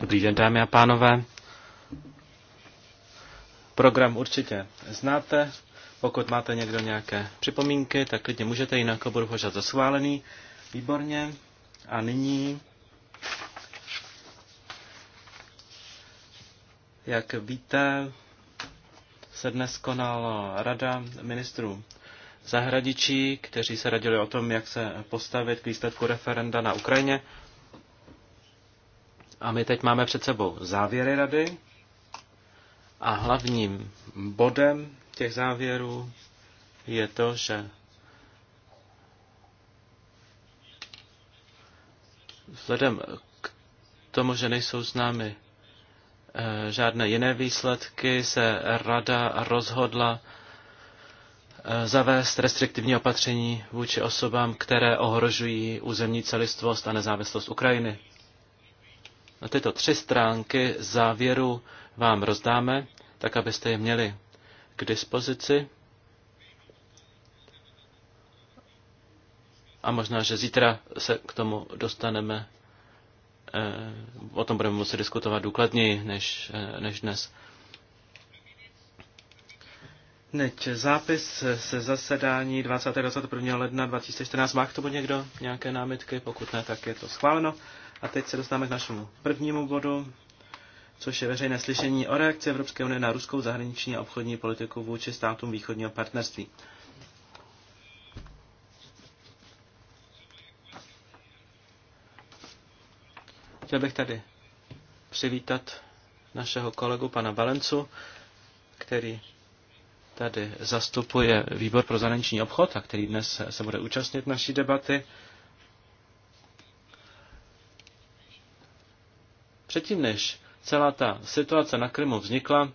Dobrý den, dámy a pánové. Program určitě znáte. Pokud máte někdo nějaké připomínky, tak klidně můžete, jinak budu požádat za schválený. Výborně. A nyní, jak víte, se dnes konala Rada ministrů zahradičí, kteří se radili o tom, jak se postavit k výsledku referenda na Ukrajině. A my teď máme před sebou závěry rady a hlavním bodem těch závěrů je to, že vzhledem k tomu, že nejsou známy eh, žádné jiné výsledky, se rada rozhodla Eh, zavést restriktivní opatření vůči osobám, které ohrožují územní celistvost a nezávislost Ukrajiny. Na tyto tři stránky závěru vám rozdáme, tak abyste je měli k dispozici. A možná, že zítra se k tomu dostaneme. Eh, o tom budeme muset diskutovat důkladněji než, eh, než dnes. Neď zápis se zasedání 20. 21. ledna 2014. Má k tomu někdo nějaké námitky? Pokud ne, tak je to schváleno. A teď se dostáváme k našemu prvnímu bodu, což je veřejné slyšení o reakci Evropské unie na ruskou zahraniční a obchodní politiku vůči státům východního partnerství. Chtěl bych tady přivítat našeho kolegu pana Valencu, který tady zastupuje výbor pro zahraniční obchod, a který dnes se bude účastnit naší debaty. Předtím, než celá ta situace na Krymu vznikla,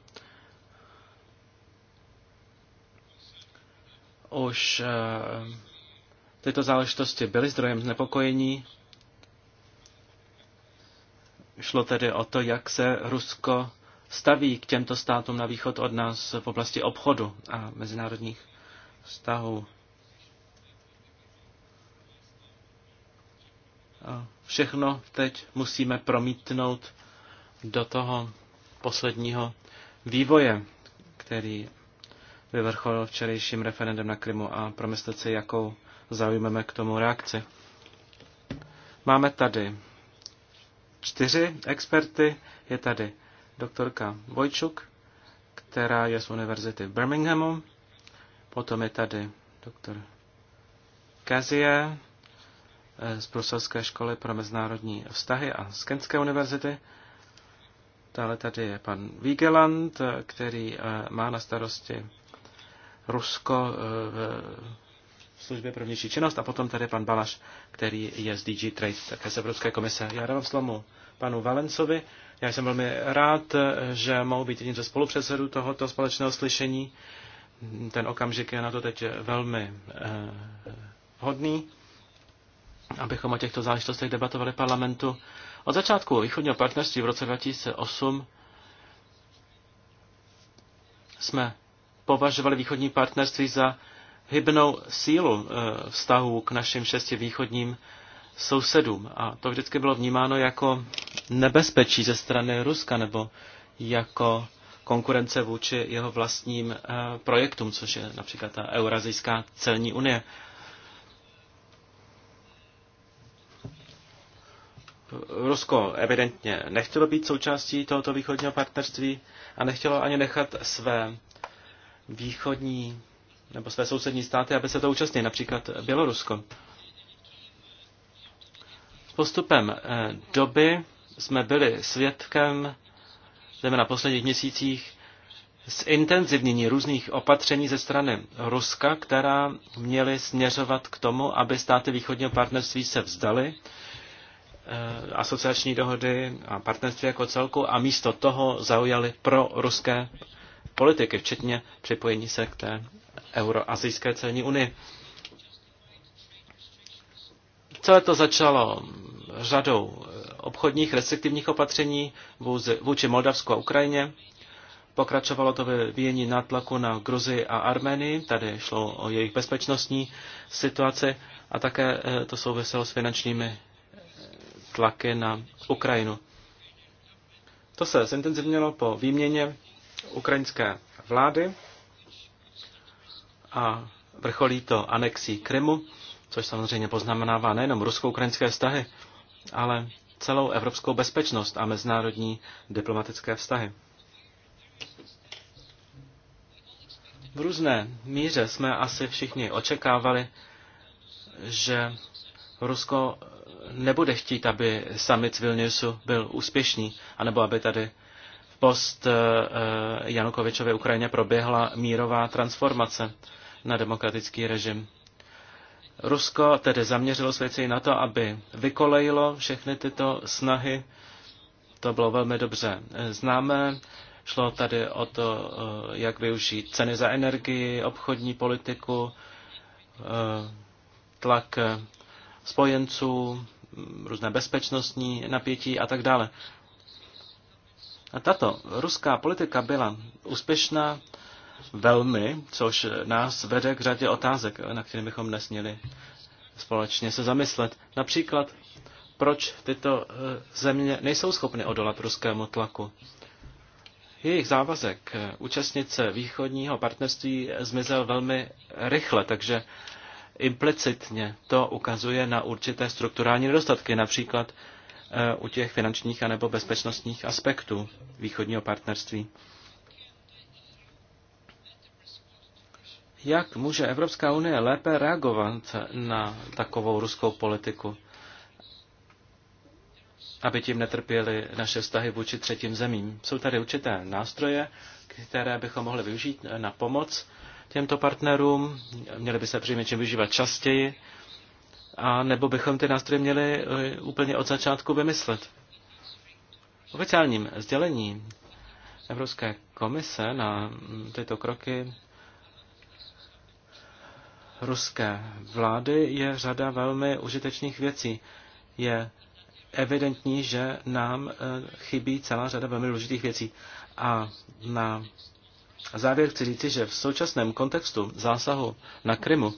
už eh, tyto záležitosti byly zdrojem znepokojení. Šlo tedy o to, jak se Rusko staví k těmto státům na východ od nás v oblasti obchodu a mezinárodních vztahů. všechno teď musíme promítnout do toho posledního vývoje, který vyvrcholil včerejším referendem na Krymu a promyslet si, jakou zaujmeme k tomu reakci. Máme tady čtyři experty, je tady doktorka Vojčuk, která je z univerzity v Birminghamu. Potom je tady doktor Kazie eh, z Bruselské školy pro mezinárodní vztahy a z Kenské univerzity. Dále tady je pan Vigeland, eh, který eh, má na starosti Rusko v službě pro vnější činnost a potom tady pan Balaš, který je z DG Trade, také z Evropské komise. Já dávám slomu panu Valencovi, já jsem velmi rád, že mohu být jedním ze spolupředsedů tohoto společného slyšení. Ten okamžik je na to teď velmi eh, hodný, abychom o těchto záležitostech debatovali parlamentu. Od začátku východního partnerství v roce 2008 jsme považovali východní partnerství za hybnou sílu eh, vztahů k našim šesti východním sousedům. A to vždycky bylo vnímáno jako nebezpečí ze strany Ruska nebo jako konkurence vůči jeho vlastním eh, projektům, což je například ta Eurazijská celní unie. Rusko evidentně nechtělo být součástí tohoto východního partnerství a nechtělo ani nechat své východní nebo své sousední státy, aby se to účastnili, například Bělorusko. S postupem eh, doby jsme byli svědkem, zejména na posledních měsících, intenzivnění různých opatření ze strany Ruska, která měly směřovat k tomu, aby státy východního partnerství se vzdaly eh, asociační dohody a partnerství jako celku a místo toho zaujali pro ruské politiky, včetně připojení se k té euroazijské celní unii. Celé to začalo řadou eh, obchodních restriktivních opatření vůči Moldavsku a Ukrajině. Pokračovalo to ve vyjení nátlaku na Gruzi a Armenii, tady šlo o jejich bezpečnostní situaci a také eh, to souviselo s finančními eh, tlaky na Ukrajinu. To se zintenzivnilo po výměně ukrajinské vlády a vrcholí to anexí Krymu což samozřejmě poznamenává nejenom rusko-ukrajinské vztahy, ale celou evropskou bezpečnost a mezinárodní diplomatické vztahy. V různé míře jsme asi všichni očekávali, že Rusko nebude chtít, aby summit Vilniusu byl úspěšný, anebo aby tady v post eh, eh, Janukovičově Ukrajině proběhla mírová transformace na demokratický režim. Rusko tedy zaměřilo své na to, aby vykolejilo všechny tyto snahy. To bylo velmi dobře známé. Šlo tady o to, eh, jak využít ceny za energii, obchodní politiku, eh, tlak eh, spojenců, mm, různé bezpečnostní napětí a tak dále. A tato ruská politika byla úspěšná velmi, což nás vede k řadě otázek, na které bychom nesměli společně se zamyslet. Například, proč tyto eh, země nejsou schopny odolat ruskému tlaku. Jejich závazek eh, účastnit se východního partnerství eh, zmizel velmi rychle, takže implicitně to ukazuje na určité strukturální nedostatky, například u těch finančních anebo bezpečnostních aspektů východního partnerství. jak může Evropská unie lépe reagovat na takovou ruskou politiku, aby tím netrpěly naše vztahy vůči třetím zemím. Jsou tady určité nástroje, které bychom mohli využít na pomoc těmto partnerům, měli by se čím využívat častěji, a nebo bychom ty nástroje měli eh, úplně od začátku vymyslet. V oficiálním sdělení Evropské komise na mm, tyto kroky ruské vlády je řada velmi užitečných věcí. Je evidentní, že nám eh, chybí celá řada velmi důležitých věcí. A na závěr chci říci, že v současném kontextu zásahu na Krymu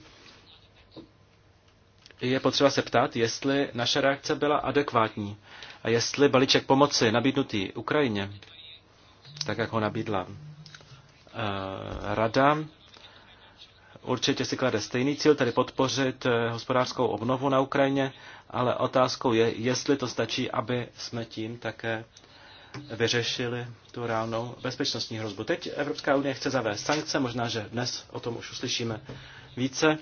je potřeba se ptát, jestli naše reakce byla adekvátní a jestli balíček pomoci nabídnutý Ukrajině, tak jak ho nabídla eh, Rada, určitě si klade stejný cíl, tedy podpořit eh, hospodářskou obnovu na Ukrajině, ale otázkou je, jestli to stačí, aby jsme tím také vyřešili tu reálnou bezpečnostní hrozbu. Teď Evropská unie chce zavést sankce, možná, že dnes o tom už uslyšíme více,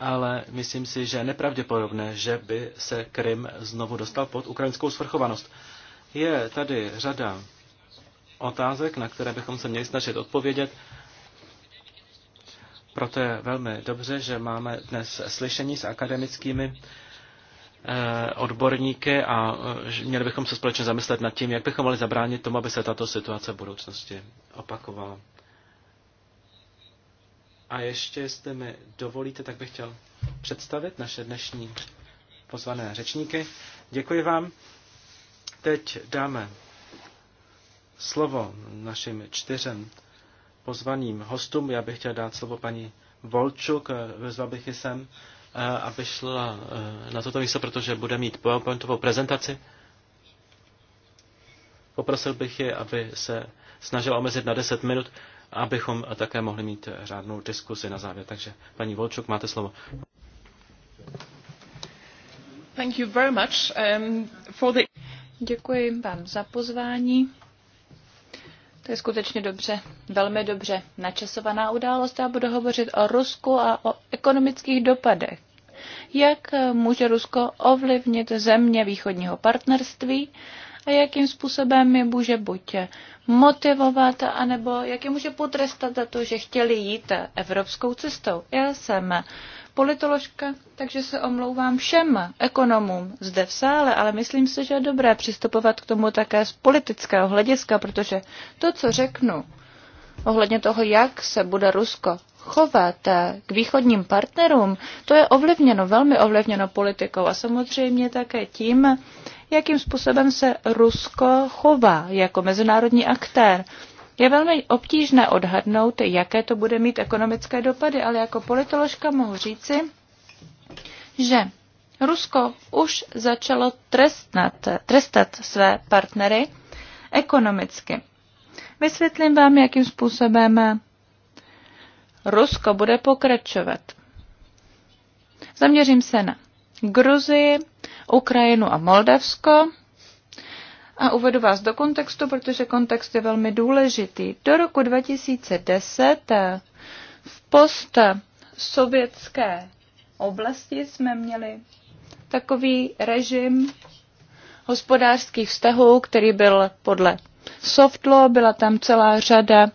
ale myslím si, že je nepravděpodobné, že by se Krym znovu dostal pod ukrajinskou svrchovanost. Je tady řada otázek, na které bychom se měli snažit odpovědět. Proto je velmi dobře, že máme dnes slyšení s akademickými eh, odborníky a eh, měli bychom se společně zamyslet nad tím, jak bychom mohli zabránit tomu, aby se tato situace v budoucnosti opakovala. A ještě, jestli mi dovolíte, tak bych chtěl představit naše dnešní pozvané řečníky. Děkuji vám. Teď dáme slovo našim čtyřem pozvaným hostům. Já bych chtěl dát slovo paní Volčuk, vezla bych ji sem, eh, aby šla eh, na toto místo, protože bude mít PowerPointovou prezentaci. Poprosil bych ji, aby se snažila omezit na 10 minut, abychom také mohli mít řádnou diskusi na závěr. Takže paní Volčuk, máte slovo. Thank you very much, um, for the... Děkuji vám za pozvání. To je skutečně dobře, velmi dobře načasovaná událost. Já budu hovořit o Rusku a o ekonomických dopadech. Jak může Rusko ovlivnit země východního partnerství a jakým způsobem je může buď motivovat, anebo jak je může potrestat za to, že chtěli jít evropskou cestou. Já jsem politoložka, takže se omlouvám všem ekonomům zde v sále, ale myslím si, že je dobré přistupovat k tomu také z politického hlediska, protože to, co řeknu ohledně toho, jak se bude Rusko chovat k východním partnerům, to je ovlivněno, velmi ovlivněno politikou a samozřejmě také tím, jakým způsobem se Rusko chová jako mezinárodní aktér. Je velmi obtížné odhadnout, jaké to bude mít ekonomické dopady, ale jako politoložka mohu říci, že Rusko už začalo trestnat, trestat své partnery ekonomicky. Vysvětlím vám, jakým způsobem Rusko bude pokračovat. Zaměřím se na Gruzii, Ukrajinu a Moldavsko a uvedu vás do kontextu, protože kontext je velmi důležitý. Do roku 2010 eh, v post sovětské oblasti jsme měli takový režim hospodářských vztahů, který byl podle soft law, byla tam celá řada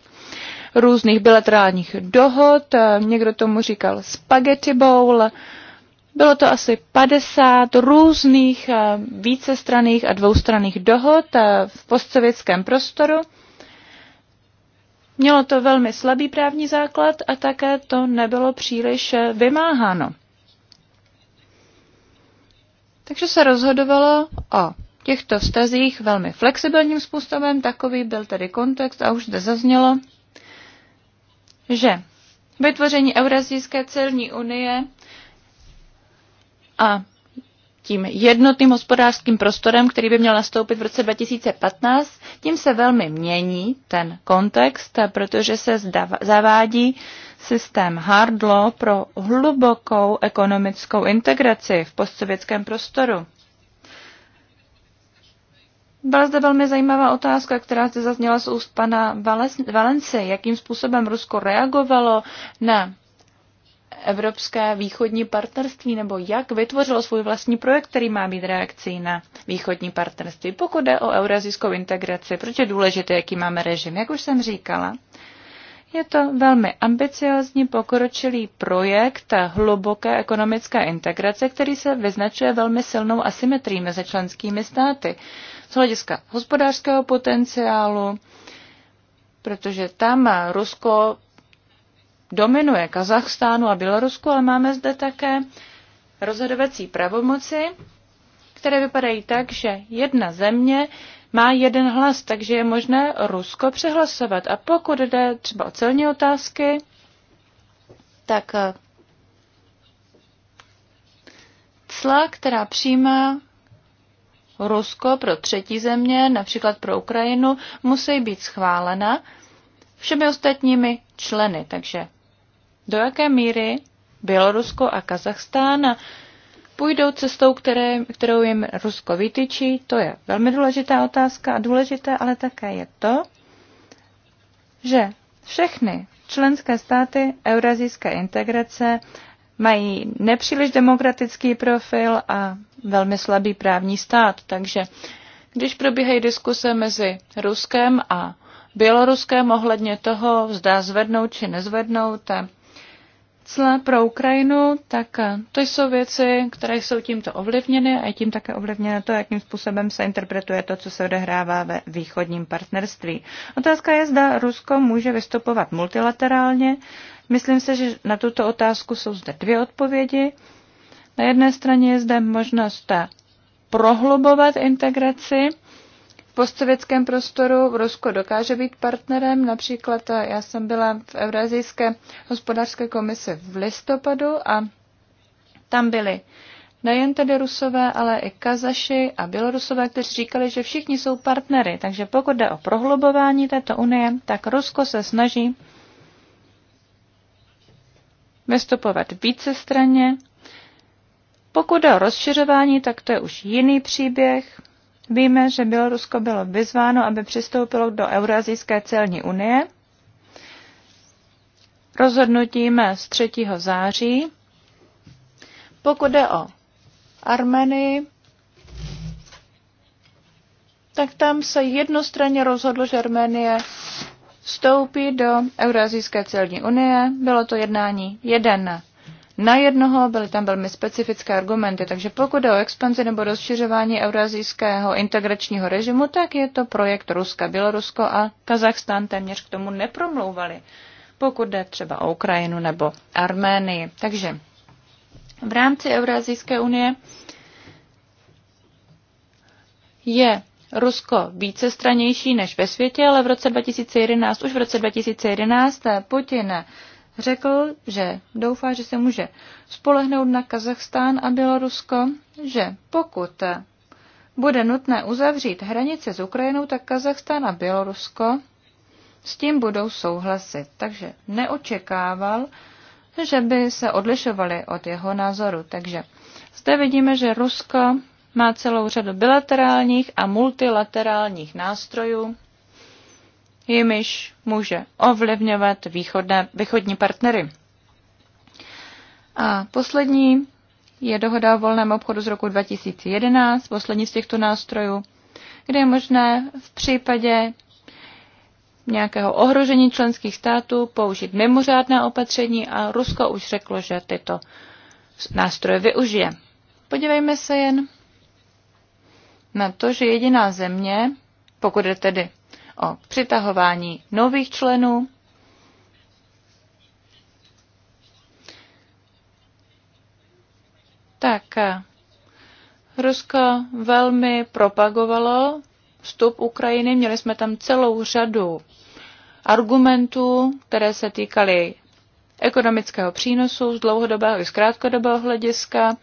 různých bilaterálních dohod, eh, někdo tomu říkal spaghetti bowl, bylo to asi 50 různých eh, vícestraných a dvoustranných dohod eh, v postsovětském prostoru. Mělo to velmi slabý právní základ a také to nebylo příliš eh, vymáháno. Takže se rozhodovalo o těchto vztazích velmi flexibilním způsobem, takový byl tedy kontext a už zde zaznělo, že vytvoření Eurazijské celní unie a tím jednotným hospodářským prostorem, který by měl nastoupit v roce 2015, tím se velmi mění ten kontext, protože se zavádí systém hard law pro hlubokou ekonomickou integraci v postsovětském prostoru. Byla zde velmi zajímavá otázka, která zde zazněla z úst pana Valenci, jakým způsobem Rusko reagovalo na Evropské východní partnerství, nebo jak vytvořilo svůj vlastní projekt, který má být reakcí na východní partnerství, pokud jde o eurazijskou integraci, proč je důležité, jaký máme režim, jak už jsem říkala. Je to velmi ambiciozní pokročilý projekt hluboké ekonomické integrace, který se vyznačuje velmi silnou asymetrií mezi členskými státy z hlediska hospodářského potenciálu, protože tam Rusko dominuje Kazachstánu a Bělorusku, ale máme zde také rozhodovací pravomoci, které vypadají tak, že jedna země má jeden hlas, takže je možné Rusko přehlasovat. A pokud jde třeba o celní otázky, tak eh, cla, která přijímá Rusko pro třetí země, například pro Ukrajinu, musí být schválena všemi ostatními členy. Takže do jaké míry Bělorusko a Kazachstán půjdou cestou, které, kterou jim Rusko vytyčí, to je velmi důležitá otázka a důležité ale také je to, že všechny členské státy eurazijské integrace mají nepříliš demokratický profil a velmi slabý právní stát. Takže když probíhají diskuse mezi Ruskem a Běloruskem ohledně toho, zda zvednout či nezvednout cla pro Ukrajinu, tak eh, to jsou věci, které jsou tímto ovlivněny a je tím také ovlivněno to, jakým způsobem se interpretuje to, co se odehrává ve východním partnerství. Otázka je, zda Rusko může vystupovat multilaterálně. Myslím se, že na tuto otázku jsou zde dvě odpovědi. Na jedné straně je zde možnost eh, prohlubovat integraci postsovětském prostoru. Rusko dokáže být partnerem. Například eh, já jsem byla v Eurazijské hospodářské komisi v listopadu a tam byly nejen tedy Rusové, ale i Kazaši a Bělorusové, kteří říkali, že všichni jsou partnery. Takže pokud jde o prohlubování této unie, tak Rusko se snaží vystupovat více straně. Pokud jde o rozšiřování, tak to je už jiný příběh. Víme, že Bělorusko bylo vyzváno, aby přistoupilo do Eurazijské celní unie rozhodnutím z 3. září. Pokud jde o Armenii, tak tam se jednostranně rozhodlo, že Arménie vstoupí do Eurazijské celní unie. Bylo to jednání jeden na jednoho, byly tam velmi specifické argumenty. Takže pokud jde o expanzi nebo rozšiřování eurazijského integračního režimu, tak je to projekt Ruska. Bělorusko a Kazachstán téměř k tomu nepromlouvali, pokud jde třeba o Ukrajinu nebo Arménii. Takže v rámci Eurazijské unie je Rusko více stranější než ve světě, ale v roce 2011, už v roce 2011 Putin řekl, že doufá, že se může spolehnout na Kazachstán a Bělorusko, že pokud bude nutné uzavřít hranice s Ukrajinou, tak Kazachstán a Bělorusko s tím budou souhlasit. Takže neočekával, že by se odlišovali od jeho názoru. Takže zde vidíme, že Rusko má celou řadu bilaterálních a multilaterálních nástrojů, jimiž může ovlivňovat východné, východní partnery. A poslední je dohoda o volném obchodu z roku 2011, poslední z těchto nástrojů, kde je možné v případě nějakého ohrožení členských států použít mimořádná opatření a Rusko už řeklo, že tyto nástroje využije. Podívejme se jen na to, že jediná země, pokud je tedy o přitahování nových členů. Tak eh, Rusko velmi propagovalo vstup Ukrajiny. Měli jsme tam celou řadu argumentů, které se týkaly ekonomického přínosu z dlouhodobého i z krátkodobého hlediska.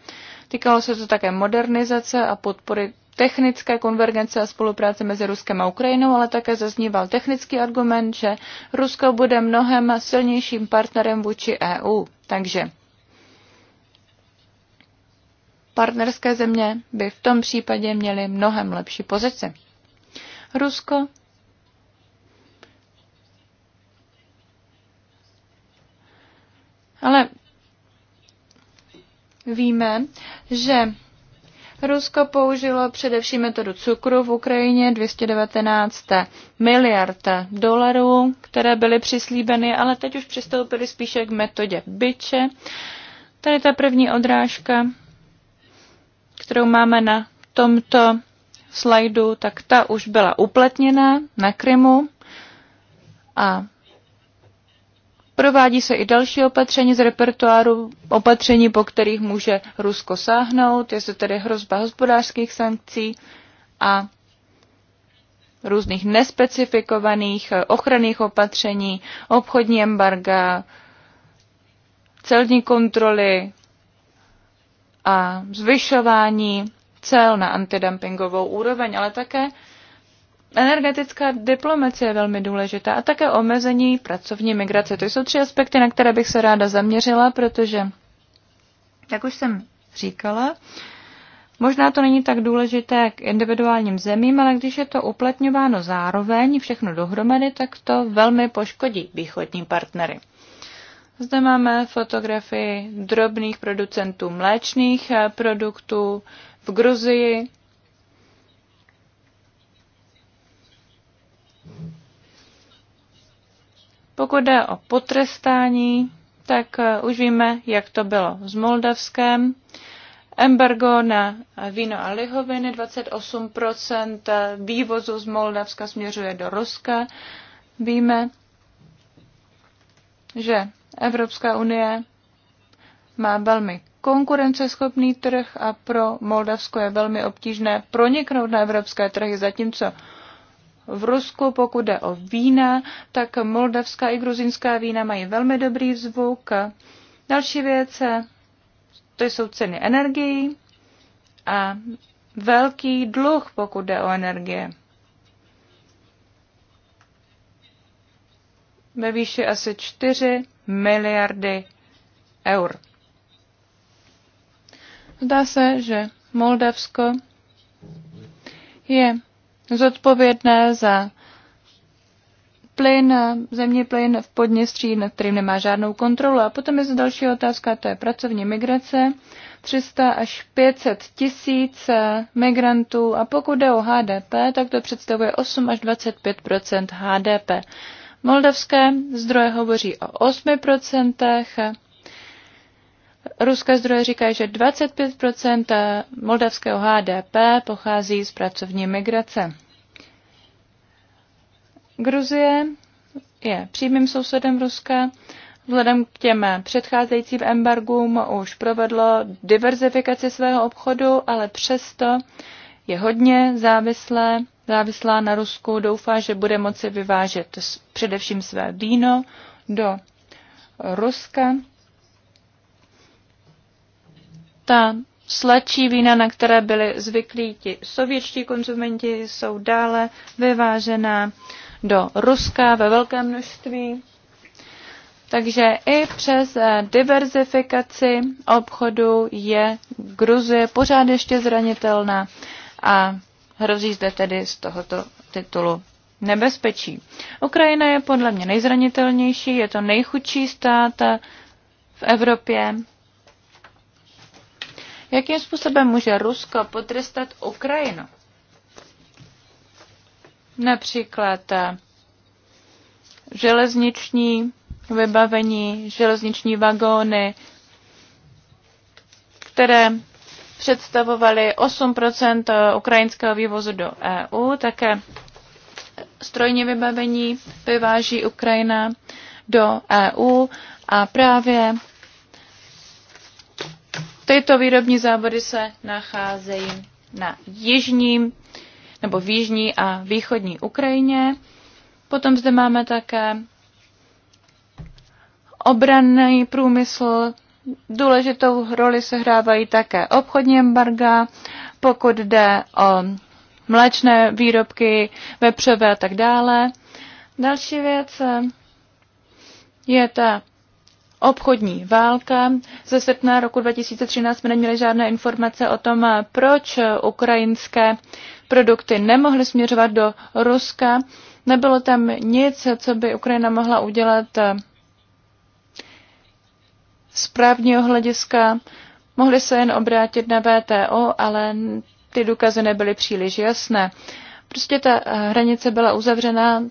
Týkalo se to také modernizace a podpory technické konvergence a spolupráce mezi Ruskem a Ukrajinou, ale také zazníval technický argument, že Rusko bude mnohem silnějším partnerem vůči EU. Takže partnerské země by v tom případě měly mnohem lepší pozici. Rusko ale víme, že Rusko použilo především metodu cukru v Ukrajině 219 miliard dolarů, které byly přislíbeny, ale teď už přistoupili spíše k metodě byče. Tady ta první odrážka, kterou máme na tomto slajdu, tak ta už byla upletněna na Krymu a Provádí se i další opatření z repertoáru opatření, po kterých může Rusko sáhnout. Je to tedy hrozba hospodářských sankcí a různých nespecifikovaných eh, ochranných opatření, obchodní embarga, celní kontroly a zvyšování cel na antidumpingovou úroveň, ale také energetická diplomacie je velmi důležitá a také omezení pracovní migrace. To jsou tři aspekty, na které bych se ráda zaměřila, protože, jak už jsem říkala, Možná to není tak důležité k individuálním zemím, ale když je to uplatňováno zároveň všechno dohromady, tak to velmi poškodí východní partnery. Zde máme fotografii drobných producentů mléčných produktů v Gruzii, Pokud jde o potrestání, tak eh, už víme, jak to bylo s Moldavském. Embargo na víno a lihoviny, 28% vývozu z Moldavska směřuje do Ruska. Víme, že Evropská unie má velmi konkurenceschopný trh a pro Moldavsko je velmi obtížné proniknout na evropské trhy, zatímco v Rusku, pokud jde o vína, tak moldavská i gruzinská vína mají velmi dobrý zvuk. Další věc, to jsou ceny energií a velký dluh, pokud jde o energie. Ve výši asi 4 miliardy eur. Zdá se, že Moldavsko je zodpovědné za plyn, zemní plyn v Podněstří, nad kterým nemá žádnou kontrolu. A potom je zde další otázka, to je pracovní migrace. 300 až 500 tisíc migrantů a pokud jde o HDP, tak to představuje 8 až 25 HDP. Moldavské zdroje hovoří o 8 ruské zdroje říkají, že 25% moldavského HDP pochází z pracovní migrace. Gruzie je přímým sousedem Ruska. Vzhledem k těm předcházejícím embargům už provedlo diverzifikaci svého obchodu, ale přesto je hodně závislé, závislá na Rusku. Doufá, že bude moci vyvážet především své víno do Ruska ta sladší vína, na které byli zvyklí ti sovětští konzumenti, jsou dále vyvážená do Ruska ve velkém množství. Takže i přes eh, diverzifikaci obchodu je Gruzie pořád ještě zranitelná a hrozí zde tedy z tohoto titulu nebezpečí. Ukrajina je podle mě nejzranitelnější, je to nejchudší stát eh, v Evropě Jakým způsobem může Rusko potrestat Ukrajinu? Například eh, železniční vybavení, železniční vagóny, které představovaly 8 eh, ukrajinského vývozu do EU, také strojní vybavení vyváží Ukrajina do EU a právě Tyto výrobní závody se nacházejí na jižním nebo v jižní a východní Ukrajině. Potom zde máme také obranný průmysl. Důležitou roli hrávají také obchodní embarga, pokud jde o mléčné výrobky, vepřové a tak dále. Další věc je ta obchodní válka. Ze srpna roku 2013 jsme neměli žádné informace o tom, proč ukrajinské produkty nemohly směřovat do Ruska. Nebylo tam nic, co by Ukrajina mohla udělat eh, z právního hlediska. Mohli se jen obrátit na VTO, ale ty důkazy nebyly příliš jasné. Prostě ta eh, hranice byla uzavřena,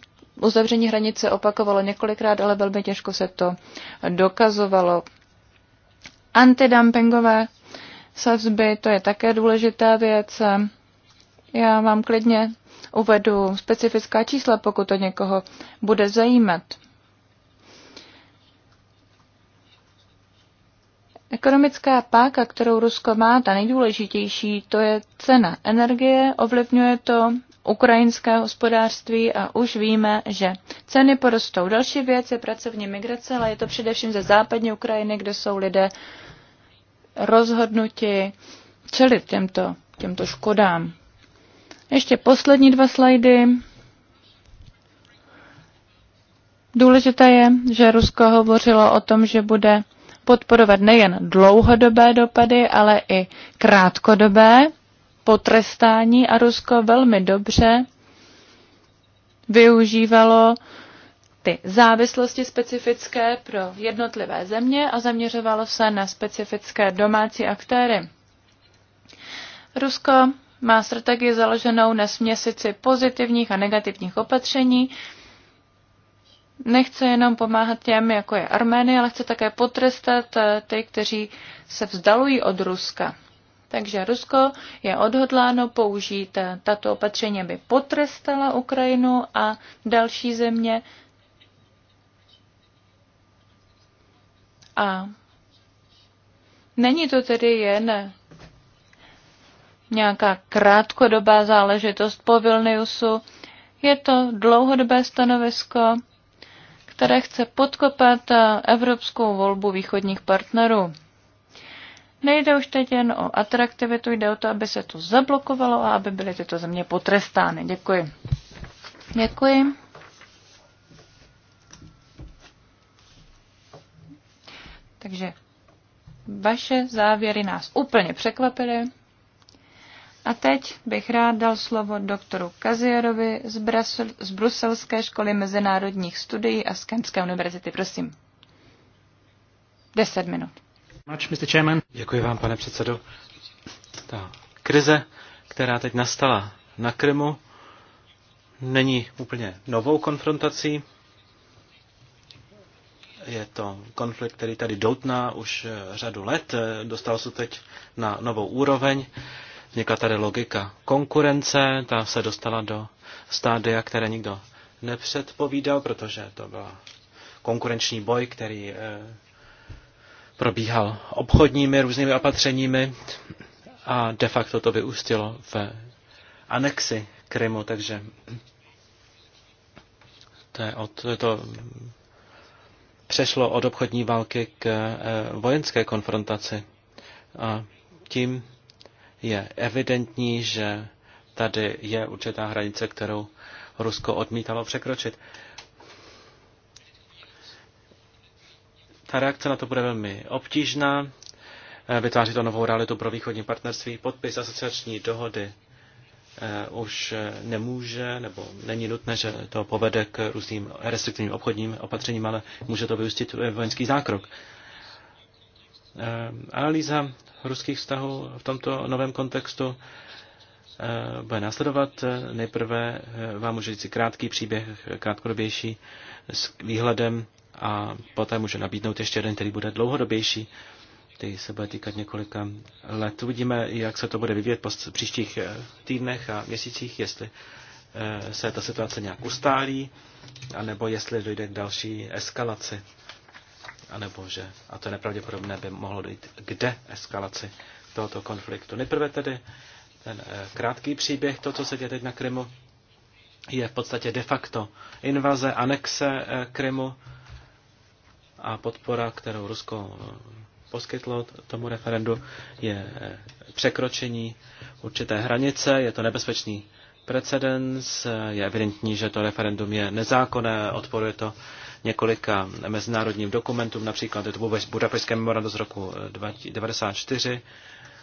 uzavření hranice opakovalo několikrát, ale velmi těžko se to dokazovalo. Antidumpingové sazby, to je také důležitá věc. Já vám klidně uvedu specifická čísla, pokud to někoho bude zajímat. Ekonomická páka, kterou Rusko má, ta nejdůležitější, to je cena energie, ovlivňuje to ukrajinské hospodářství a už víme, že ceny porostou. Další věc je pracovní migrace, ale je to především ze západní Ukrajiny, kde jsou lidé rozhodnuti čelit těmto, těmto škodám. Ještě poslední dva slajdy. Důležité je, že Rusko hovořilo o tom, že bude podporovat nejen dlouhodobé dopady, ale i krátkodobé potrestání a Rusko velmi dobře využívalo ty závislosti specifické pro jednotlivé země a zaměřovalo se na specifické domácí aktéry. Rusko má strategii založenou na směsici pozitivních a negativních opatření. Nechce jenom pomáhat těm, jako je Arménie, ale chce také potrestat eh, ty, kteří se vzdalují od Ruska. Takže Rusko je odhodláno použít eh, tato opatření, aby potrestala Ukrajinu a další země. A není to tedy jen nějaká krátkodobá záležitost po Vilniusu, je to dlouhodobé stanovisko, které chce podkopat eh, evropskou volbu východních partnerů. Nejde už teď jen o atraktivitu, jde o to, aby se to zablokovalo a aby byly tyto země potrestány. Děkuji. Děkuji. Takže vaše závěry nás úplně překvapily. A teď bych rád dal slovo doktoru Kazierovi z, Brasel, z Bruselské školy mezinárodních studií a z Kemské univerzity. Prosím. Deset minut. Much, Mr. Chairman. Děkuji vám, pane předsedo. Ta krize, která teď nastala na Krymu, není úplně novou konfrontací. Je to konflikt, který tady doutná už eh, řadu let. Dostal se teď na novou úroveň. Vznikla tady logika konkurence, ta se dostala do stádia, které nikdo nepředpovídal, protože to byl konkurenční boj, který eh, probíhal obchodními různými opatřeními a de facto to vyústilo v anexi Krymu, takže to, je od, to přešlo od obchodní války k eh, vojenské konfrontaci. A tím je evidentní, že tady je určitá hranice, kterou Rusko odmítalo překročit. Ta reakce na to bude velmi obtížná. Eh, vytváří to novou realitu pro východní partnerství. Podpis asociační dohody eh, už eh, nemůže, nebo není nutné, že to povede k různým restriktivním obchodním opatřením, ale může to vyústit vojenský zákrok. Analýza ruských vztahů v tomto novém kontextu bude následovat. Nejprve vám můžu říct krátký příběh, krátkodobější, s výhledem a poté může nabídnout ještě jeden, který bude dlouhodobější, který se bude týkat několika let. Uvidíme, jak se to bude vyvíjet po příštích eh, týdnech a měsících, jestli eh, se ta situace nějak ustálí, anebo jestli dojde k další eskalaci, anebo že, a to je nepravděpodobné, by mohlo dojít k deeskalaci tohoto konfliktu. Nejprve tedy ten eh, krátký příběh, to, co se děje teď na Krymu, je v podstatě de facto invaze, anexe Krymu a podpora, kterou Rusko eh, poskytlo tomu referendu, je eh, překročení určité hranice, je to nebezpečný precedens, eh, je evidentní, že to referendum je nezákonné, odporuje to několika mezinárodním dokumentům, například je to Budapešské memorandum z roku 1994,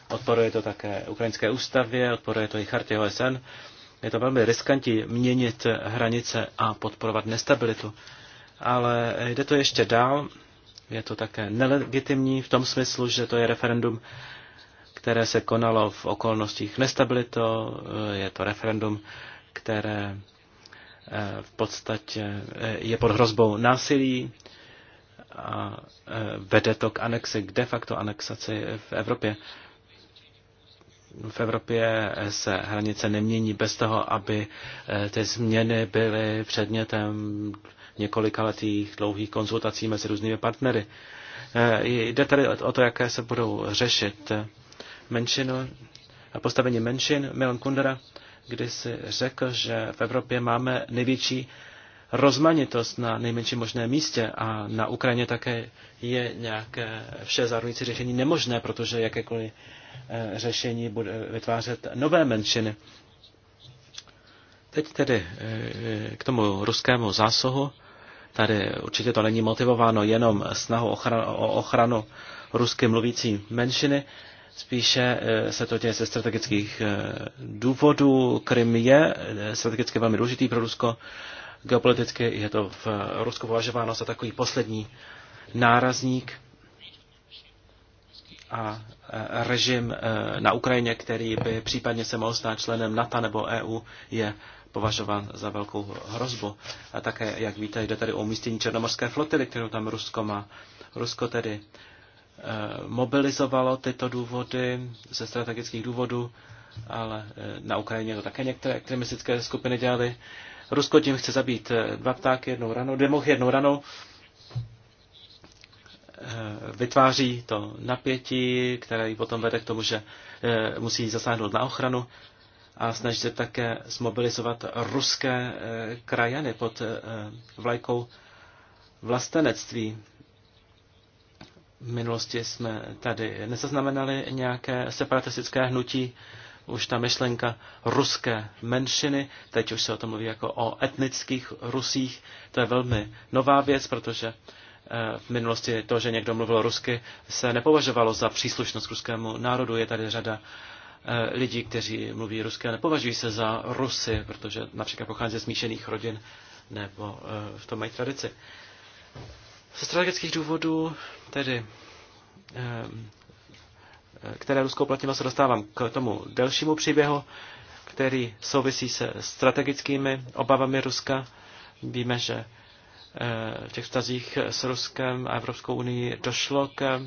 odporuje to také ukrajinské ústavě, odporuje to i chartě OSN. Je to velmi riskantní měnit hranice a podporovat nestabilitu ale jde to ještě dál. Je to také nelegitimní v tom smyslu, že to je referendum, které se konalo v okolnostích nestabilito. Je to referendum, které eh, v podstatě eh, je pod hrozbou násilí a eh, vede to k anexi, k de facto anexaci v Evropě. V Evropě se hranice nemění bez toho, aby ty změny byly předmětem několikaletých dlouhých konzultací mezi různými partnery. E, jde tady o to, jaké se budou řešit menšinu a postavení menšin. Milan Kundera kdy si řekl, že v Evropě máme největší rozmanitost na nejmenším možném místě a na Ukrajině také je nějaké vše zároveňující řešení nemožné, protože jakékoliv e, řešení bude vytvářet nové menšiny. Teď tedy e, k tomu ruskému zásahu. Tady určitě to není motivováno jenom snahou ochra- o ochranu rusky mluvící menšiny, spíše eh, se to děje ze strategických eh, důvodů. Krym je eh, strategicky velmi důležitý pro Rusko. Geopoliticky je to v Rusku považováno za takový poslední nárazník a režim na Ukrajině, který by případně se mohl stát členem NATO nebo EU, je považován za velkou hrozbu. A také, jak víte, jde tady o umístění černomorské flotily, kterou tam Rusko má. Rusko tedy eh, mobilizovalo tyto důvody ze strategických důvodů, ale eh, na Ukrajině to také některé extremistické skupiny dělali. Rusko tím chce zabít eh, dva ptáky jednou ranou, dvě mohy jednou ranou. Vytváří to napětí, které ji potom vede k tomu, že musí zasáhnout na ochranu a snaží se také zmobilizovat ruské eh, krajany pod eh, vlajkou vlastenectví. V minulosti jsme tady nezaznamenali nějaké separatistické hnutí, už ta myšlenka ruské menšiny, teď už se o tom mluví jako o etnických Rusích, to je velmi nová věc, protože eh, v minulosti to, že někdo mluvil rusky, se nepovažovalo za příslušnost k ruskému národu. Je tady řada Eh, lidí, kteří mluví rusky a nepovažují se za Rusy, protože například pochází ze smíšených rodin nebo eh, v tom mají tradici. Ze strategických důvodů tedy eh, které Rusko uplatnilo, se dostávám k tomu delšímu příběhu, který souvisí se strategickými obavami Ruska. Víme, že v těch vztazích s Ruskem a Evropskou unii došlo k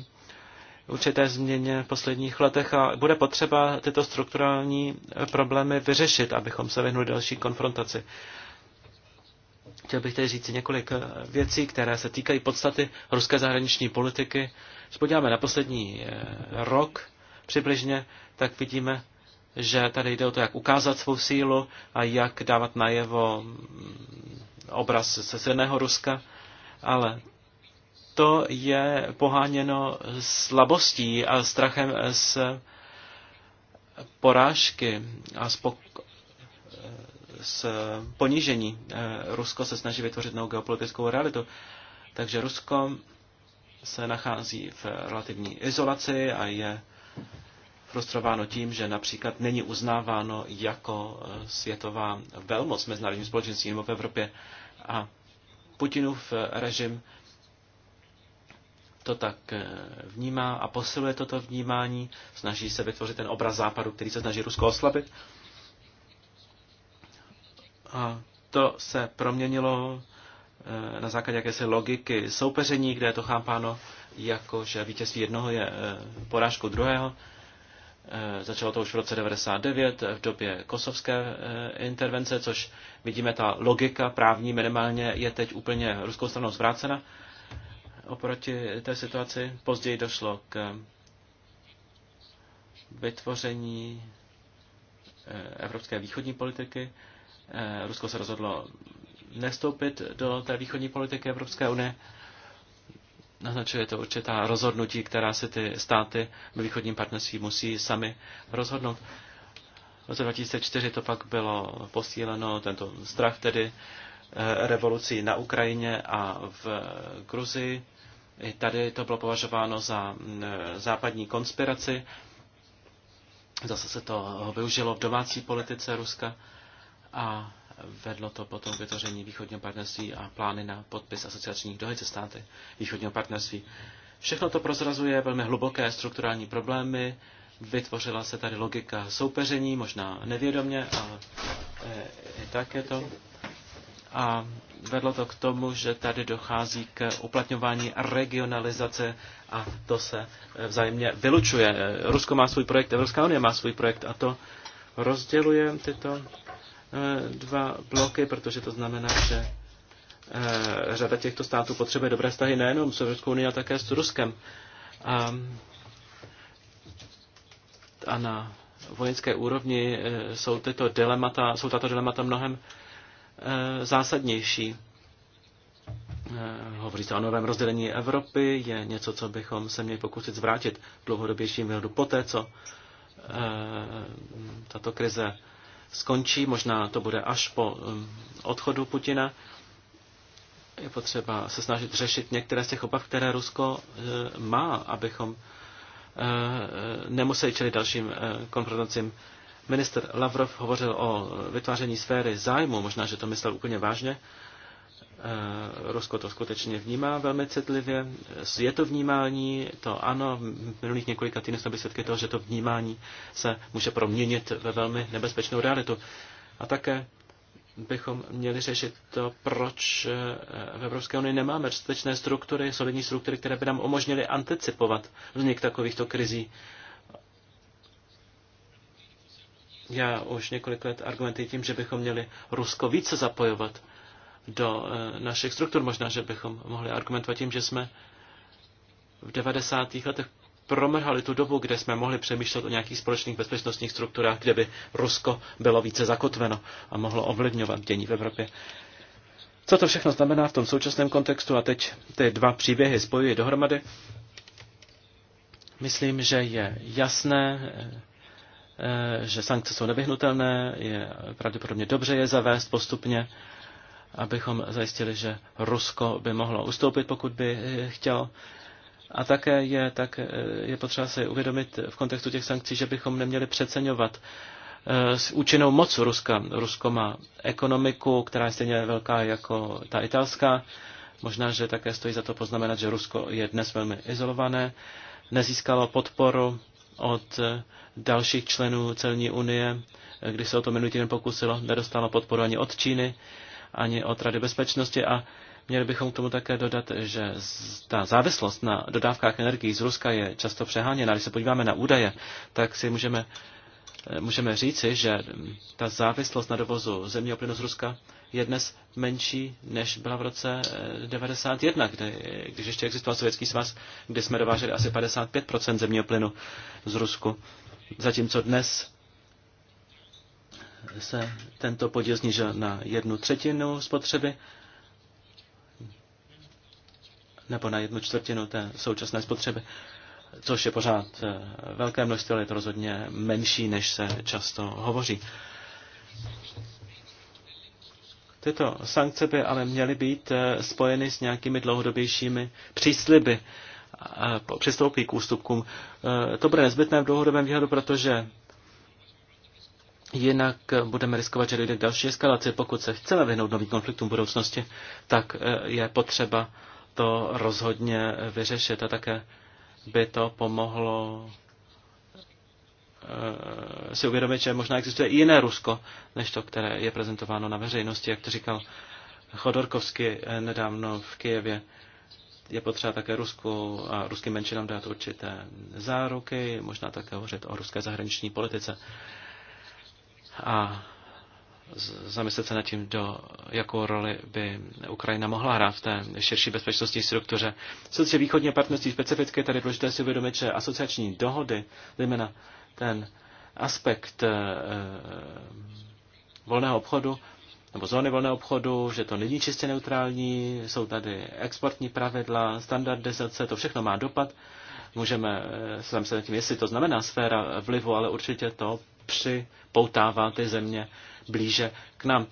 určité změně v posledních letech a bude potřeba tyto strukturální problémy vyřešit, abychom se vyhnuli další konfrontaci. Chtěl bych tady říct několik eh, věcí, které se týkají podstaty ruské zahraniční politiky. Když podíváme na poslední eh, rok přibližně, tak vidíme, že tady jde o to, jak ukázat svou sílu a jak dávat najevo mm, obraz ze silného Ruska, ale to je poháněno slabostí a strachem z porážky a z, pok- z ponížení. Rusko se snaží vytvořit novou geopolitickou realitu. Takže Rusko se nachází v relativní izolaci a je frustrováno tím, že například není uznáváno jako světová velmoc mezinárodním společenství nebo v Evropě. A Putinův režim to tak eh, vnímá a posiluje toto vnímání, snaží se vytvořit ten obraz západu, který se snaží Rusko oslabit. A to se proměnilo eh, na základě jakési logiky soupeření, kde je to chápáno jako, že vítězství jednoho je eh, porážkou druhého. Začalo to už v roce 99 v době kosovské intervence, což vidíme, ta logika právní minimálně je teď úplně ruskou stranou zvrácena oproti té situaci. Později došlo k vytvoření eh, evropské východní politiky. Eh, Rusko se rozhodlo nestoupit do té východní politiky Evropské unie. Naznačuje to určitá rozhodnutí, která se ty státy ve východním partnerství musí sami rozhodnout. V roce 2004 to pak bylo posíleno, tento strach tedy eh, revolucí na Ukrajině a v Gruzii. I tady to bylo považováno za mm, západní konspiraci. Zase se to využilo v domácí politice Ruska a vedlo to potom k vytvoření východního partnerství a plány na podpis asociačních dohod se státy východního partnerství. Všechno to prozrazuje velmi hluboké strukturální problémy, vytvořila se tady logika soupeření, možná nevědomě, ale eh, i tak je to a vedlo to k tomu, že tady dochází k uplatňování regionalizace a to se eh, vzájemně vylučuje. Eh, Rusko má svůj projekt, Evropská unie má svůj projekt a to rozděluje tyto eh, dva bloky, protože to znamená, že řada těchto států potřebuje dobré vztahy nejenom s Evropskou unii, ale také s Ruskem. A, na vojenské úrovni jsou, tyto dilemata, jsou tato dilemata mnohem Eh, zásadnější. Eh, hovoří se o novém rozdělení Evropy, je něco, co bychom se měli pokusit zvrátit v dlouhodobějším výhledu poté, co eh, tato krize skončí, možná to bude až po odchodu Putina. Je potřeba se snažit řešit některé z těch obav, které Rusko má, abychom nemuseli čelit dalším konfrontacím Minister Lavrov hovořil o vytváření sféry zájmu, možná, že to myslel úplně vážně. Eh, Rusko to skutečně vnímá velmi citlivě. Je to vnímání, to ano, v minulých několika týdnech jsme svědky toho, že to vnímání se může proměnit ve velmi nebezpečnou realitu. A také bychom měli řešit to, proč eh, v Evropské unii nemáme dostatečné struktury, solidní struktury, které by nám umožnily anticipovat vznik takovýchto krizí já už několik let argumentuji tím, že bychom měli Rusko více zapojovat do eh, našich struktur. Možná, že bychom mohli argumentovat tím, že jsme v 90. letech promrhali tu dobu, kde jsme mohli přemýšlet o nějakých společných bezpečnostních strukturách, kde by Rusko bylo více zakotveno a mohlo ovlivňovat dění v Evropě. Co to všechno znamená v tom současném kontextu a teď ty dva příběhy spojují dohromady? Myslím, že je jasné, eh, Eh, že sankce jsou nevyhnutelné, je pravděpodobně dobře je zavést postupně, abychom zajistili, že Rusko by mohlo ustoupit, pokud by eh, chtěl. A také je, tak eh, je potřeba si uvědomit v kontextu těch sankcí, že bychom neměli přeceňovat s účinnou moc Ruska. Rusko má ekonomiku, která je stejně velká jako ta italská. Možná, že také stojí za to poznamenat, že Rusko je dnes velmi izolované, nezískalo podporu od eh, dalších členů celní unie, eh, když se o to minulý týden pokusilo, nedostalo podporu ani od Číny, ani od Rady bezpečnosti a měli bychom k tomu také dodat, že ta závislost na dodávkách energií z Ruska je často přeháněna. Když se podíváme na údaje, tak si můžeme můžeme říci, že ta závislost na dovozu zemního plynu z Ruska je dnes menší, než byla v roce 1991, eh, kdy, když ještě existoval Sovětský svaz, kdy jsme dováželi asi 55 zemního plynu z Rusku, zatímco dnes se tento podíl snížil na jednu třetinu spotřeby nebo na jednu čtvrtinu té současné spotřeby což je pořád eh, velké množství, ale je to rozhodně menší, než se často hovoří. Tyto sankce by ale měly být eh, spojeny s nějakými dlouhodobějšími přísliby. Přistoupí k ústupkům. Eh, to bude nezbytné v dlouhodobém výhledu, protože jinak budeme riskovat, že dojde k další eskalaci. Pokud se chceme vyhnout novým konfliktům v budoucnosti, tak je potřeba to rozhodně vyřešit a také by to pomohlo eh, si uvědomit, že možná existuje i jiné Rusko, než to, které je prezentováno na veřejnosti, jak to říkal Chodorkovsky eh, nedávno v Kijevě. Je potřeba také Rusku a ruským menšinám dát určité záruky, možná také hovořit o ruské zahraniční politice. A zamyslet se nad tím, do, jakou roli by Ukrajina mohla hrát v té širší bezpečnostní struktuře. Co se východně partnerství specifické, tady je důležité si uvědomit, že asociační dohody, zejména ten aspekt eh, eh, volného obchodu, nebo zóny volného obchodu, že to není čistě neutrální, jsou tady exportní pravidla, standardizace, to všechno má dopad. Můžeme eh, se zamyslet nad tím, jestli to znamená sféra vlivu, ale určitě to připoutává ty země blíže k nám.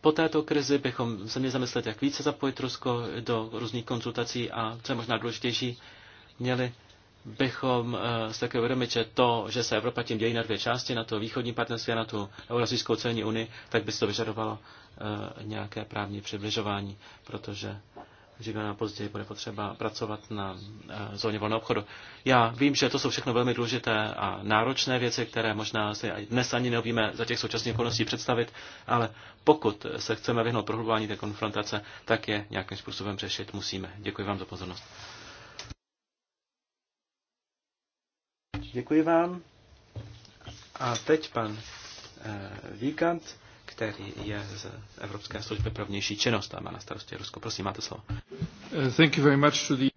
Po této krizi bychom se měli zamyslet, jak více zapojit Rusko do různých konzultací a, co je možná důležitější, měli bychom eh, se také uvědomit, že to, že se Evropa tím dělí na dvě části, na to východní partnerství a na tu Eurazijskou celní unii, tak by se to vyžadovalo eh, nějaké právní přibližování, protože dříve na později bude potřeba pracovat na eh, zóně volného obchodu. Já vím, že to jsou všechno velmi důležité a náročné věci, které možná si dnes ani neumíme za těch současných okolností představit, ale pokud se chceme vyhnout prohlubování té konfrontace, tak je nějakým způsobem řešit musíme. Děkuji vám za pozornost. Děkuji vám. A teď pan eh, Víkant který je z Evropské služby pro vnější činnost a má na starosti Rusko. Prosím, máte slovo. Eh, thank you very much to the...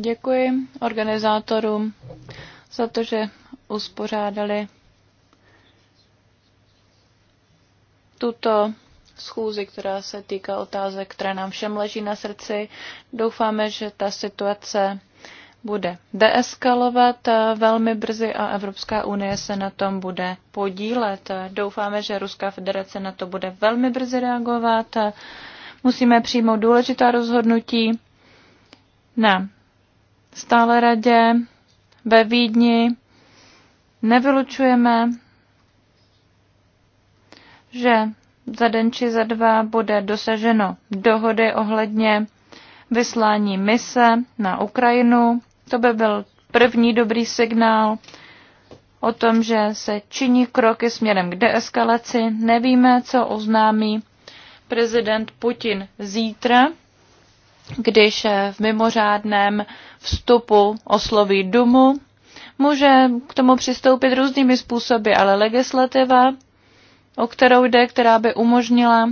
Děkuji organizátorům za to, že uspořádali tuto schůzi, která se týká otázek, které nám všem leží na srdci. Doufáme, že ta situace bude deeskalovat eh, velmi brzy a Evropská unie se na tom bude podílet. Doufáme, že Ruská federace na to bude velmi brzy reagovat. Musíme přijmout důležitá rozhodnutí na stále radě ve Vídni. Nevylučujeme, že za den či za dva bude dosaženo dohody ohledně vyslání mise na Ukrajinu to by byl první dobrý signál o tom, že se činí kroky směrem k deeskalaci. Nevíme, co oznámí prezident Putin zítra, když v mimořádném vstupu osloví Dumu. Může k tomu přistoupit různými způsoby, ale legislativa, o kterou jde, která by umožnila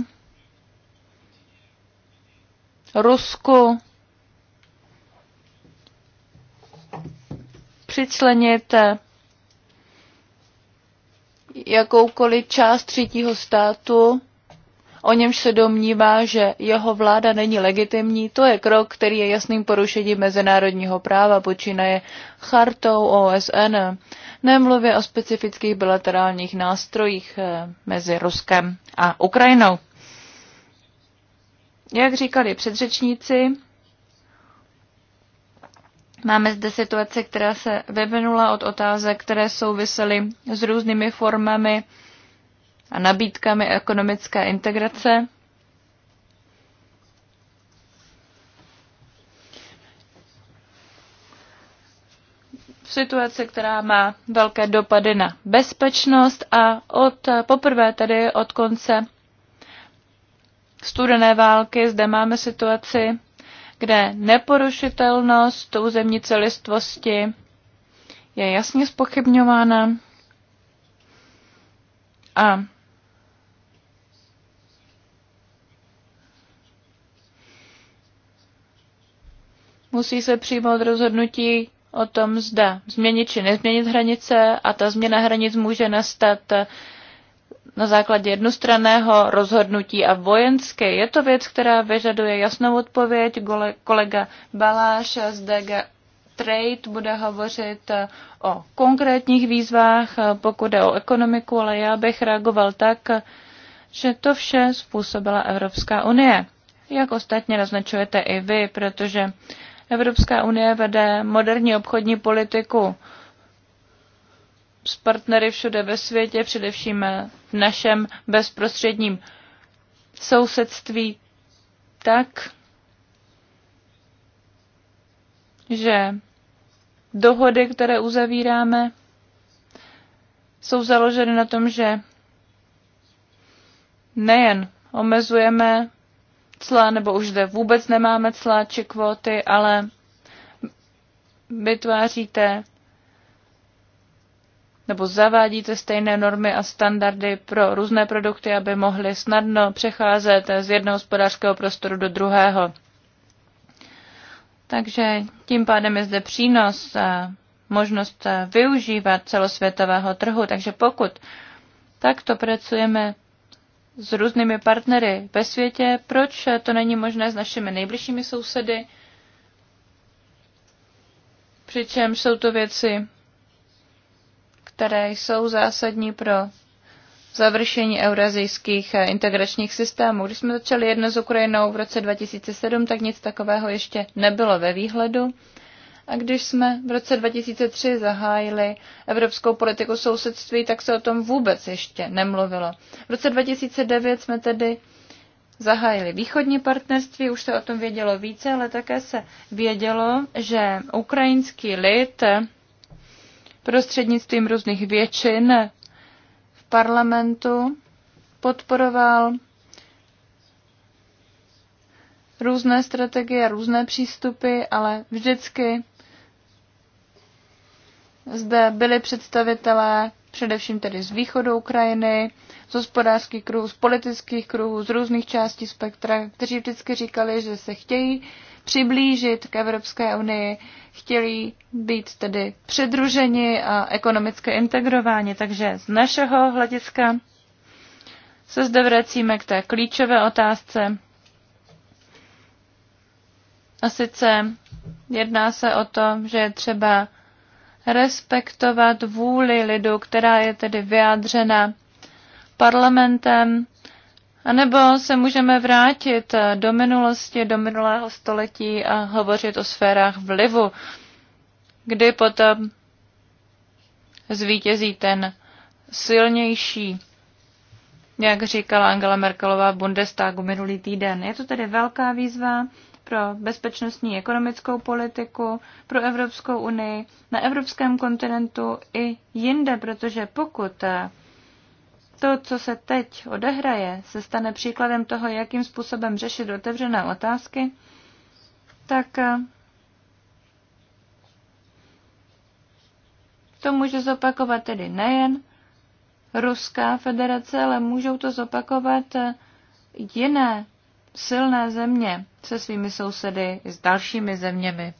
Rusku přičlenit jakoukoliv část třetího státu, o němž se domnívá, že jeho vláda není legitimní, to je krok, který je jasným porušením mezinárodního práva, počínaje chartou OSN, nemluvě o specifických bilaterálních nástrojích eh, mezi Ruskem a Ukrajinou. Jak říkali předřečníci, Máme zde situace, která se vyvinula od otázek, které souvisely s různými formami a nabídkami ekonomické integrace. situace, která má velké dopady na bezpečnost a od poprvé tedy od konce studené války zde máme situaci, kde neporušitelnost územní celistvosti je jasně spochybňována a musí se přijmout rozhodnutí o tom, zda změnit či nezměnit hranice a ta změna hranic může nastat na základě jednostranného rozhodnutí a vojenské Je to věc, která vyžaduje jasnou odpověď. Kolega Baláš z DG Trade bude hovořit eh, o konkrétních výzvách, eh, pokud je o ekonomiku, ale já bych reagoval tak, že to vše způsobila Evropská unie. Jak ostatně naznačujete i vy, protože Evropská unie vede moderní obchodní politiku s partnery všude ve světě, především eh, v našem bezprostředním sousedství, tak, že dohody, které uzavíráme, jsou založeny na tom, že nejen omezujeme cla, nebo už zde vůbec nemáme cla či kvóty, ale vytváříte nebo zavádíte stejné normy a standardy pro různé produkty, aby mohly snadno přecházet z jednoho hospodářského prostoru do druhého. Takže tím pádem je zde přínos a možnost využívat celosvětového trhu. Takže pokud takto pracujeme s různými partnery ve světě, proč to není možné s našimi nejbližšími sousedy? Přičemž jsou to věci, které jsou zásadní pro završení eurazijských eh, integračních systémů. Když jsme začali jedno s Ukrajinou v roce 2007, tak nic takového ještě nebylo ve výhledu. A když jsme v roce 2003 zahájili evropskou politiku sousedství, tak se o tom vůbec ještě nemluvilo. V roce 2009 jsme tedy zahájili východní partnerství, už se o tom vědělo více, ale také se vědělo, že ukrajinský lid prostřednictvím různých většin v parlamentu podporoval různé strategie, a různé přístupy, ale vždycky zde byli představitelé především tedy z východu Ukrajiny, z hospodářských kruhů, z politických kruhů, z různých částí spektra, kteří vždycky říkali, že se chtějí přiblížit k Evropské unii, chtěli být tedy předruženi a ekonomické integrování. Takže z našeho hlediska se zde vracíme k té klíčové otázce. A sice jedná se o to, že je třeba respektovat vůli lidu, která je tedy vyjádřena parlamentem a nebo se můžeme vrátit do minulosti, do minulého století a hovořit o sférách vlivu, kdy potom zvítězí ten silnější, jak říkala Angela Merkelová v Bundestagu minulý týden. Je to tedy velká výzva pro bezpečnostní ekonomickou politiku, pro Evropskou unii, na evropském kontinentu i jinde, protože pokud to, co se teď odehraje, se stane příkladem toho, jakým způsobem řešit otevřené otázky, tak eh, to může zopakovat tedy nejen Ruská federace, ale můžou to zopakovat eh, jiné silné země se svými sousedy i s dalšími zeměmi.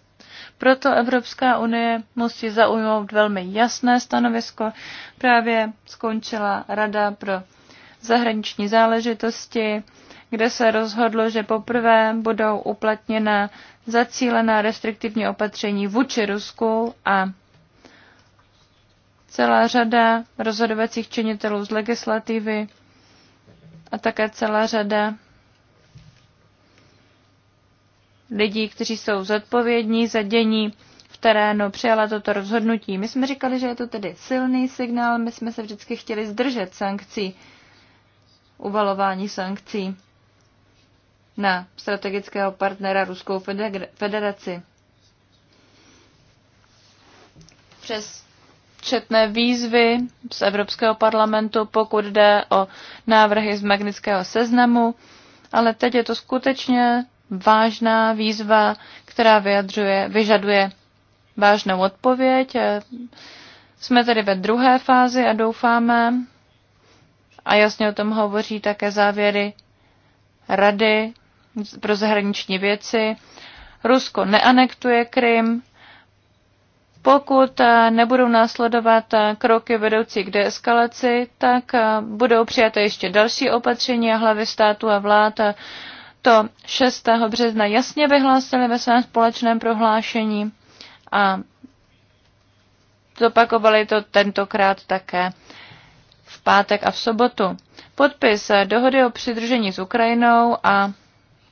Proto Evropská unie musí zaujmout velmi jasné stanovisko. Právě skončila Rada pro zahraniční záležitosti, kde se rozhodlo, že poprvé budou uplatněna zacílená restriktivní opatření vůči Rusku a celá řada rozhodovacích činitelů z legislativy a také celá řada lidí, kteří jsou zodpovědní za dění v terénu, přijala toto rozhodnutí. My jsme říkali, že je to tedy silný signál, my jsme se vždycky chtěli zdržet sankcí, uvalování sankcí na strategického partnera Ruskou federaci. Přes četné výzvy z Evropského parlamentu, pokud jde o návrhy z magnického seznamu, ale teď je to skutečně vážná výzva, která vyjadřuje, vyžaduje vážnou odpověď. Jsme tedy ve druhé fázi a doufáme, a jasně o tom hovoří také závěry Rady pro zahraniční věci. Rusko neanektuje Krym, pokud nebudou následovat kroky vedoucí k deeskalaci, tak budou přijaté ještě další opatření a hlavy státu a vlád to 6. března jasně vyhlásili ve svém společném prohlášení a zopakovali to tentokrát také v pátek a v sobotu. Podpis dohody o přidružení s Ukrajinou a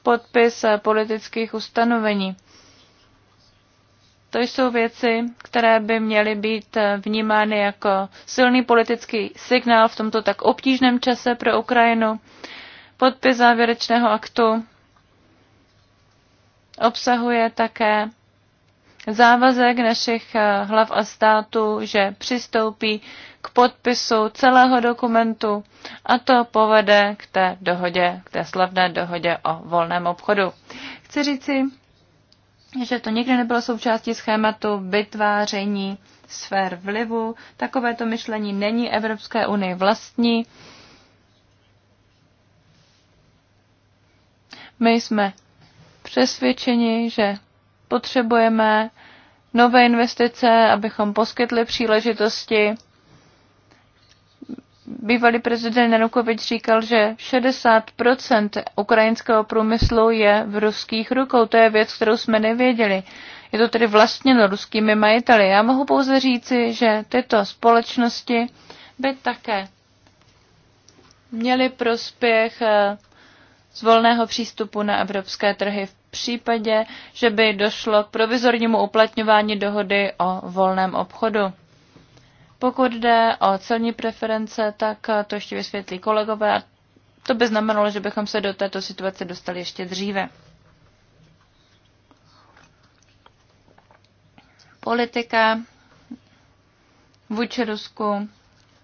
podpis politických ustanovení. To jsou věci, které by měly být vnímány jako silný politický signál v tomto tak obtížném čase pro Ukrajinu. Podpis závěrečného aktu obsahuje také závazek našich eh, hlav a států, že přistoupí k podpisu celého dokumentu a to povede k té dohodě, k té slavné dohodě o volném obchodu. Chci říci, že to nikdy nebylo součástí schématu vytváření sfér vlivu. Takovéto myšlení není Evropské unii vlastní. My jsme přesvědčeni, že potřebujeme nové investice, abychom poskytli příležitosti. Bývalý prezident Janukovič říkal, že 60% ukrajinského průmyslu je v ruských rukou. To je věc, kterou jsme nevěděli. Je to tedy na ruskými majiteli. Já mohu pouze říci, že tyto společnosti by také měly prospěch eh, z volného přístupu na evropské trhy v případě, že by došlo k provizornímu uplatňování dohody o volném obchodu. Pokud jde o celní preference, tak to ještě vysvětlí kolegové a to by znamenalo, že bychom se do této situace dostali ještě dříve. Politika vůči Rusku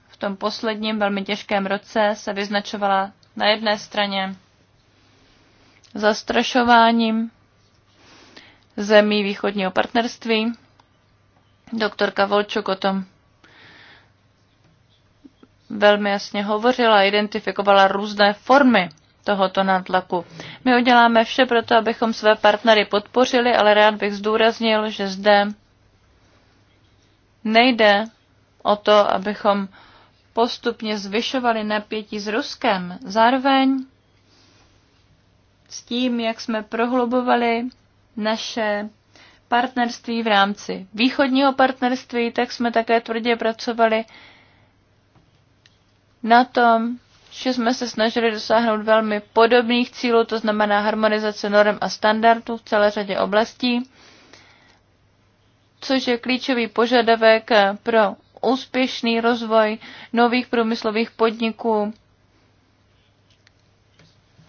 v tom posledním velmi těžkém roce se vyznačovala na jedné straně zastrašováním zemí východního partnerství. Doktorka Volčuk o tom velmi jasně hovořila, identifikovala různé formy tohoto nátlaku. My uděláme vše pro to, abychom své partnery podpořili, ale rád bych zdůraznil, že zde nejde o to, abychom postupně zvyšovali napětí s Ruskem. Zároveň s tím, jak jsme prohlubovali naše partnerství v rámci východního partnerství, tak jsme také tvrdě pracovali na tom, že jsme se snažili dosáhnout velmi podobných cílů, to znamená harmonizace norm a standardů v celé řadě oblastí, což je klíčový požadavek pro úspěšný rozvoj nových průmyslových podniků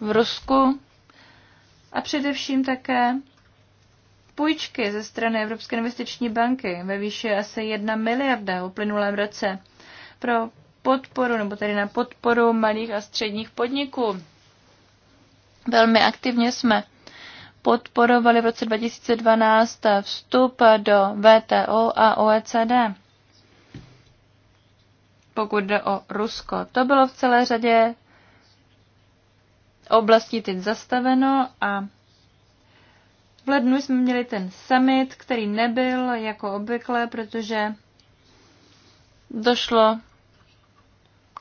v Rusku a především také půjčky ze strany Evropské investiční banky ve výši asi 1 miliarda v uplynulém roce pro podporu, nebo tedy na podporu malých a středních podniků. Velmi aktivně jsme podporovali v roce 2012 vstup do VTO a OECD. Pokud jde o Rusko, to bylo v celé řadě Oblasti teď zastaveno a v lednu jsme měli ten summit, který nebyl jako obvykle, protože došlo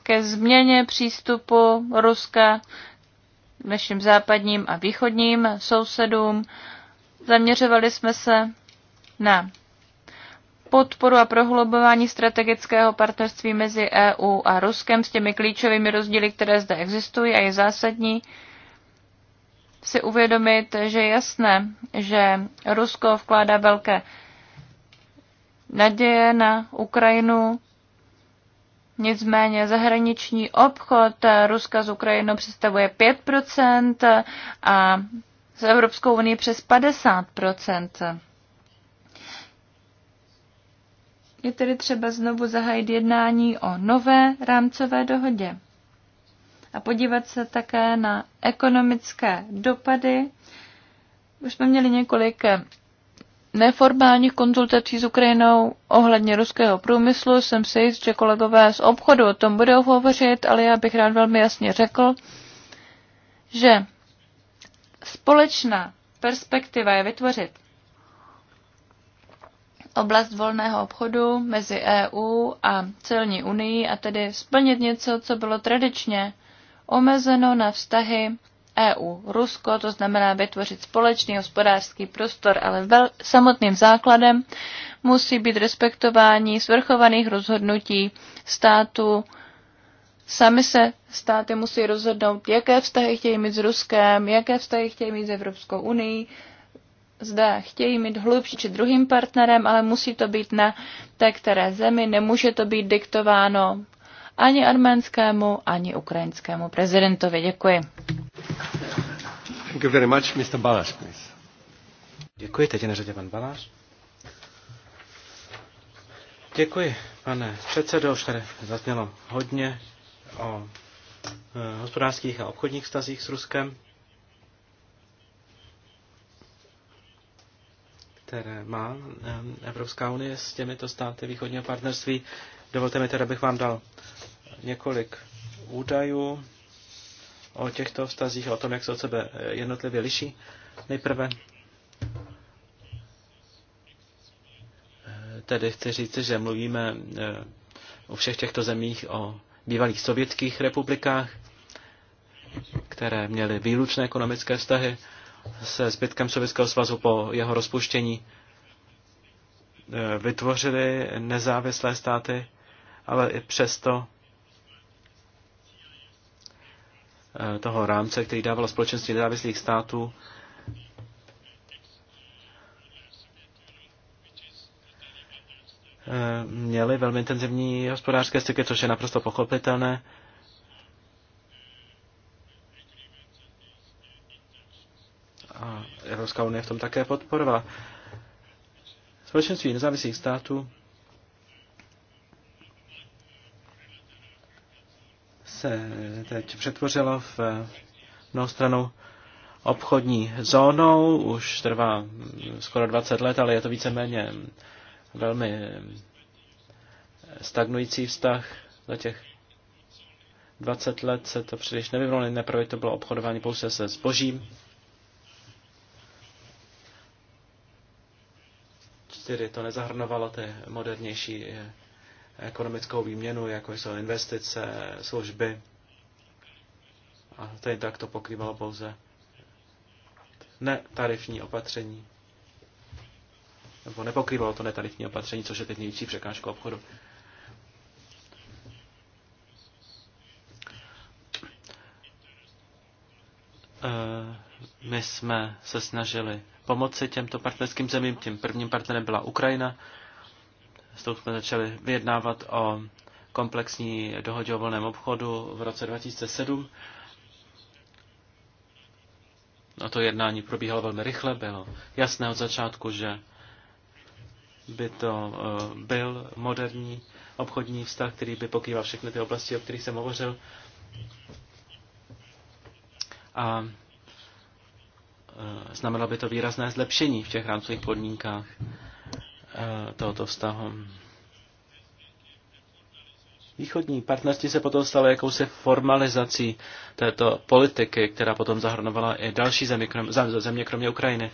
ke změně přístupu Ruska našim západním a východním sousedům. Zaměřovali jsme se na podporu a prohlubování strategického partnerství mezi EU a Ruskem s těmi klíčovými rozdíly, které zde existují a je zásadní si uvědomit, že je jasné, že Rusko vkládá velké naděje na Ukrajinu, Nicméně zahraniční obchod Ruska s Ukrajinou představuje 5% a s Evropskou unii přes 50%. Je tedy třeba znovu zahájit jednání o nové rámcové dohodě a podívat se také na ekonomické dopady. Už jsme měli několik eh, neformálních konzultací s Ukrajinou ohledně ruského průmyslu. Jsem si jist, že kolegové z obchodu o tom budou hovořit, ale já bych rád velmi jasně řekl, že společná perspektiva je vytvořit oblast volného obchodu mezi EU a celní unii a tedy splnit něco, co bylo tradičně omezeno na vztahy EU-Rusko, to znamená vytvořit společný hospodářský prostor, ale vel- samotným základem musí být respektování svrchovaných rozhodnutí států. Sami se státy musí rozhodnout, jaké vztahy chtějí mít s Ruskem, jaké vztahy chtějí mít s Evropskou unii zda chtějí mít hlubší či druhým partnerem, ale musí to být na té které zemi, nemůže to být diktováno ani arménskému, ani ukrajinskému prezidentovi. Děkuji. Thank you very much, Mr. Balaš, please. Děkuji, teď je na řadě pan Balaš. Děkuji, pane předsedo, už tady zaznělo hodně o eh, hospodářských a obchodních vztazích s Ruskem. které má Evropská unie s těmito státy východního partnerství. Dovolte mi tedy, abych vám dal několik údajů o těchto vztazích, o tom, jak se od sebe eh, jednotlivě liší. Nejprve eh, tedy chci říct, že mluvíme o eh, všech těchto zemích o bývalých sovětských republikách, které měly výlučné ekonomické vztahy se zbytkem Sovětského svazu po jeho rozpuštění e, vytvořili nezávislé státy, ale i přesto e, toho rámce, který dávalo společenství nezávislých států, e, měli velmi intenzivní hospodářské styky, což je naprosto pochopitelné. Evropská unie v tom také podporovala. Společenství nezávislých států se teď přetvořilo v mnohostranou obchodní zónou, už trvá skoro 20 let, ale je to víceméně velmi stagnující vztah. Za těch 20 let se to příliš nevyvnulo, neprve to bylo obchodování pouze se zbožím, čtyři. Prostě, to nezahrnovalo ty modernější eh, ekonomickou výměnu, jako jsou investice, služby. A tady tak to pokrývalo pouze netarifní opatření. Nebo nepokrývalo to netarifní opatření, což je teď největší překážkou obchodu. Eh, my jsme se snažili pomoci těmto partnerským zemím. Tím prvním partnerem byla Ukrajina. S tou jsme začali vyjednávat o komplexní dohodě o volném obchodu v roce 2007. A to jednání probíhalo velmi rychle, bylo jasné od začátku, že by to eh, byl moderní obchodní vztah, který by pokrýval všechny ty oblasti, o kterých jsem hovořil. A znamenalo by to výrazné zlepšení v těch rámcových podmínkách eh, tohoto vztahu. Východní partnerství se potom stalo jakousi formalizací této politiky, která potom zahrnovala i další země, krom, země kromě Ukrajiny.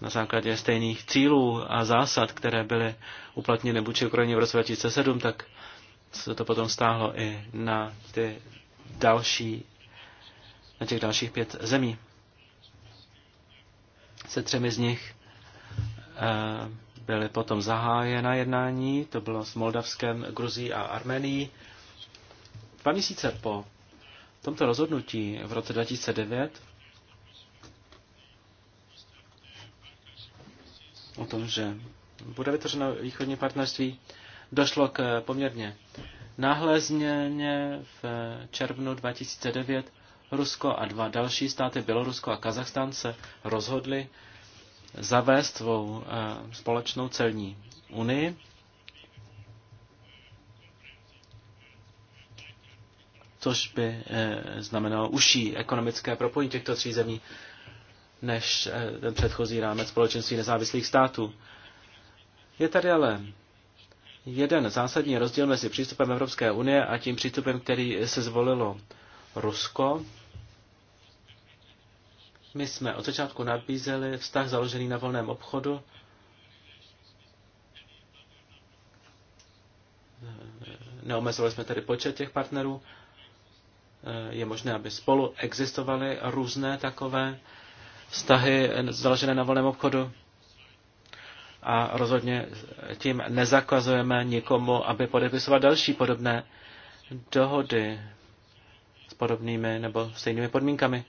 Na základě stejných cílů a zásad, které byly uplatněny vůči Ukrajině v roce 2007, tak se to potom stáhlo i na ty další na těch dalších pět zemí. Se třemi z nich eh, byly potom zahájena jednání, to bylo s Moldavskem, Gruzí a Armenií. Dva měsíce po tomto rozhodnutí v roce 2009 o tom, že bude vytvořeno východní partnerství, došlo k poměrně náhlé změně v červnu 2009 Rusko a dva další státy, Bělorusko a Kazachstán, se rozhodly zavést svou eh, společnou celní unii. což by eh, znamenalo užší ekonomické propojení těchto tří zemí než eh, ten předchozí rámec společenství nezávislých států. Je tady ale jeden zásadní rozdíl mezi přístupem Evropské unie a tím přístupem, který se zvolilo Rusko my jsme od začátku nabízeli vztah založený na volném obchodu. Neomezovali jsme tedy počet těch partnerů. Je možné, aby spolu existovaly různé takové vztahy založené na volném obchodu. A rozhodně tím nezakazujeme nikomu, aby podepisoval další podobné dohody s podobnými nebo stejnými podmínkami.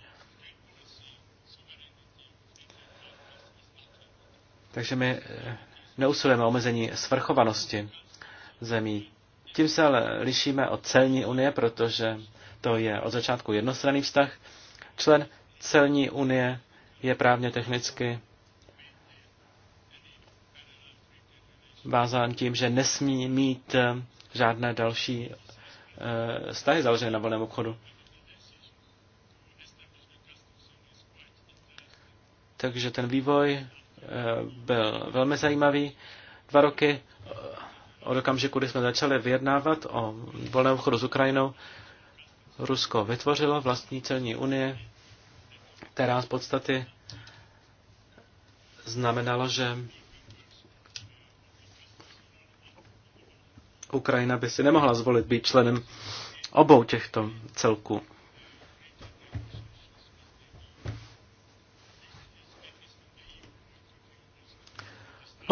Takže my eh, neusilujeme omezení svrchovanosti zemí. Tím se ale lišíme od celní unie, protože to je od začátku jednostranný vztah. Člen celní unie je právně technicky vázán tím, že nesmí mít eh, žádné další eh, vztahy založené na volném obchodu. Takže ten vývoj Eh, byl velmi zajímavý. Dva roky eh, od okamžiku, kdy jsme začali vyjednávat o volném chodu s Ukrajinou, Rusko vytvořilo vlastní celní unie, která z podstaty znamenalo, že Ukrajina by si nemohla zvolit být členem obou těchto celků.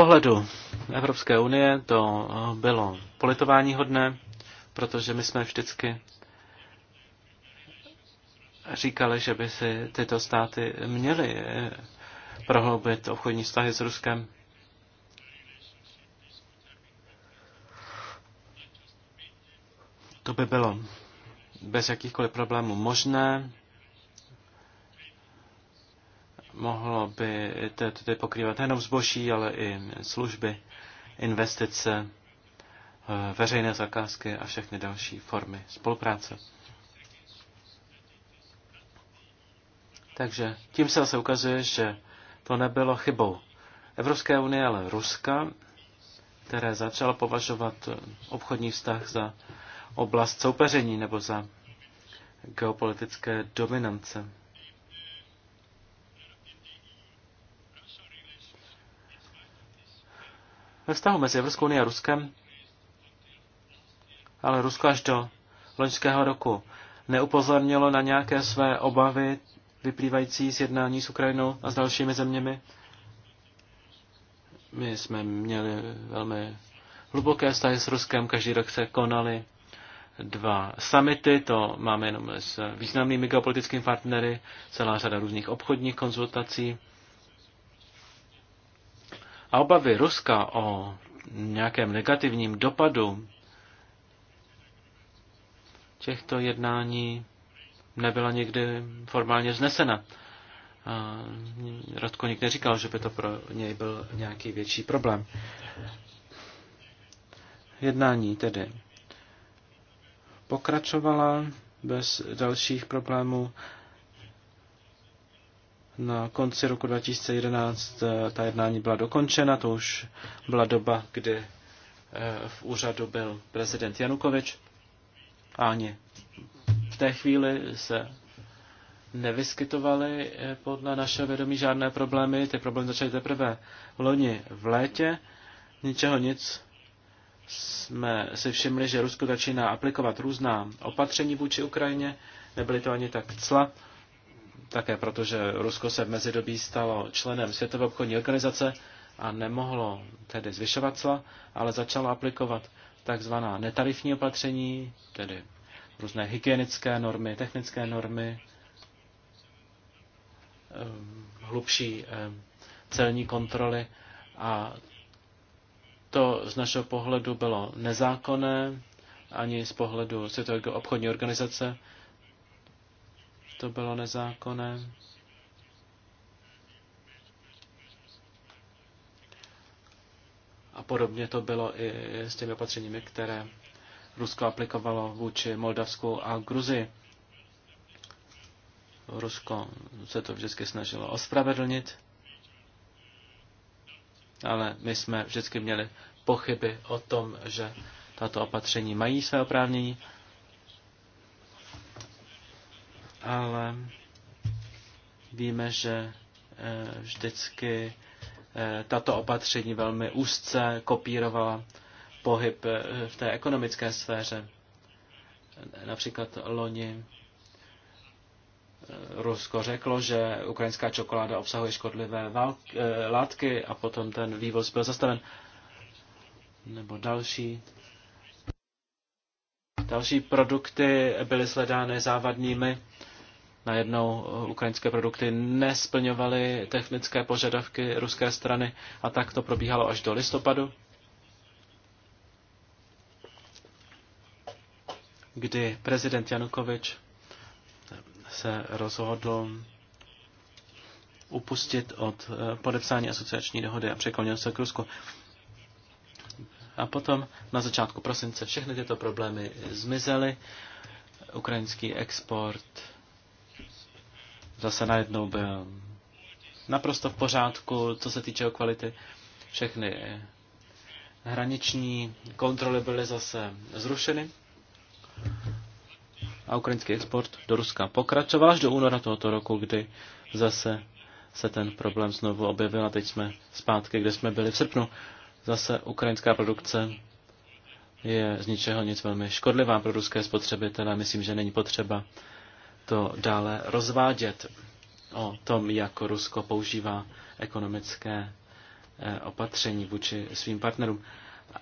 pohledu Evropské unie to bylo politování hodné, protože my jsme vždycky říkali, že by si tyto státy měly eh, prohloubit obchodní vztahy s Ruskem. To by bylo bez jakýchkoliv problémů možné. Mohlo by tedy pokrývat nejenom zboží, ale i služby, investice, eh, veřejné zakázky a všechny další formy spolupráce. Takže tím se zase ukazuje, že to nebylo chybou Evropské unie, ale Ruska, které začalo považovat obchodní vztah za oblast soupeření nebo za geopolitické dominance. Ve vztahu mezi Evropskou unii a Ruskem, ale Rusko až do loňského roku neupozornilo na nějaké své obavy vyplývající z jednání s Ukrajinou a s dalšími zeměmi. My jsme měli velmi hluboké vztahy s Ruskem, každý rok se konaly dva summity, to máme jenom s významnými geopolitickými partnery, celá řada různých obchodních konzultací a obavy Ruska o nějakém negativním dopadu těchto jednání nebyla nikdy formálně vznesena. Radko nikdy neříkal, že by to pro něj byl nějaký větší problém. Jednání tedy pokračovala bez dalších problémů na konci roku 2011 eh, ta jednání byla dokončena, to už byla doba, kdy eh, v úřadu byl prezident Janukovič ani v té chvíli se nevyskytovaly eh, podle našeho vědomí žádné problémy. Ty problémy začaly teprve loni v létě. Ničeho nic jsme si všimli, že Rusko začíná aplikovat různá opatření vůči Ukrajině. Nebyly to ani tak cla, také proto, že Rusko se v mezidobí stalo členem Světové obchodní organizace a nemohlo tedy zvyšovat cla, ale začalo aplikovat takzvaná netarifní opatření, tedy různé hygienické normy, technické normy, eh, hlubší eh, celní kontroly a to z našeho pohledu bylo nezákonné, ani z pohledu Světové obchodní organizace, to bylo nezákonné. A podobně to bylo i s těmi opatřeními, které Rusko aplikovalo vůči Moldavsku a Gruzi. Rusko se to vždycky snažilo ospravedlnit, ale my jsme vždycky měli pochyby o tom, že tato opatření mají své oprávnění ale víme, že eh, vždycky eh, tato opatření velmi úzce kopírovala pohyb eh, v té ekonomické sféře. Například loni Rusko řeklo, že ukrajinská čokoláda obsahuje škodlivé látky a potom ten vývoz byl zastaven. Nebo další. Další produkty byly sledány závadními Najednou eh, ukrajinské produkty nesplňovaly technické požadavky ruské strany a tak to probíhalo až do listopadu, kdy prezident Janukovič se rozhodl upustit od eh, podepsání asociační dohody a překlonil se k Rusku. A potom na začátku prosince všechny tyto problémy zmizely. Ukrajinský export zase najednou byl naprosto v pořádku, co se týče kvality. Všechny hraniční kontroly byly zase zrušeny a ukrajinský export do Ruska pokračoval až do února tohoto roku, kdy zase se ten problém znovu objevil a teď jsme zpátky, kde jsme byli v srpnu. Zase ukrajinská produkce je z ničeho nic velmi škodlivá pro ruské spotřebitele. Myslím, že není potřeba to dále rozvádět o tom, jak Rusko používá ekonomické eh, opatření vůči svým partnerům.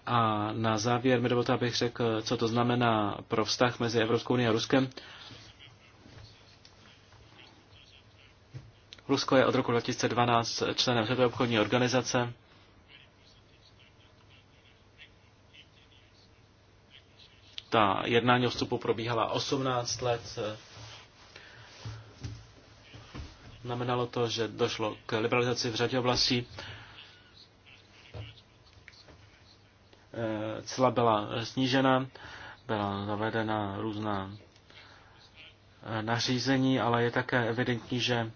A na závěr mi dovolte, abych řekl, co to znamená pro vztah mezi Evropskou unii a Ruskem. Rusko je od roku 2012 členem Světové obchodní organizace. Ta jednání o vstupu probíhala 18 let Znamenalo to, že došlo k liberalizaci v řadě oblastí. Eh, Cela byla snížena, byla zavedena různá eh, nařízení, ale je také evidentní, že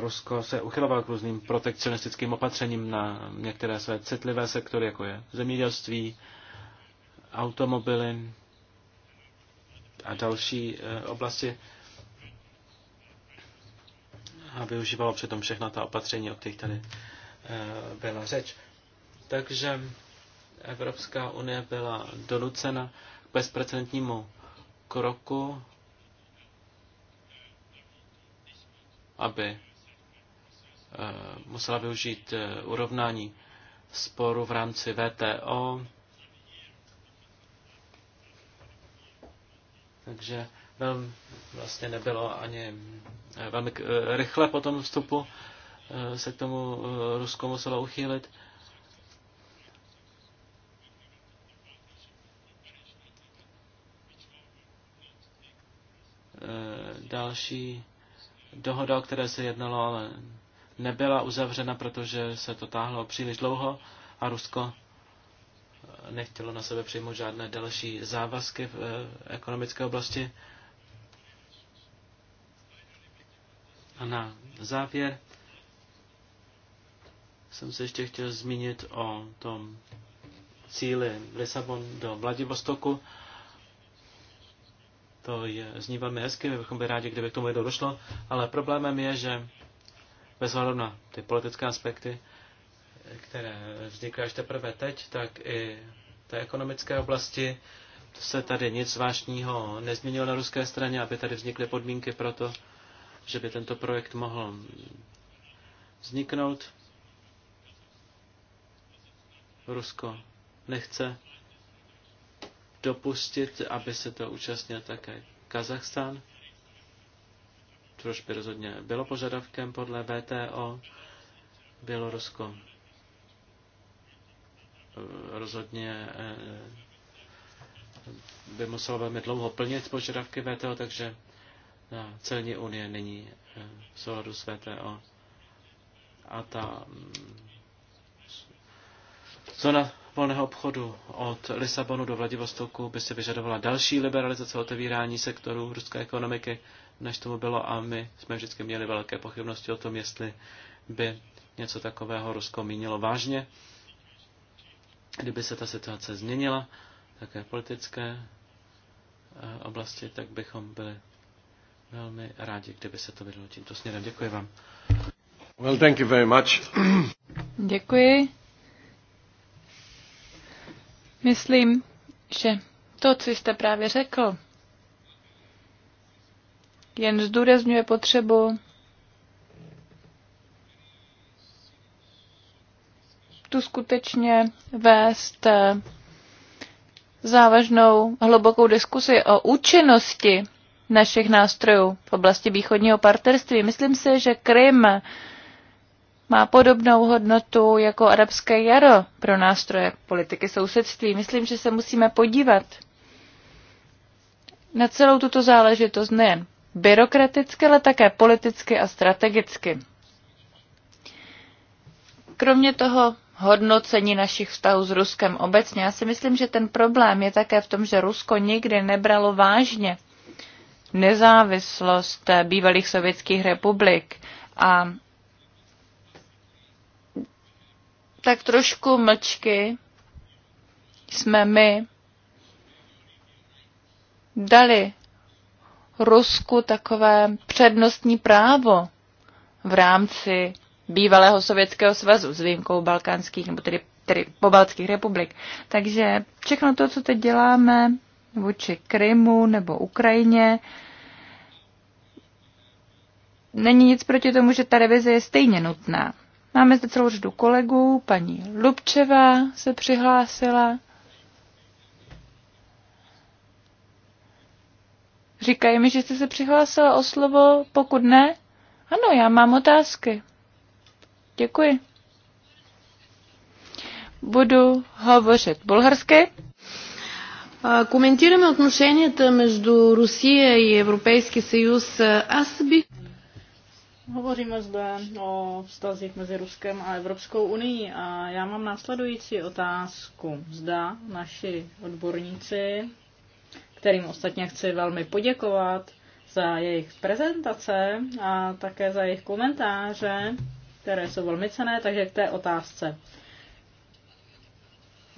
Rusko se uchylovalo k různým protekcionistickým opatřením na některé své citlivé sektory, jako je zemědělství, automobily a další eh, oblasti a využívalo přitom všechna ta opatření, o kterých tady eh, byla řeč. Takže Evropská unie byla donucena k bezprecedentnímu kroku, aby eh, musela využít eh, urovnání sporu v rámci VTO. Takže velmi, vlastně nebylo ani eh, velmi eh, rychle po tom vstupu eh, se k tomu Rusko muselo uchýlit. Další dohoda, o které se jednalo, ale nebyla uzavřena, protože se to táhlo příliš dlouho a Rusko nechtělo na sebe přijmout žádné další závazky v ekonomické oblasti. A na závěr jsem se ještě chtěl zmínit o tom cíli Lisabon do Vladivostoku. To je, zní velmi hezky, my bychom byli rádi, kdyby k tomu jednou došlo, ale problémem je, že bez ohledu na ty politické aspekty, které vznikají až teprve teď, tak i té ekonomické oblasti se tady nic zvláštního nezměnilo na ruské straně, aby tady vznikly podmínky pro to, že by tento projekt mohl vzniknout. Rusko nechce dopustit, aby se to účastnil také Kazachstán, což by rozhodně bylo požadavkem podle VTO. Bělorusko eh, rozhodně eh, by muselo velmi dlouho plnit požadavky VTO, takže celní unie není eh, v souladu s VTO. A ta mm, zóna volného obchodu od Lisabonu do Vladivostoku by se vyžadovala další liberalizace otevírání sektoru ruské ekonomiky, než tomu bylo a my jsme vždycky měli velké pochybnosti o tom, jestli by něco takového Rusko mínilo vážně. Kdyby se ta situace změnila, také politické eh, oblasti, tak bychom byli velmi rádi, kdyby se to vydalo tímto směrem. Děkuji vám. Well, thank you very much. Děkuji. Myslím, že to, co jste právě řekl, jen zdůrazňuje potřebu tu skutečně vést eh, závažnou, hlubokou diskusi o účinnosti našich nástrojů v oblasti východního partnerství. Myslím si, že Krym má podobnou hodnotu jako arabské jaro pro nástroje politiky sousedství. Myslím, že se musíme podívat na celou tuto záležitost nejen byrokraticky, ale také politicky a strategicky. Kromě toho hodnocení našich vztahů s Ruskem obecně, já si myslím, že ten problém je také v tom, že Rusko nikdy nebralo vážně nezávislost bývalých sovětských republik a tak trošku mlčky jsme my dali Rusku takové přednostní právo v rámci bývalého Sovětského svazu s výjimkou balkánských nebo tedy, tedy pobaltských republik. Takže všechno to, co teď děláme, vůči Krymu nebo Ukrajině. Není nic proti tomu, že ta revize je stejně nutná. Máme zde celou řadu kolegů, paní Lubčeva se přihlásila. Říkají mi, že jste se přihlásila o slovo, pokud ne. Ano, já mám otázky. Děkuji. Budu hovořit bulharsky. Коментираме отношенията между Русия и Европейски съюз. Аз бих... Hovoříme zde o vztazích mezi Ruskem a Evropskou unii a já mám následující otázku. Zda naši odborníci, kterým ostatně chci velmi poděkovat za jejich prezentace a také za jejich komentáře, které jsou velmi cené, takže k té otázce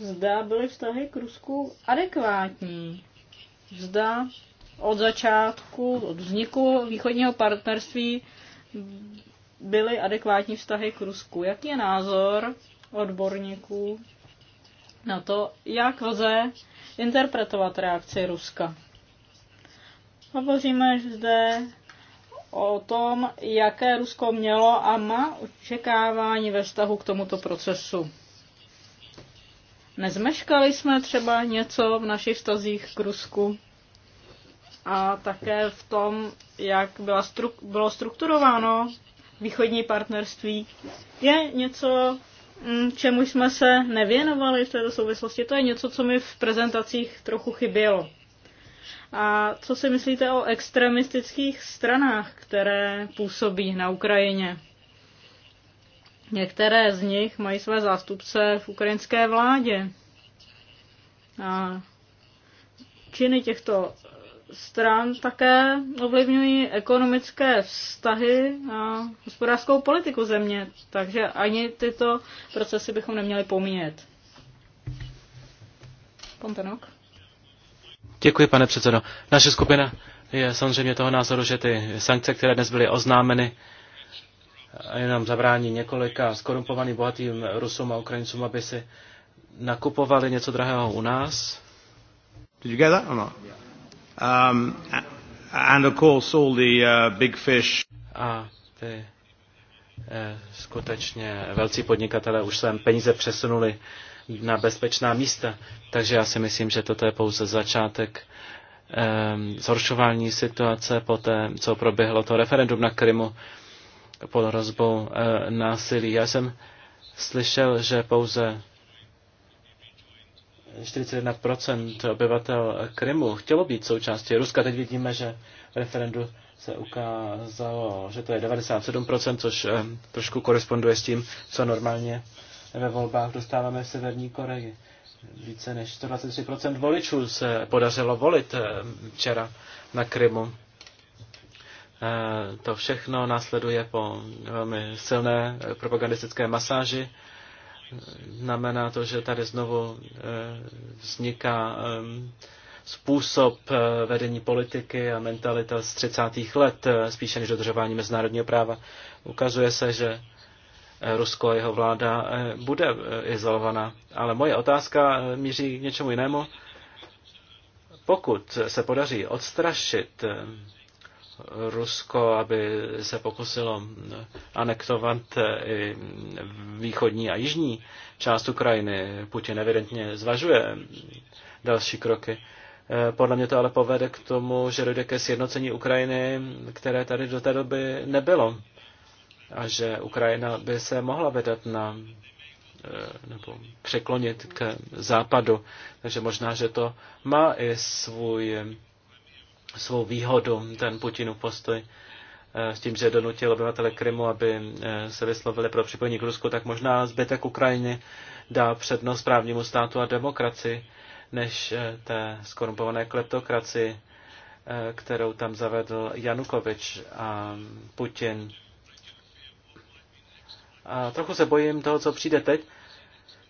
zda byly vztahy k Rusku adekvátní. Zda od začátku, od vzniku východního partnerství byly adekvátní vztahy k Rusku. Jaký je názor odborníků na to, jak lze interpretovat reakci Ruska? Hovoříme zde o tom, jaké Rusko mělo a má očekávání ve vztahu k tomuto procesu. Nezmeškali jsme třeba něco v našich vztazích k Rusku a také v tom, jak byla stru- bylo strukturováno východní partnerství, je něco, mm, čemu jsme se nevěnovali v této souvislosti. To je něco, co mi v prezentacích trochu chybělo. A co si myslíte o extremistických stranách, které působí na Ukrajině? Některé z nich mají své zástupce v ukrajinské vládě. A činy těchto stran také ovlivňují ekonomické vztahy a hospodářskou politiku země, takže ani tyto procesy bychom neměli pomíjet. Pontenok. Děkuji, pane předsedo. Naše skupina je samozřejmě toho názoru, že ty sankce, které dnes byly oznámeny, jenom zabrání několika skorumpovaným bohatým Rusům a Ukrajincům, aby si nakupovali něco drahého u nás. Did you get that or not? Um, and of course all the uh, big fish. A ty eh, skutečně velcí podnikatelé už sem peníze přesunuli na bezpečná místa. Takže já si myslím, že toto je pouze začátek eh, zhoršování situace po té, co proběhlo to referendum na Krymu. Eh, pod hrozbou e, násilí. Já jsem slyšel, že pouze 41% obyvatel Krymu chtělo být součástí Ruska. Teď vidíme, že v referendu se ukázalo, že to je 97%, což e, trošku koresponduje s tím, co normálně ve volbách dostáváme v Severní Koreji. Více než 123% voličů se podařilo volit e, včera na Krymu. Eh, to všechno následuje po velmi silné propagandistické masáži. Znamená to, že tady znovu eh, vzniká eh, způsob vedení politiky a mentalita z 30. let, spíše než dodržování mezinárodního práva. Ukazuje se, že Rusko a jeho vláda bude izolovaná. Ale moje otázka míří k něčemu jinému. Pokud se podaří odstrašit Rusko, aby se pokusilo anektovat i východní a jižní část Ukrajiny. Putin evidentně zvažuje další kroky. Eh, podle mě to ale povede k tomu, že dojde ke sjednocení Ukrajiny, které tady do té doby nebylo. A že Ukrajina by se mohla vydat na eh, nebo překlonit k západu. Takže možná, že to má i svůj svou výhodu, ten Putinův postoj, eh, s tím, že donutil obyvatele Krymu, aby eh, se vyslovili pro připojení k Rusku, tak možná zbytek Ukrajiny dá přednost právnímu státu a demokracii, než eh, té skorumpované kleptokracii, kterou tam zavedl Janukovič a Putin. A trochu se bojím toho, co přijde teď,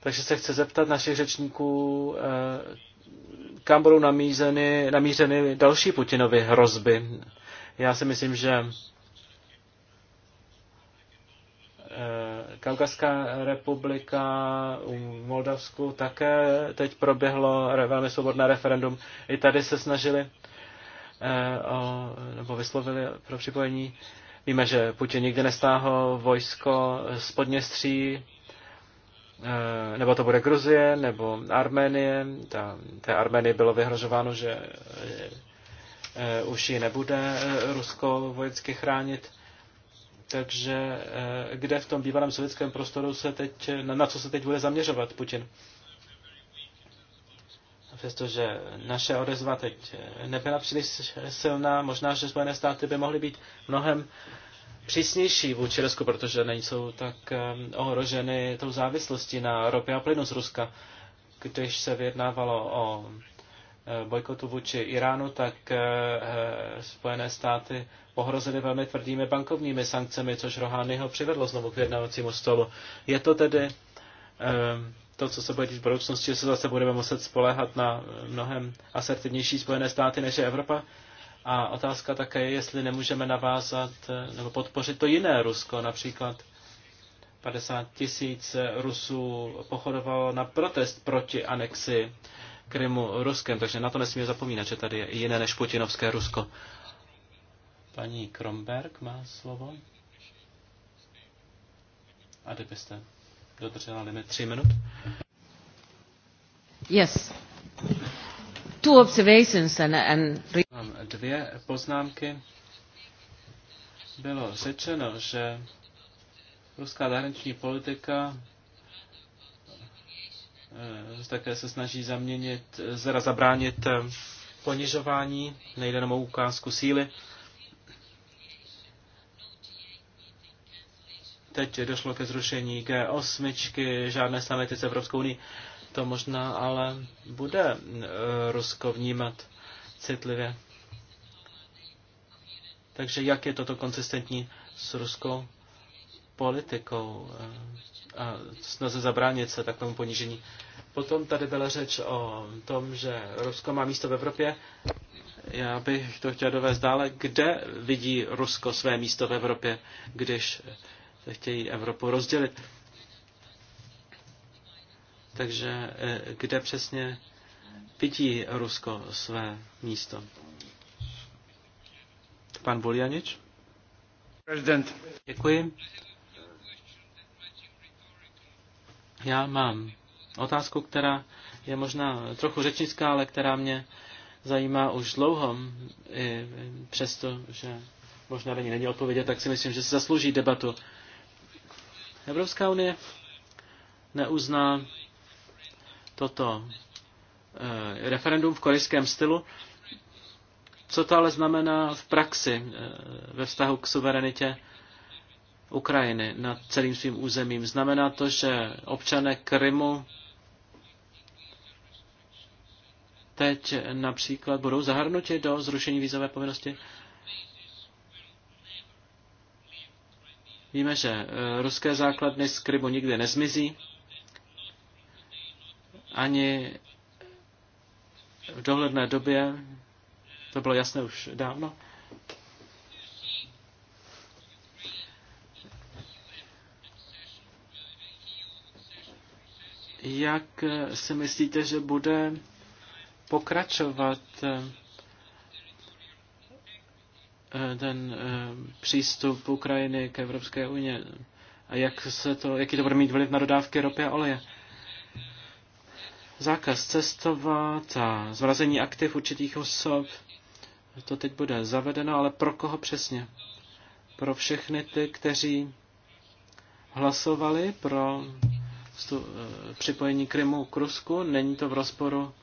takže se chci zeptat našich řečníků, kam budou namířeny, namířeny další Putinovy hrozby. Já si myslím, že eh, Kaukaská republika, u Moldavsku také teď proběhlo velmi svobodné referendum. I tady se snažili eh, o, nebo vyslovili pro připojení. Víme, že Putin nikdy nestáhl vojsko z Podněstří, Eh, nebo to bude Gruzie, nebo Arménie. Ta, té Arménie bylo vyhrožováno, že eh, eh, už ji nebude Rusko vojensky chránit. Takže kde v tom bývalém sovětském prostoru se teď, na co se teď bude zaměřovat Putin? Přestože naše odezva teď nebyla příliš silná, možná, že Spojené státy by mohly být mnohem uh, přísnější vůči Rusku, protože nejsou tak ohroženy tou závislostí na ropě a plynu z Ruska. Když se vyjednávalo o e, bojkotu vůči Iránu, tak e, e, Spojené státy pohrozily velmi tvrdými bankovními sankcemi, což Rohányho přivedlo znovu k vyjednávacímu stolu. Je to tedy to, co se bude dít v budoucnosti, že se zase budeme muset spolehat na mnohem asertivnější Spojené státy než je Evropa. A otázka také je, jestli nemůžeme navázat eh, nebo podpořit to jiné Rusko, například 50 tisíc Rusů pochodovalo na protest proti anexi Krymu Ruskem, takže na to nesmíme zapomínat, že tady je jiné než putinovské Rusko. Paní Kromberg má slovo. A kdybyste dodržela limit tři minut. Yes two observations and, and... Mám dvě poznámky. Bylo řečeno, že ruská zahraniční politika eh, také se snaží zaměnit, zabránit eh, ponižování, nejde jenom o ukázku síly. Teď došlo ke zrušení G8, žádné samity s Evropskou unii to možná ale bude eh, Rusko vnímat citlivě. Takže jak je toto konsistentní s ruskou politikou eh, a snaze zabránit se takovému ponížení? Potom tady byla řeč o tom, že Rusko má místo v Evropě. Já bych to chtěl dovést dále. Kde vidí Rusko své místo v Evropě, když chtějí Evropu rozdělit? Takže e, kde přesně vidí Rusko své místo? Pan Voljanič? Prezident. Děkuji. Já mám otázku, která je možná trochu řečnická, ale která mě zajímá už dlouho, i přesto, že možná na ní není odpovědět, tak si myslím, že se zaslouží debatu. Evropská unie neuzná toto eh, referendum v korejském stylu. Co to ale znamená v praxi eh, ve vztahu k suverenitě Ukrajiny nad celým svým územím? Znamená to, že občané Krymu teď například budou zahrnuti do zrušení vízové povinnosti? Víme, že eh, ruské základny z Krymu nikdy nezmizí ani v dohledné době, to bylo jasné už dávno, jak si myslíte, že bude pokračovat eh, ten eh, přístup Ukrajiny k Evropské unii a jak se to, jaký to bude mít vliv na dodávky ropy a oleje? zákaz cestovat a zmrazení aktiv určitých osob. To teď bude zavedeno, ale pro koho přesně? Pro všechny ty, kteří hlasovali pro eh, připojení Krymu k Rusku. Není to v rozporu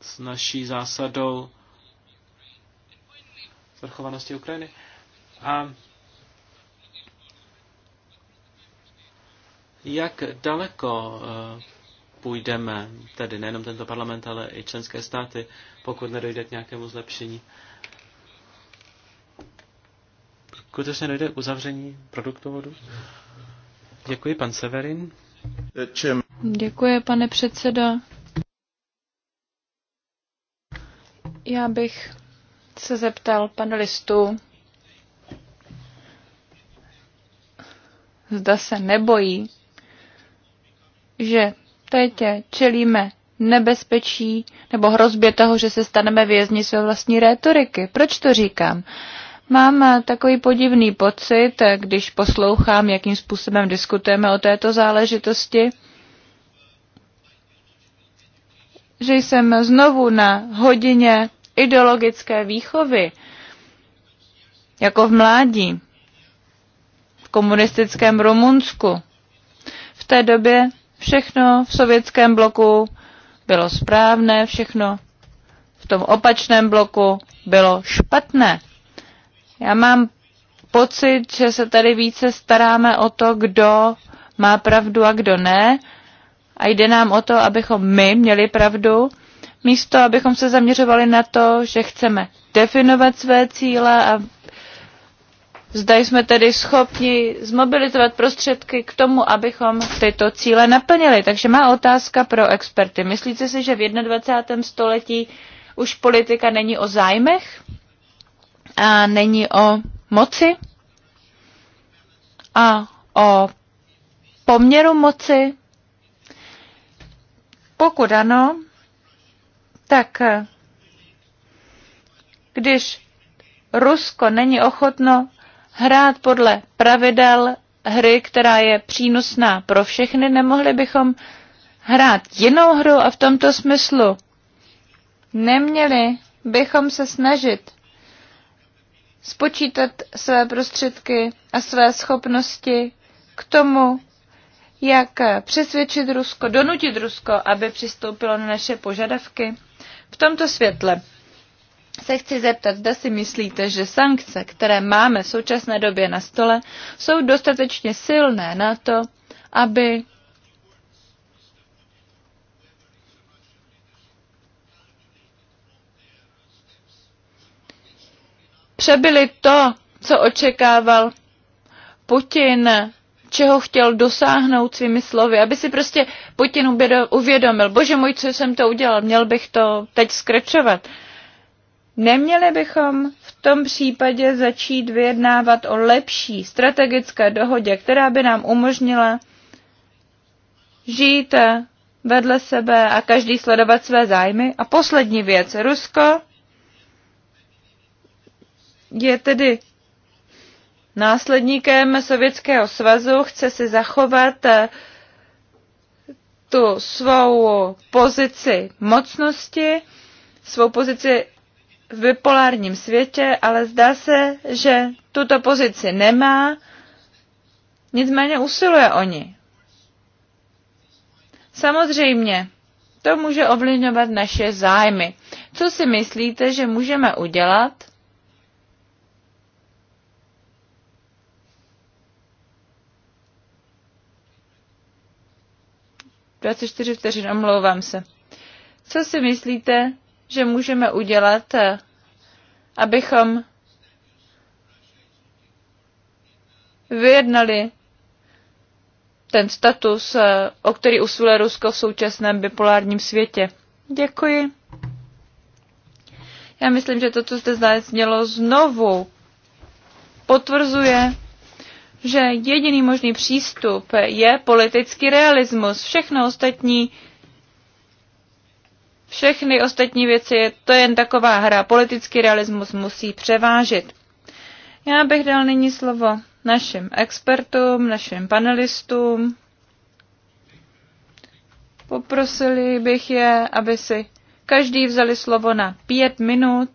s naší zásadou zvrchovanosti Ukrajiny. A jak daleko eh, půjdeme, tedy nejenom tento parlament, ale i členské státy, pokud nedojde k nějakému zlepšení. Skutečně dojde k uzavření produktovodu? Děkuji, pan Severin. Čem? Děkuji, pane předsedo. Já bych se zeptal panelistů, zda se nebojí že teď čelíme nebezpečí nebo hrozbě toho, že se staneme vězni své vlastní rétoriky. Proč to říkám? Mám takový podivný pocit, když poslouchám, jakým způsobem diskutujeme o této záležitosti, že jsem znovu na hodině ideologické výchovy, jako v mládí, v komunistickém Rumunsku. V té době Všechno v sovětském bloku bylo správné, všechno v tom opačném bloku bylo špatné. Já mám pocit, že se tady více staráme o to, kdo má pravdu a kdo ne. A jde nám o to, abychom my měli pravdu, místo abychom se zaměřovali na to, že chceme definovat své cíle a Zda jsme tedy schopni zmobilizovat prostředky k tomu, abychom tyto cíle naplnili. Takže má otázka pro experty. Myslíte si, že v 21. století už politika není o zájmech a není o moci a o poměru moci? Pokud ano, tak když Rusko není ochotno hrát podle pravidel hry, která je přínosná pro všechny, nemohli bychom hrát jinou hru a v tomto smyslu neměli bychom se snažit spočítat své prostředky a své schopnosti k tomu, jak přesvědčit Rusko, donutit Rusko, aby přistoupilo na naše požadavky. V tomto světle se chci zeptat, zda si myslíte, že sankce, které máme v současné době na stole, jsou dostatečně silné na to, aby přebyli to, co očekával Putin, čeho chtěl dosáhnout svými slovy, aby si prostě Putin uvědomil, bože můj, co jsem to udělal, měl bych to teď skračovat. Uh, Neměli bychom v tom případě začít vyjednávat o lepší strategické dohodě, která by nám umožnila žít vedle sebe a každý sledovat své zájmy. A poslední věc, Rusko je tedy následníkem Sovětského svazu, chce si zachovat eh, tu svou pozici mocnosti, svou pozici v bipolárním světě, ale zdá se, že tuto pozici nemá, nicméně usiluje o ní. Samozřejmě, to může ovlivňovat naše zájmy. Co si myslíte, že můžeme udělat? Dvacet čtyři vteřin, omlouvám se. Co si myslíte, že můžeme udělat, eh, abychom vyjednali ten status, eh, o který usiluje Rusko v současném bipolárním světě. Děkuji. Já myslím, že to, co zde znělo znovu, potvrzuje, že jediný možný přístup je politický realismus. Všechno ostatní všechny ostatní věci, to je jen taková hra. Politický realismus musí převážit. Já bych dal nyní slovo našim expertům, našim panelistům. Poprosili bych je, aby si každý vzali slovo na pět minut.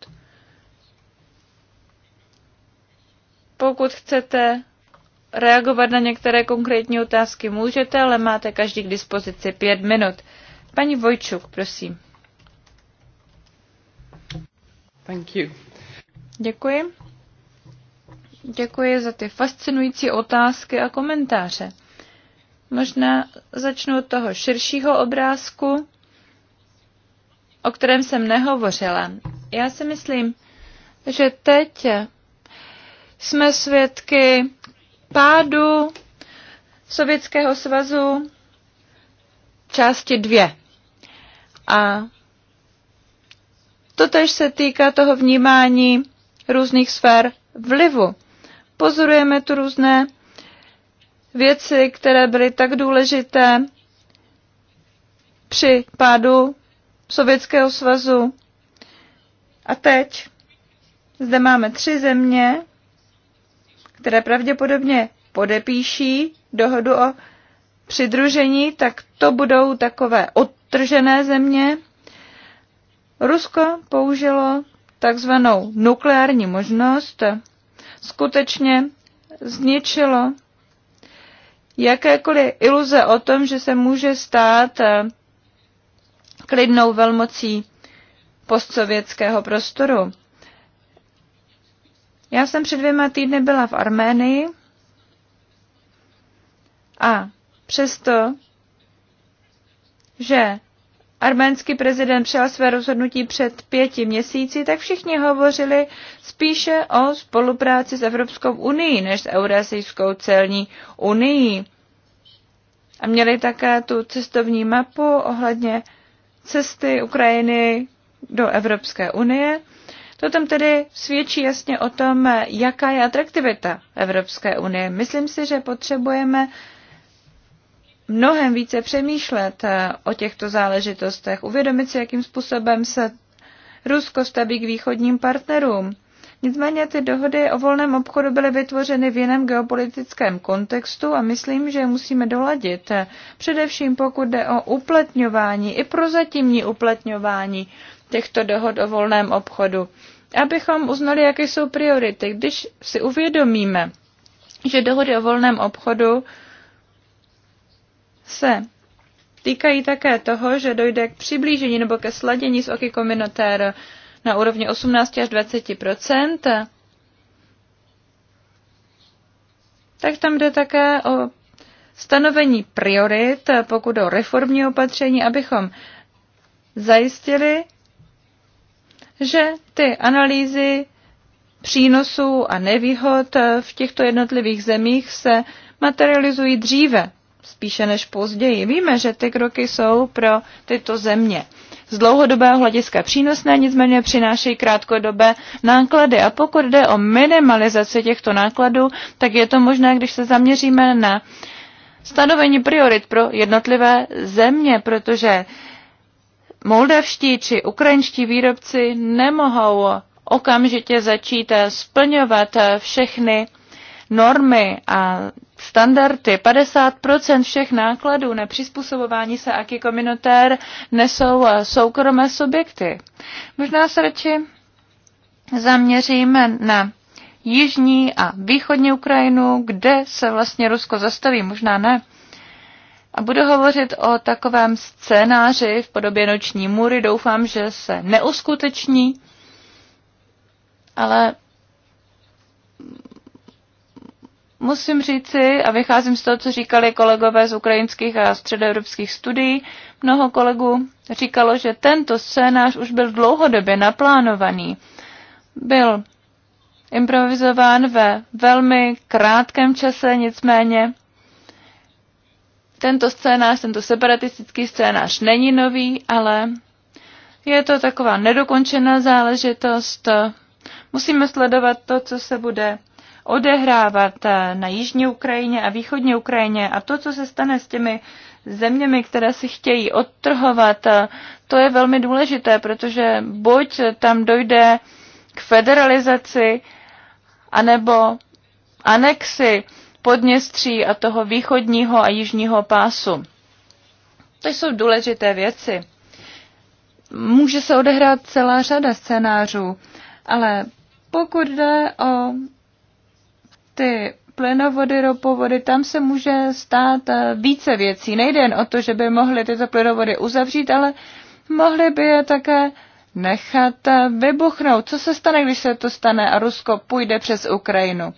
Pokud chcete reagovat na některé konkrétní otázky, můžete, ale máte každý k dispozici pět minut. Paní Vojčuk, prosím. Thank you. Děkuji. Děkuji za ty fascinující otázky a komentáře. Možná začnu od toho širšího obrázku, o kterém jsem nehovořila. Já si myslím, že teď jsme svědky pádu Sovětského svazu části dvě. A Totež se týká toho vnímání různých sfér vlivu. Pozorujeme tu různé věci, které byly tak důležité při pádu Sovětského svazu. A teď zde máme tři země, které pravděpodobně podepíší dohodu o přidružení, tak to budou takové odtržené země. Rusko použilo takzvanou nukleární možnost, skutečně zničilo jakékoliv iluze o tom, že se může stát eh, klidnou velmocí postsovětského prostoru. Já jsem před dvěma týdny byla v Arménii a přesto, že arménský prezident přijal své rozhodnutí před pěti měsíci, tak všichni hovořili spíše o spolupráci s Evropskou unii než s Eurasijskou celní unii. A měli také tu cestovní mapu ohledně cesty Ukrajiny do Evropské unie. To tam tedy svědčí jasně o tom, jaká je atraktivita Evropské unie. Myslím si, že potřebujeme mnohem více přemýšlet eh, o těchto záležitostech, uvědomit si, jakým způsobem se Rusko staví k východním partnerům. Nicméně ty dohody o volném obchodu byly vytvořeny v jiném geopolitickém kontextu a myslím, že je musíme doladit, eh, především pokud jde o uplatňování i prozatímní uplatňování těchto dohod o volném obchodu, abychom uznali, jaké jsou priority. Když si uvědomíme, že dohody o volném obchodu se týkají také toho, že dojde k přiblížení nebo ke sladění s oky kominotér na úrovni 18 až 20 tak tam jde také o stanovení priorit, pokud o reformní opatření, abychom zajistili, že ty analýzy přínosů a nevýhod v těchto jednotlivých zemích se materializují dříve, spíše než později. Víme, že ty kroky jsou pro tyto země z dlouhodobého hlediska přínosné, nicméně přinášejí krátkodobé náklady. A pokud jde o minimalizaci těchto nákladů, tak je to možné, když se zaměříme na stanovení priorit pro jednotlivé země, protože moldavští či ukrajinští výrobci nemohou okamžitě začít splňovat všechny normy a je 50% všech nákladů na přizpůsobování se aký komunitér nesou eh, soukromé subjekty. Možná se radši zaměříme na jižní a východní Ukrajinu, kde se vlastně Rusko zastaví, možná ne. A budu hovořit o takovém scénáři v podobě noční můry. Doufám, že se neuskuteční, ale musím říci, a vycházím z toho, co říkali kolegové z ukrajinských a středoevropských studií, mnoho kolegů říkalo, že tento scénář už byl dlouhodobě naplánovaný. Byl improvizován ve velmi krátkém čase, nicméně tento scénář, tento separatistický scénář není nový, ale je to taková nedokončená záležitost. Musíme sledovat to, co se bude odehrávat na jižní Ukrajině a východní Ukrajině. A to, co se stane s těmi zeměmi, které si chtějí odtrhovat, to je velmi důležité, protože buď tam dojde k federalizaci, anebo anexi Podněstří a toho východního a jižního pásu. To jsou důležité věci. Může se odehrát celá řada scénářů, ale pokud jde o ty plynovody, ropovody, tam se může stát eh, více věcí. Nejde jen o to, že by mohly tyto plynovody uzavřít, ale mohly by je také nechat eh, vybuchnout. Co se stane, když se to stane a Rusko půjde přes Ukrajinu?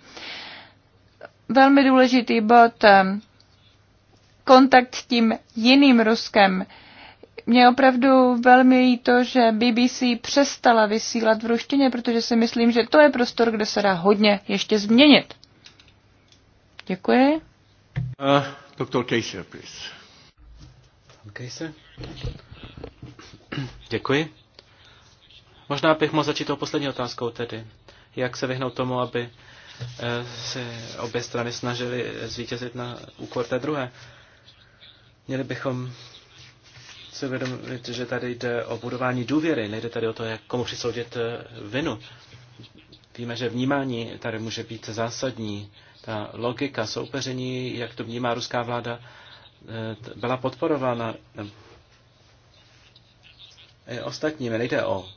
Velmi důležitý bod, eh, kontakt s tím jiným Ruskem. Mě opravdu velmi líto, že BBC přestala vysílat v ruštině, protože si myslím, že to je prostor, kde se dá hodně ještě změnit. Děkuji. Uh, doktor Kejser, please. Kejser? Děkuji. Možná bych mohl začít tou poslední otázkou tedy. Jak se vyhnout tomu, aby eh, se obě strany snažily zvítězit na úkor té druhé? Měli bychom si uvědomit, že tady jde o budování důvěry, nejde tady o to, jak komu přisoudit eh, vinu. Víme, že vnímání tady může být zásadní ta logika soupeření, jak to vnímá ruská vláda, eh, byla podporována eh, eh, ostatními. Nejde o,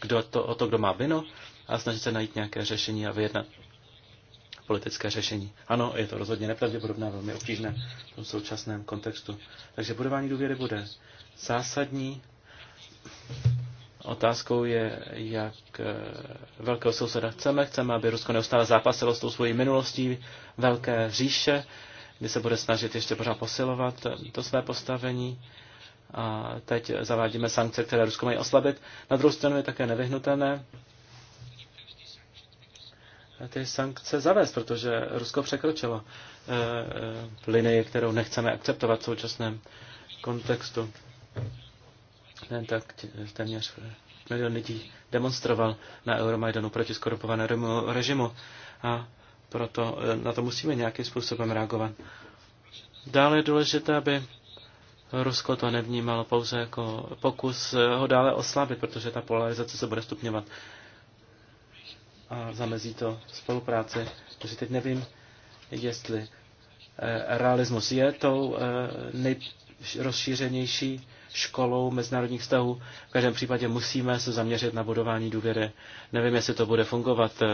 kdo to, o to, kdo má vinu, a snažit se najít nějaké řešení a vyjednat politické řešení. Ano, je to rozhodně nepravděpodobné, velmi obtížné v tom současném kontextu. Takže budování důvěry bude zásadní. Otázkou je, jak eh, velkého souseda chceme. Chceme, aby Rusko neustále zápasilo s tou svojí minulostí velké říše, kdy se bude snažit ještě pořád posilovat to své postavení. A teď zavádíme sankce, které Rusko mají oslabit. Na druhou stranu je také nevyhnutelné ty sankce zavést, protože Rusko překročilo eh, eh, linii, kterou nechceme akceptovat v současném kontextu ne, tak téměř eh, milion lidí demonstroval na Euromajdanu proti skorupovanému režimu a proto eh, na to musíme nějakým způsobem reagovat. Dále je důležité, aby Rusko to nevnímalo pouze jako pokus eh, ho dále oslabit, protože ta polarizace se bude stupňovat a zamezí to spolupráci. Takže teď nevím, jestli realismus je tou nejrozšířenější školou mezinárodních vztahů. V každém případě musíme se zaměřit na budování důvěry. Nevím, jestli to bude fungovat eh,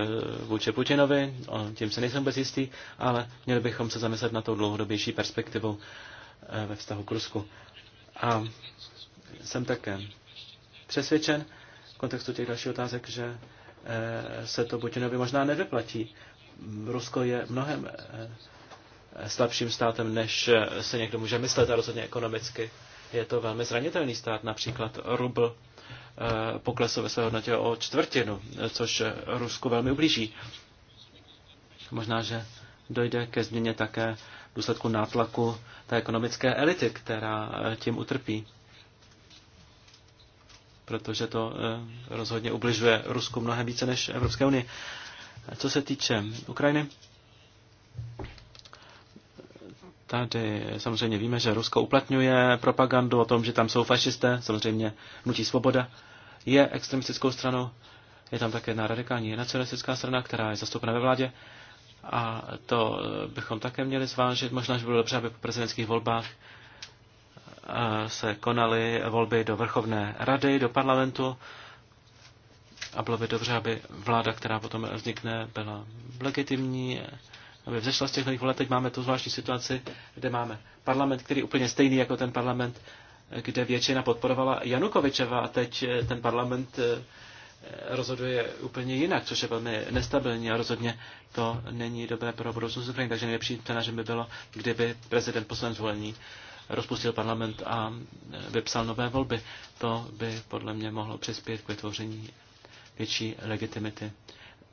vůči Putinovi, o tím se nejsem bez jistý, ale měli bychom se zamyslet na tou dlouhodobější perspektivu eh, ve vztahu k Rusku. A jsem také přesvědčen v kontextu těch dalších otázek, že eh, se to Putinovi možná nevyplatí. Rusko je mnohem slabším státem, než se někdo může myslet a rozhodně ekonomicky je to velmi zranitelný stát. Například rubl eh, poklesl ve své hodnotě o čtvrtinu, což Rusku velmi ublíží. Možná, že dojde ke změně také v důsledku nátlaku té ekonomické elity, která eh, tím utrpí. Protože to eh, rozhodně ubližuje Rusku mnohem více než Evropské unii. Co se týče Ukrajiny, Tady samozřejmě víme, že Rusko uplatňuje propagandu o tom, že tam jsou fašisté, samozřejmě nutí svoboda je extremistickou stranou. Je tam také jedna radikální nacionalistická strana, která je zastoupena ve vládě. A to bychom také měli zvážit. Možná, že bylo dobře, aby po prezidentských volbách eh, se konaly volby do vrchovné rady, do parlamentu. A bylo by dobře, aby vláda, která potom vznikne, byla legitimní, aby vzešla z těch voleb. Teď máme tu zvláštní situaci, kde máme parlament, který je úplně stejný jako ten parlament, kde většina podporovala Janukovičeva a teď eh, ten parlament eh, rozhoduje úplně jinak, což je velmi nestabilní a rozhodně to není dobré pro budoucnost Ukrajiny. Takže nejlepší scénářem by bylo, kdyby prezident po svém zvolení rozpustil parlament a eh, vypsal nové volby. To by podle mě mohlo přispět k vytvoření větší legitimity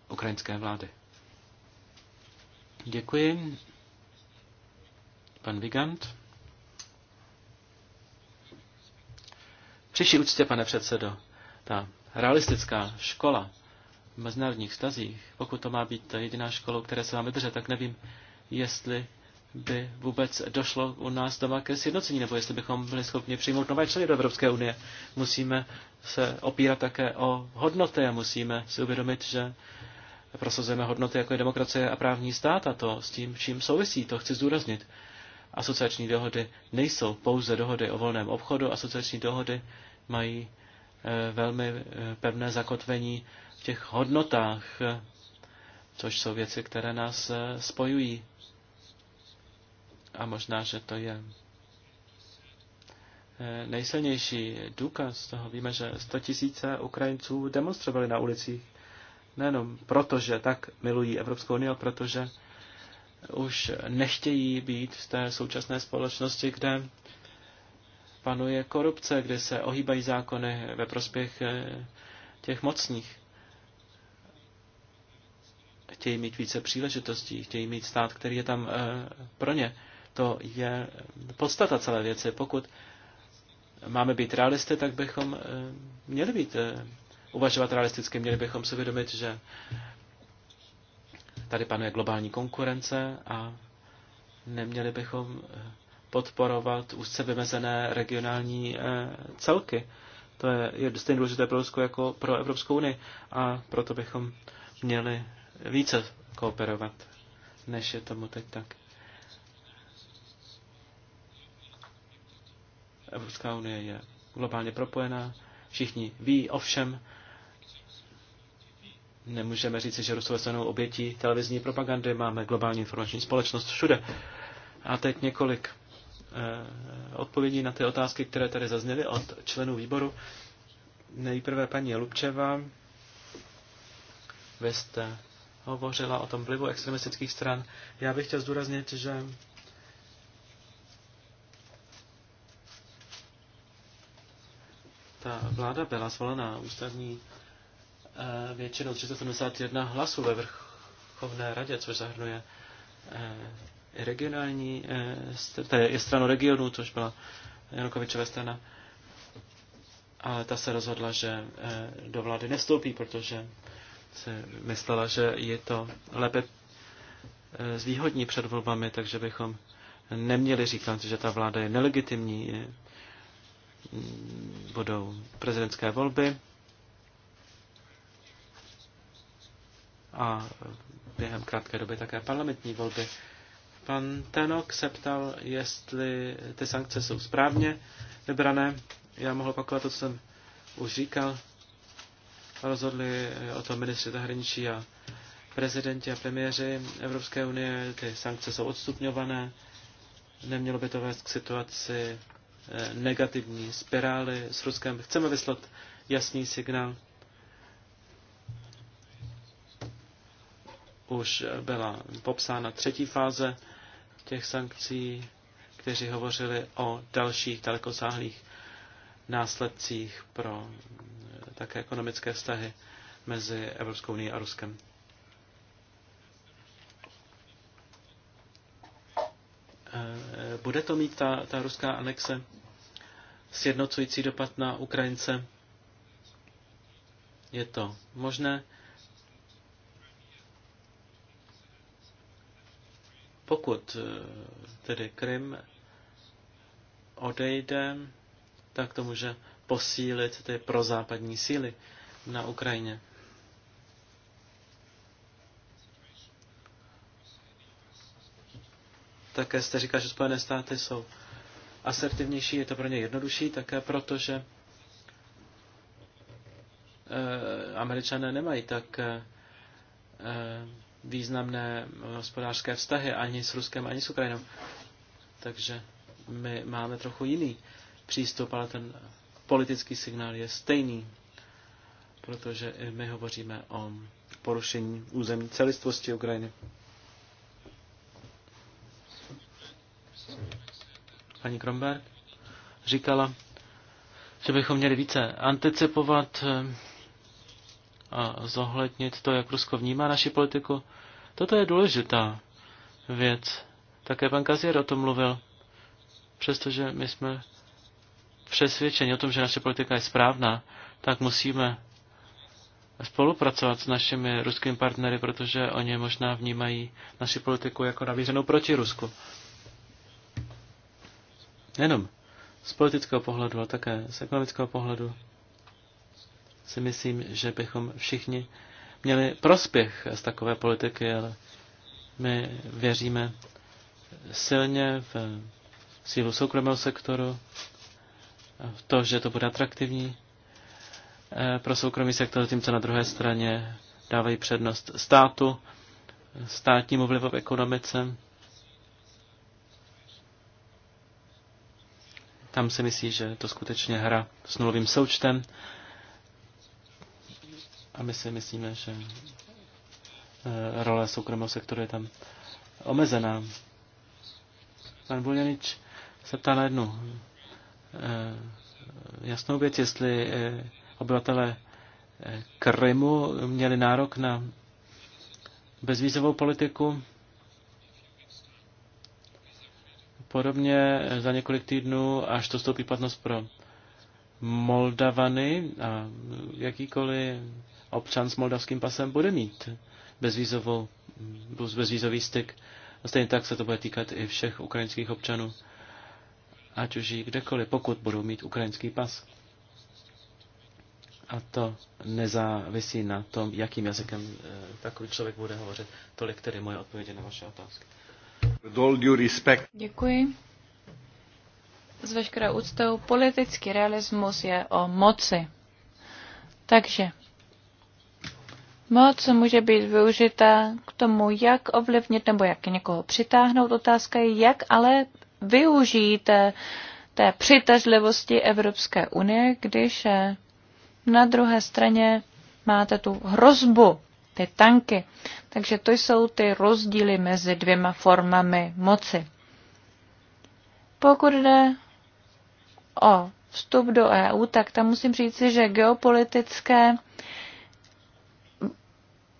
ukrajinské vlády. Děkuji. Pan Vigant. Přiši úctě, pane předsedo, ta realistická škola v mezinárodních stazích, pokud to má být ta jediná škola, která se máme držet, tak nevím, jestli by vůbec došlo u nás doma ke sjednocení, nebo jestli bychom byli schopni přijmout nové členy do Evropské unie. Musíme se opírat také o hodnoty a musíme si uvědomit, že prosazujeme hodnoty, jako je demokracie a právní stát a to s tím, čím souvisí, to chci zdůraznit. Asociační dohody nejsou pouze dohody o volném obchodu, asociační dohody mají e, velmi e, pevné zakotvení v těch hodnotách, e, což jsou věci, které nás spojují. A možná, že to je nejsilnější důkaz toho. Víme, že 100 tisíce Ukrajinců demonstrovali na ulicích nejenom proto, že tak milují Evropskou unii, ale protože už nechtějí být v té současné společnosti, kde panuje korupce, kde se ohýbají zákony ve prospěch eh, těch mocných. Chtějí mít více příležitostí, chtějí mít stát, který je tam eh, pro ně. To je podstata celé věci. Pokud máme být realisty, tak bychom eh, měli být uvažovat realisticky. Měli bychom si vědomit, že tady panuje globální konkurence a neměli bychom eh, podporovat úzce vymezené regionální eh, celky. To je, je stejně důležité pro Rusko jako pro Evropskou unii a proto bychom měli více kooperovat, než je tomu teď tak. Evropská unie je globálně propojená, všichni ví ovšem. Nemůžeme říct, že Rusové jsou obětí televizní propagandy, máme globální informační společnost všude. A teď několik eh, odpovědí na ty otázky, které tady zazněly od členů výboru. Nejprve paní Lubčeva, vy jste hovořila o tom vlivu extremistických stran. Já bych chtěl zdůraznit, že ta vláda byla zvolena ústavní Eh, většinou 371 hlasů ve vrchovné radě, což zahrnuje eh, i regionální, eh, tedy i stranu regionu, což byla Janukovičová strana. Ale ta se rozhodla, že do vlády nestoupí, protože si myslela, že je to lépe zvýhodní před volbami, takže bychom neměli říkat, že ta vláda je nelegitimní. Budou prezidentské volby a během krátké doby také parlamentní volby. Pan Tenok se ptal, jestli ty sankce jsou správně vybrané. Já mohl opakovat to, co jsem už říkal. Rozhodli o tom ministři zahraničí a prezidenti a premiéři Evropské unie. Ty sankce jsou odstupňované. Nemělo by to vést k situaci eh, negativní spirály s Ruskem. Chceme vyslat jasný signál už byla popsána třetí fáze těch sankcí, kteří hovořili o dalších dalekosáhlých následcích pro eh, také ekonomické vztahy mezi Evropskou unii a Ruskem. Eh, eh, bude to mít ta, ta ruská anexe sjednocující dopad na Ukrajince? Je to možné? Pokud eh, tedy Krym odejde, tak to může posílit ty prozápadní síly na Ukrajině. Také jste říkal, že Spojené státy jsou asertivnější, je to pro ně jednodušší, také protože e, američané nemají tak e, významné eh, hospodářské vztahy ani s Ruskem, ani s Ukrajinou. Takže my máme trochu jiný přístup, ale ten politický signál je stejný, protože i my hovoříme o porušení územní celistvosti Ukrajiny. Paní Kromberg říkala, že bychom měli více anticipovat eh, a zohlednit to, jak Rusko vnímá naši politiku. Toto je důležitá věc. Také pan Kazier o tom mluvil, přestože my jsme přesvědčeni o tom, že naše politika je správná, tak musíme spolupracovat s našimi ruskými partnery, protože oni možná vnímají naši politiku jako navířenou proti Rusku. Jenom z politického pohledu, a také z ekonomického pohledu si myslím, že bychom všichni měli prospěch z takové politiky, ale my věříme silně v sílu soukromého sektoru, v to, že to bude atraktivní eh, pro soukromý sektor, zatímco na druhé straně dávají přednost státu, státnímu vlivu v ekonomice. Tam si myslí, že to skutečně hra s nulovým součtem. A my si myslíme, že eh, role soukromého sektoru je tam omezená. Pan Buljanič se ptá na jednu eh, jasnou věc, jestli eh, obyvatele Krymu měli nárok na bezvízovou politiku. Podobně za několik týdnů, až to stoupí platnost pro Moldavany a jakýkoliv občan s moldavským pasem bude mít bezvízovou, bezvízový styk. A stejně tak se to bude týkat i všech ukrajinských občanů, ať už jí kdekoliv, pokud budou mít ukrajinský pas. A to nezávisí na tom, jakým jazykem eh, takový člověk bude hovořit. Tolik tedy moje odpovědi na vaše otázky. Děkuji. S veškerou úctou politický realismus je o moci. Takže Moc může být využita k tomu, jak ovlivnit nebo jak někoho přitáhnout. Otázka je, jak ale využít eh, té přitažlivosti Evropské unie, když eh, na druhé straně máte tu hrozbu, ty tanky. Takže to jsou ty rozdíly mezi dvěma formami moci. Pokud jde o vstup do EU, tak tam musím říci, že geopolitické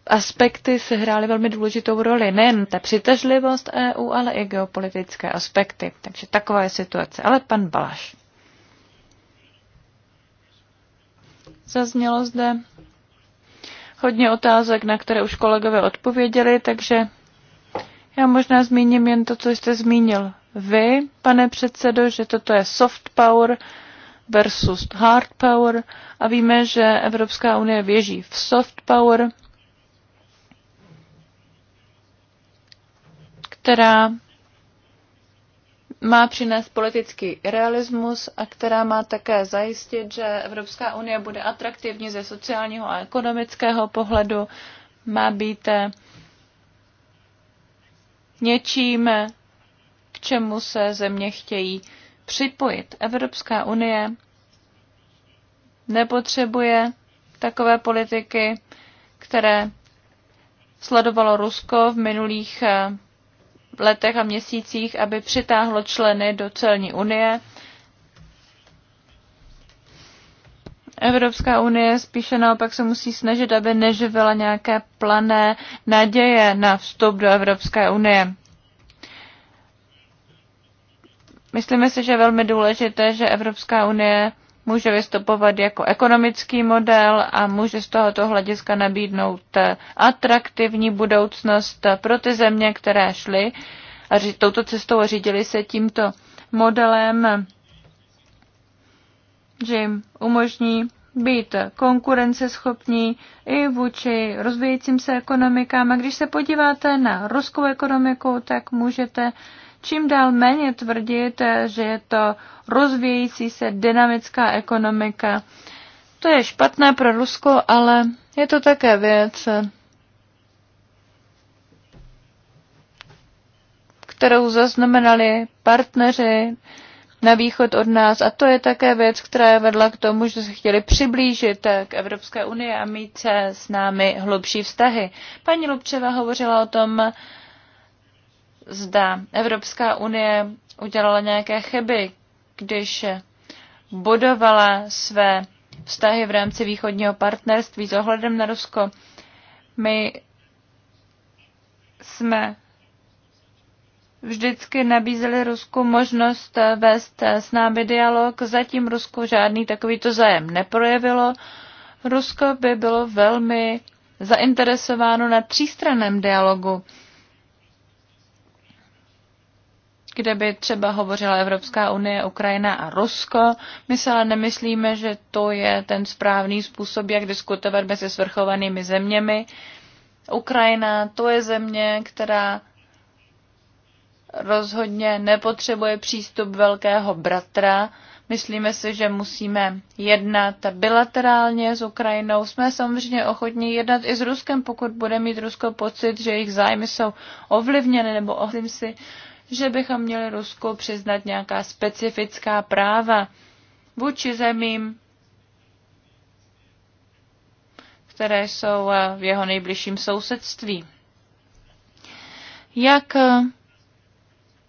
aspekty hrály velmi důležitou roli. Nejen ta přitažlivost EU, ale i geopolitické aspekty. Takže taková je situace. Ale pan Balaš. Zaznělo zde hodně otázek, na které už kolegové odpověděli, takže já možná zmíním jen to, co jste zmínil vy, pane předsedo, že toto je soft power versus hard power a víme, že Evropská unie věží v soft power která má přinést politický realismus a která má také zajistit, že Evropská unie bude atraktivní ze sociálního a ekonomického pohledu, má být eh, něčím, eh, k čemu se země chtějí připojit. Evropská unie nepotřebuje takové politiky, které sledovalo Rusko v minulých eh, letech a měsících, aby přitáhlo členy do celní unie. Evropská unie spíše naopak se musí snažit, aby neživila nějaké plané naděje na vstup do Evropské unie. Myslíme si, že je velmi důležité, že Evropská unie může vystupovat jako ekonomický model a může z tohoto hlediska nabídnout eh, atraktivní budoucnost eh, pro ty země, které šly a touto cestou a řídili se tímto modelem, že jim umožní být konkurenceschopní i vůči rozvíjícím se ekonomikám. A když se podíváte na ruskou ekonomiku, tak můžete uh, čím dál méně tvrdit, že je to rozvíjící se dynamická ekonomika. To je špatné pro Rusko, ale je to také věc, kterou zaznamenali partneři na východ od nás. A to je také věc, která je vedla k tomu, že se chtěli přiblížit k Evropské unii a mít se s námi hlubší vztahy. Paní Lubčeva hovořila o tom, zda Evropská unie udělala nějaké chyby, když budovala své vztahy v rámci východního partnerství s ohledem na Rusko. My jsme vždycky nabízeli Rusku možnost vést s námi dialog. Zatím Rusko žádný takovýto zájem neprojevilo. Rusko by bylo velmi zainteresováno na třístranném dialogu kde by třeba hovořila Evropská unie, Ukrajina a Rusko. My se ale nemyslíme, že to je ten správný způsob, jak diskutovat mezi svrchovanými zeměmi. Ukrajina to je země, která rozhodně nepotřebuje přístup velkého bratra. Myslíme si, že musíme jednat bilaterálně s Ukrajinou. Jsme samozřejmě ochotní jednat i s Ruskem, pokud bude mít Rusko pocit, že jejich zájmy jsou ovlivněny, nebo ovlivním si že bychom měli Rusku přiznat nějaká specifická práva vůči zemím, které jsou eh, v jeho nejbližším sousedství. Jak eh,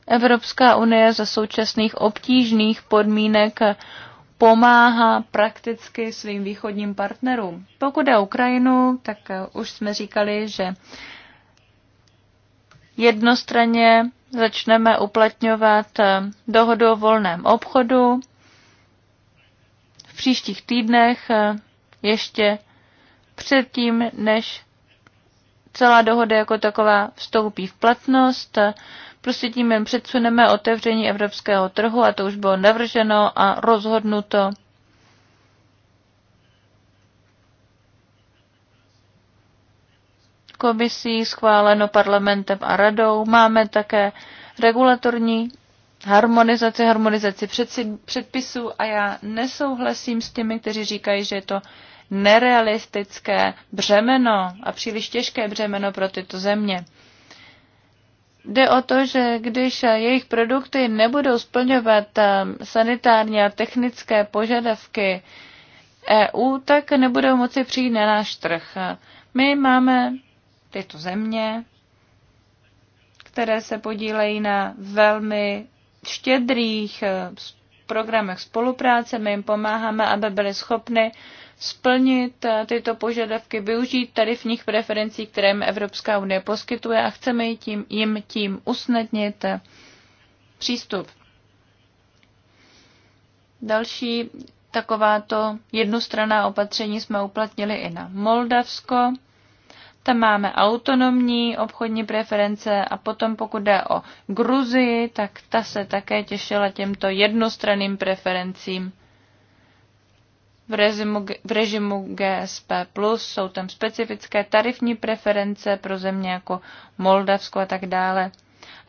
Evropská unie za současných obtížných podmínek eh, pomáhá prakticky svým východním partnerům. Pokud je Ukrajinu, tak už jsme říkali, že jednostranně začneme uplatňovat eh, dohodu o volném obchodu. V příštích týdnech eh, ještě předtím, než celá dohoda jako taková vstoupí v platnost, eh, prostě tím jen předsuneme otevření evropského trhu a to už bylo navrženo a rozhodnuto komisí, schváleno parlamentem a radou. Máme také regulatorní harmonizaci, harmonizaci předpisů a já nesouhlasím s těmi, kteří říkají, že je to nerealistické břemeno a příliš těžké břemeno pro tyto země. Jde o to, že když jejich produkty nebudou splňovat eh, sanitární a technické požadavky EU, tak nebudou moci přijít na náš trh. My máme tyto země, které se podílejí na velmi štědrých eh, programech spolupráce. My jim pomáháme, aby byly schopny splnit eh, tyto požadavky, využít tarifních preferencí, které jim Evropská unie poskytuje a chceme jim tím, tím usnadnit eh, přístup. Další takováto jednostranná opatření jsme uplatnili i na Moldavsko. Tam máme autonomní obchodní preference a potom pokud jde o Gruzii, tak ta se také těšila těmto jednostranným preferencím v režimu, v režimu GSP+, plus jsou tam specifické tarifní preference pro země jako Moldavsko a tak dále,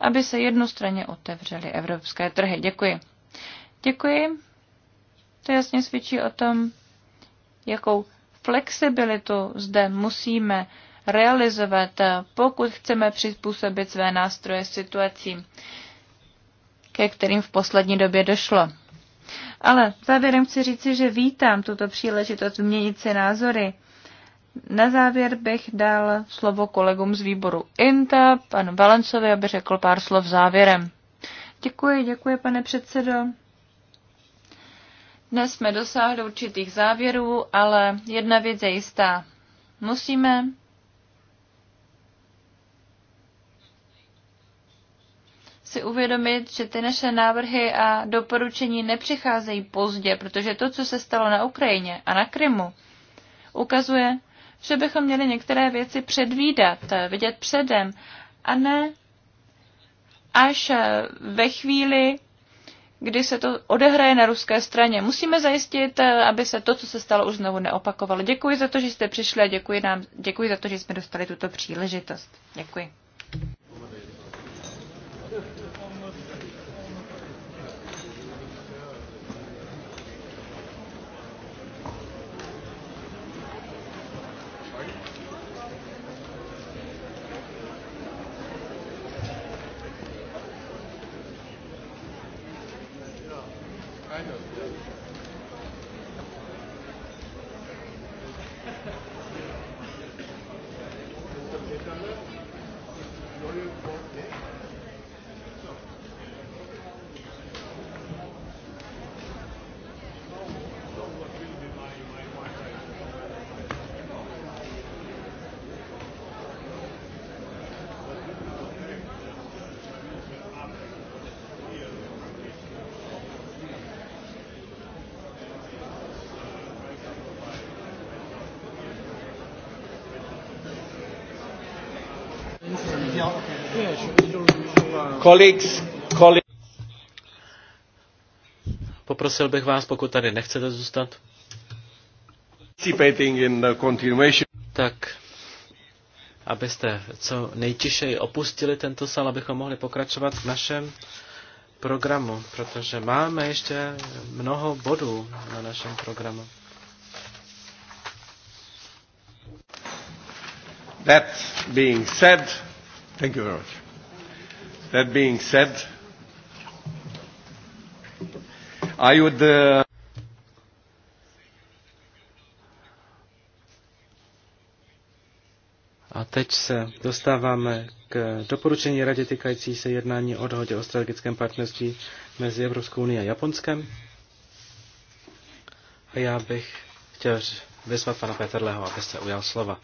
aby se jednostranně otevřely evropské trhy. Děkuji. Děkuji. To jasně svědčí o tom, jakou flexibilitu zde musíme realizovat, pokud chceme přizpůsobit své nástroje situacím, ke kterým v poslední době došlo. Ale závěrem chci říci, že vítám tuto příležitost změnit si názory. Na závěr bych dal slovo kolegům z výboru INTA, panu Valencovi, aby řekl pár slov závěrem. Děkuji, děkuji, pane předsedo. Dnes jsme dosáhli určitých závěrů, ale jedna věc je jistá. Musíme si uvědomit, že ty naše návrhy a doporučení nepřicházejí pozdě, protože to, co se stalo na Ukrajině a na Krymu, ukazuje, že bychom měli některé věci předvídat, vidět předem, a ne až ve chvíli, kdy se to odehraje na ruské straně. Musíme zajistit, aby se to, co se stalo, už znovu neopakovalo. Děkuji za to, že jste přišli a děkuji, nám, děkuji za to, že jsme dostali tuto příležitost. Děkuji. Colleagues, colleagues. Poprosil bych vás, pokud tady nechcete zůstat. Tak, abyste co nejtišeji opustili tento sál, abychom mohli pokračovat v našem programu, protože máme ještě mnoho bodů na našem programu. That being said, thank you very much. That being said, I would. Uh, A teď se dostáváme k doporučení radě týkající se jednání o dohodě o strategickém partnerství mezi Evropskou unii a Japonskem. A já bych chtěl vyzvat pana Petrleho, aby se ujal slova.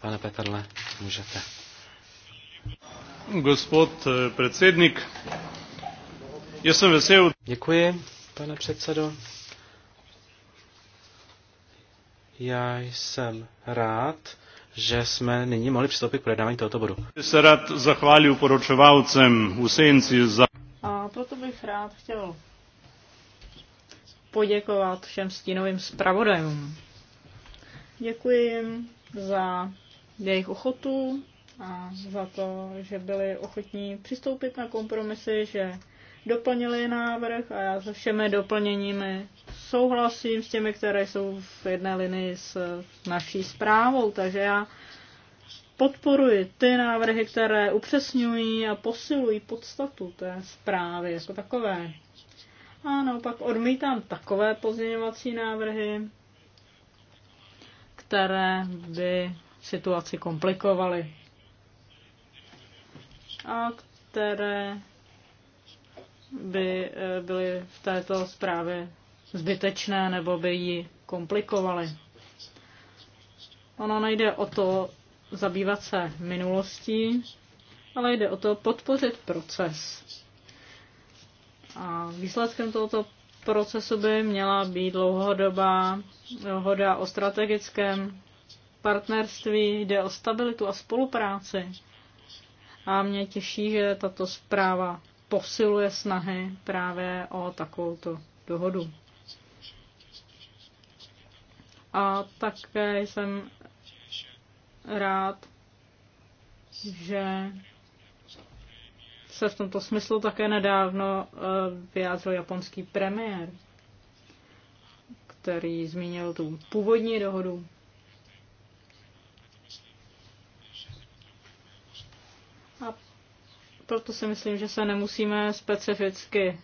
Pane Petrle, můžete gospod Já eh, jsem Děkuji, pane předsedo. Já jsem rád, že jsme nyní mohli přistoupit k projednávání tohoto bodu. Se rád zachválil poročovalcem u za... A proto bych rád chtěl poděkovat všem stínovým zpravodajům. Děkuji jim za jejich ochotu a za to, že byli ochotní přistoupit na kompromisy, že doplnili návrh a já se všemi doplněními souhlasím s těmi, které jsou v jedné linii s naší zprávou, takže já podporuji ty návrhy, které upřesňují a posilují podstatu té zprávy jako takové. A naopak odmítám takové pozměňovací návrhy, které by situaci komplikovaly a které by eh, byly v této zprávě zbytečné nebo by ji komplikovaly. Ono nejde o to zabývat se minulostí, ale jde o to podpořit proces. A výsledkem tohoto procesu by měla být dlouhodobá dohoda o strategickém partnerství, jde o stabilitu a spolupráci a mě těší, že tato zpráva posiluje snahy právě o takovouto dohodu. A také jsem rád, že se v tomto smyslu také nedávno eh, vyjádřil japonský premiér, který zmínil tu původní dohodu Proto si myslím, že se nemusíme specificky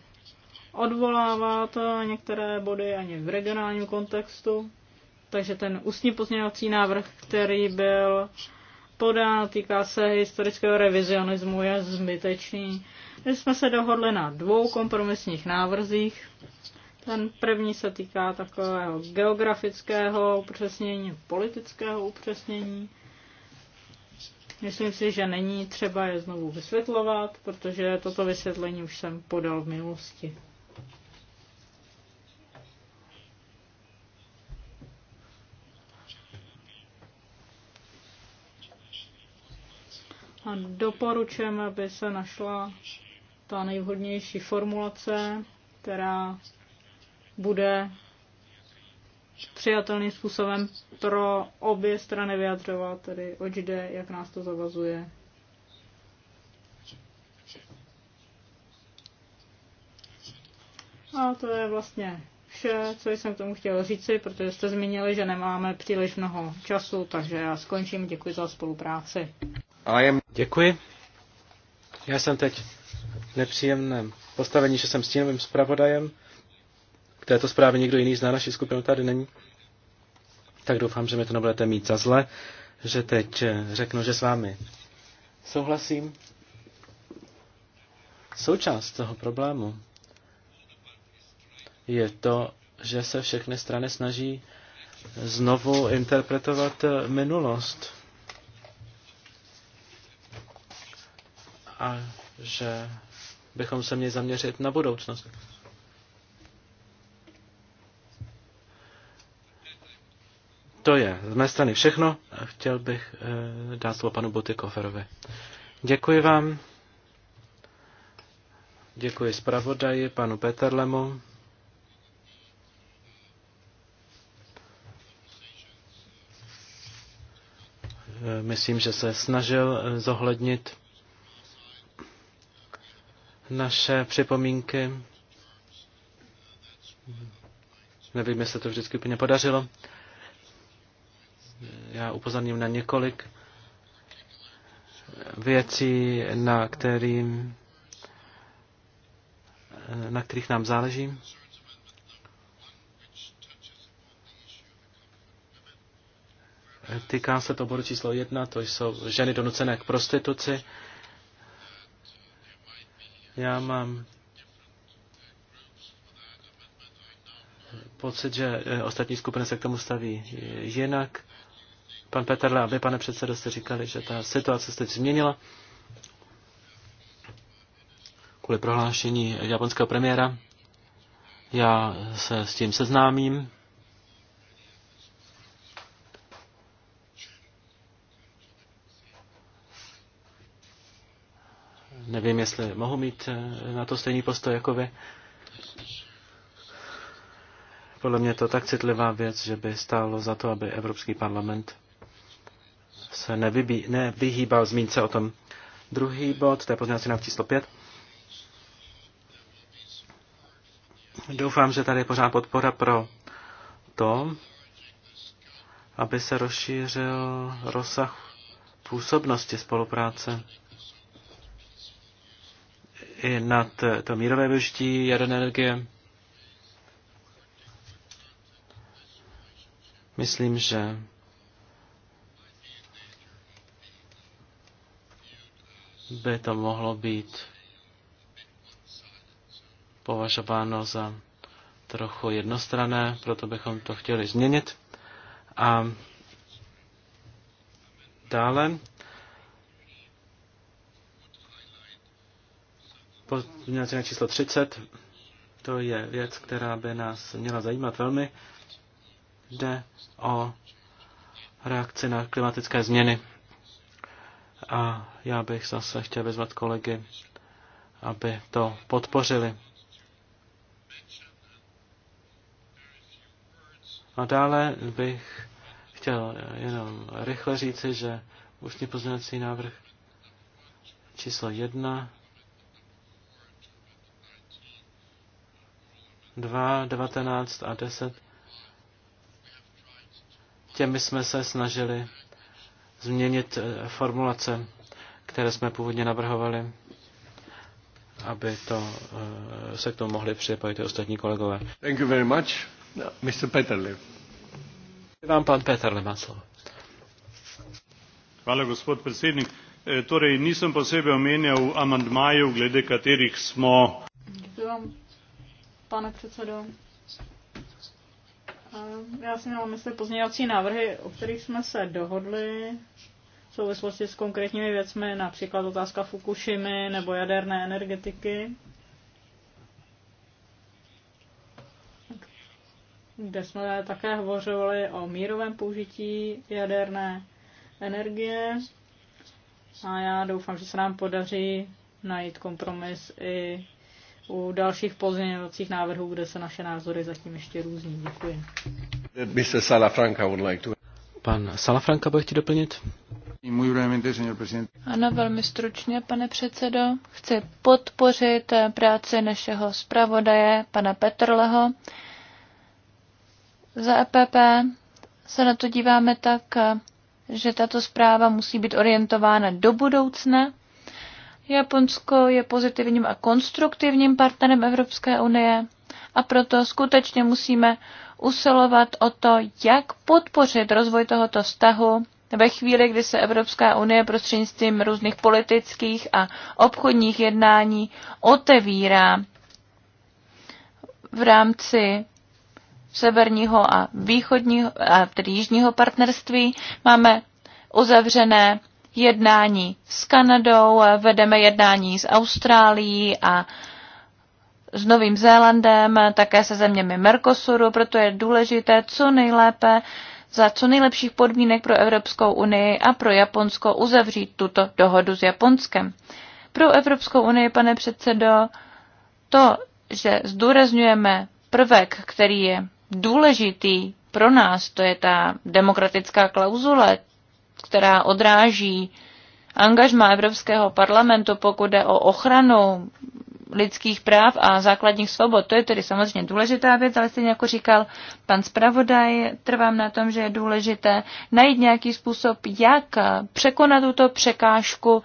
odvolávat některé body ani v regionálním kontextu. Takže ten ústní pozměňovací návrh, který byl podán, týká se historického revizionismu, je zbytečný. My jsme se dohodli na dvou kompromisních návrzích. Ten první se týká takového geografického upřesnění, politického upřesnění. Myslím si, že není třeba je znovu vysvětlovat, protože toto vysvětlení už jsem podal v minulosti. A doporučujeme, aby se našla ta nejvhodnější formulace, která bude přijatelným způsobem pro obě strany vyjadřovat, tedy oč jde, jak nás to zavazuje. A to je vlastně vše, co jsem k tomu chtěl říci, protože jste zmínili, že nemáme příliš mnoho času, takže já skončím. Děkuji za spolupráci. A jem. Děkuji. Já jsem teď v nepříjemném postavení, že jsem stínovým zpravodajem k této zprávě někdo jiný zná naši skupinu, tady není. Tak doufám, že mi to nebudete mít za zle, že teď eh, řeknu, že s vámi souhlasím. Součást toho problému je to, že se všechny strany snaží znovu interpretovat eh, minulost. A že bychom se měli zaměřit na budoucnost. To je z mé strany všechno. Chtěl bych eh, dát slovo panu Butikoferovi. Děkuji vám. Děkuji zpravodaji, panu Peterlemu. Eh, myslím, že se snažil eh, zohlednit naše připomínky. Nevím, jestli to vždycky úplně podařilo. Já upozorním na několik věcí, na, kterým, na kterých nám záleží. Týká se to bodu číslo jedna, to jsou ženy donucené k prostituci. Já mám pocit, že ostatní skupiny se k tomu staví jinak pan Petrle a vy, pane předsedo, jste říkali, že ta situace se teď změnila kvůli prohlášení japonského premiéra. Já se s tím seznámím. Nevím, jestli mohu mít eh, na to stejný postoj jako vy. Podle mě to tak citlivá věc, že by stálo za to, aby Evropský parlament se nevybí, nevyhýbal zmínce o tom. Druhý bod, to je pozměnací návrh číslo 5. Doufám, že tady je pořád podpora pro to, aby se rozšířil rozsah působnosti spolupráce i nad to mírové využití jaderné energie. Myslím, že by to mohlo být považováno za trochu jednostrané, proto bychom to chtěli změnit. A dále pozměňovací číslo 30, to je věc, která by nás měla zajímat velmi, jde o reakci na klimatické změny. A já bych zase chtěl vyzvat kolegy, aby to podpořili. A dále bych chtěl jenom rychle říci, že ústní pozměňovací návrh číslo jedna, dva, devatenáct a deset. těmi jsme se snažili změnit eh, formulace, které jsme původně navrhovali, aby to, eh, se k tomu mohli připojit i ostatní kolegové. Thank you very much. Mr. Peterle. Vám pan Peterle má slovo. Hvala, gospod predsednik. E, Torej, nisem posebej omenjal amandmajev, glede katerih smo. Děkuji vám, pane předsedo. Eh, já jsem měla mysli pozměňovací návrhy, o kterých jsme se dohodli v souvislosti s konkrétními věcmi, například otázka Fukushimy nebo jaderné energetiky. kde jsme také hovořili o mírovém použití jaderné energie. A já doufám, že se nám podaří najít kompromis i u dalších pozměňovacích návrhů, kde se naše názory zatím ještě různí. Děkuji. Pan Salafranka, bude chtít doplnit? Ano, velmi stručně, pane předsedo. Chci podpořit eh, práci našeho zpravodaje, pana Petrleho. Za EPP se na to díváme tak, eh, že tato zpráva musí být orientována do budoucna Japonsko je pozitivním a konstruktivním partnerem Evropské unie a proto skutečně musíme usilovat o to, jak podpořit rozvoj tohoto vztahu ve chvíli, kdy se Evropská unie prostřednictvím různých politických a obchodních jednání otevírá v rámci severního a východního, a tedy jižního partnerství. Máme uzavřené jednání s Kanadou, vedeme jednání s Austrálií a s Novým Zélandem, také se zeměmi Mercosuru, proto je důležité co nejlépe za co nejlepších podmínek pro Evropskou unii a pro Japonsko uzavřít tuto dohodu s Japonskem. Pro Evropskou unii, pane předsedo, to, že zdůrazňujeme prvek, který je důležitý pro nás, to je ta demokratická klauzule, která odráží angažma Evropského parlamentu, pokud jde o ochranu lidských práv a základních svobod. To je tedy samozřejmě důležitá věc, ale stejně jako říkal pan zpravodaj, trvám na tom, že je důležité najít nějaký způsob, jak překonat tuto překážku.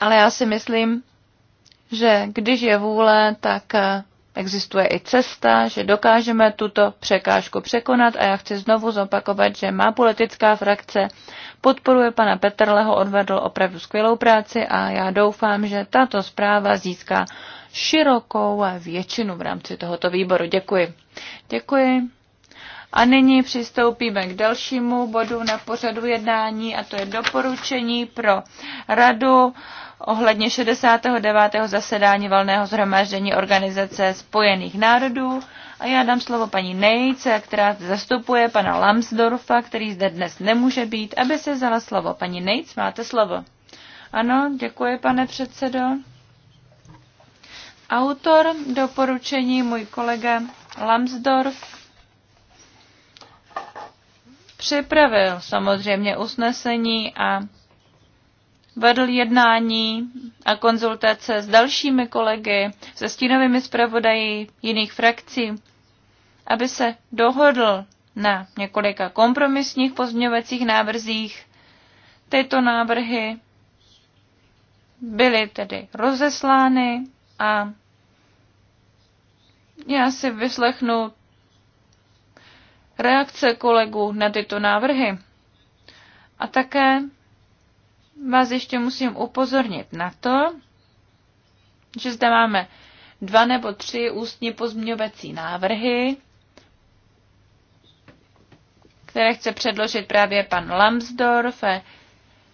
Ale já si myslím, že když je vůle, tak existuje i cesta, že dokážeme tuto překážku překonat a já chci znovu zopakovat, že má politická frakce podporuje pana Petrleho, odvedl opravdu skvělou práci a já doufám, že tato zpráva získá širokou většinu v rámci tohoto výboru. Děkuji. Děkuji. A nyní přistoupíme k dalšímu bodu na pořadu jednání a to je doporučení pro radu ohledně 69. zasedání valného zhromáždění Organizace spojených národů. A já dám slovo paní Nejce, která zastupuje pana Lambsdorfa, který zde dnes nemůže být, aby se vzala slovo. Paní Nejc, máte slovo. Ano, děkuji, pane předsedo. Autor doporučení můj kolega Lambsdorff připravil samozřejmě usnesení a vedl jednání a konzultace s dalšími kolegy, se stínovými zpravodají jiných frakcí, aby se dohodl na několika kompromisních pozměňovacích návrzích. Tyto návrhy byly tedy rozeslány a já si vyslechnu reakce kolegů na tyto návrhy. A také vás ještě musím upozornit na to, že zde máme dva nebo tři ústní pozměňovací návrhy, které chce předložit právě pan Lambsdorff.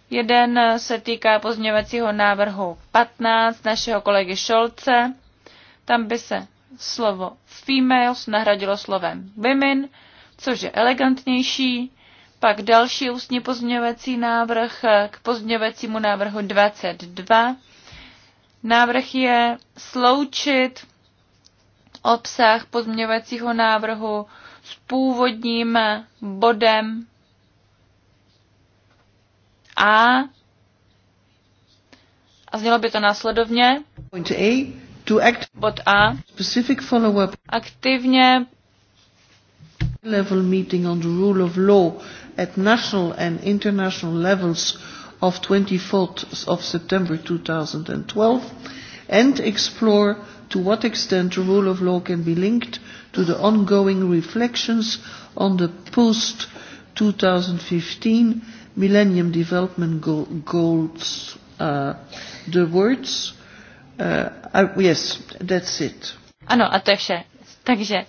Jeden se týká pozměňovacího návrhu 15 našeho kolegy Šolce. Tam by se slovo females nahradilo slovem women což je elegantnější. Pak další ústní pozměňovací návrh k pozměňovacímu návrhu 22. Návrh je sloučit obsah pozměňovacího návrhu s původním bodem A a znělo by to následovně. Bod A. Aktivně level meeting on the rule of law at national and international levels of 24th of September 2012 and explore to what extent the rule of law can be linked to the ongoing reflections on the post-2015 Millennium Development Goals. Uh, the words, uh, uh, yes, that's it. Ano, a to je vše. Takže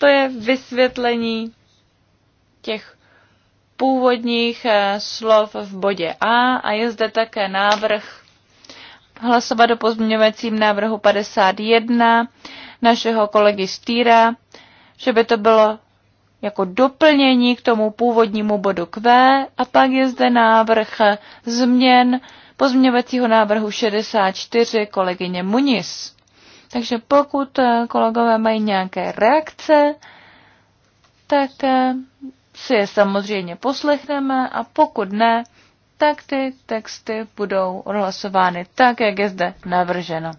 to je vysvětlení těch původních eh, slov v bodě A a je zde také návrh hlasovat o pozměňovacím návrhu 51 našeho kolegy Stýra, že by to bylo jako doplnění k tomu původnímu bodu Q a pak je zde návrh změn pozměňovacího návrhu 64 kolegyně Munis. Takže pokud eh, kolegové mají nějaké reakce, tak eh, si je samozřejmě poslechneme a pokud ne, tak ty texty budou odhlasovány tak, jak je zde navrženo.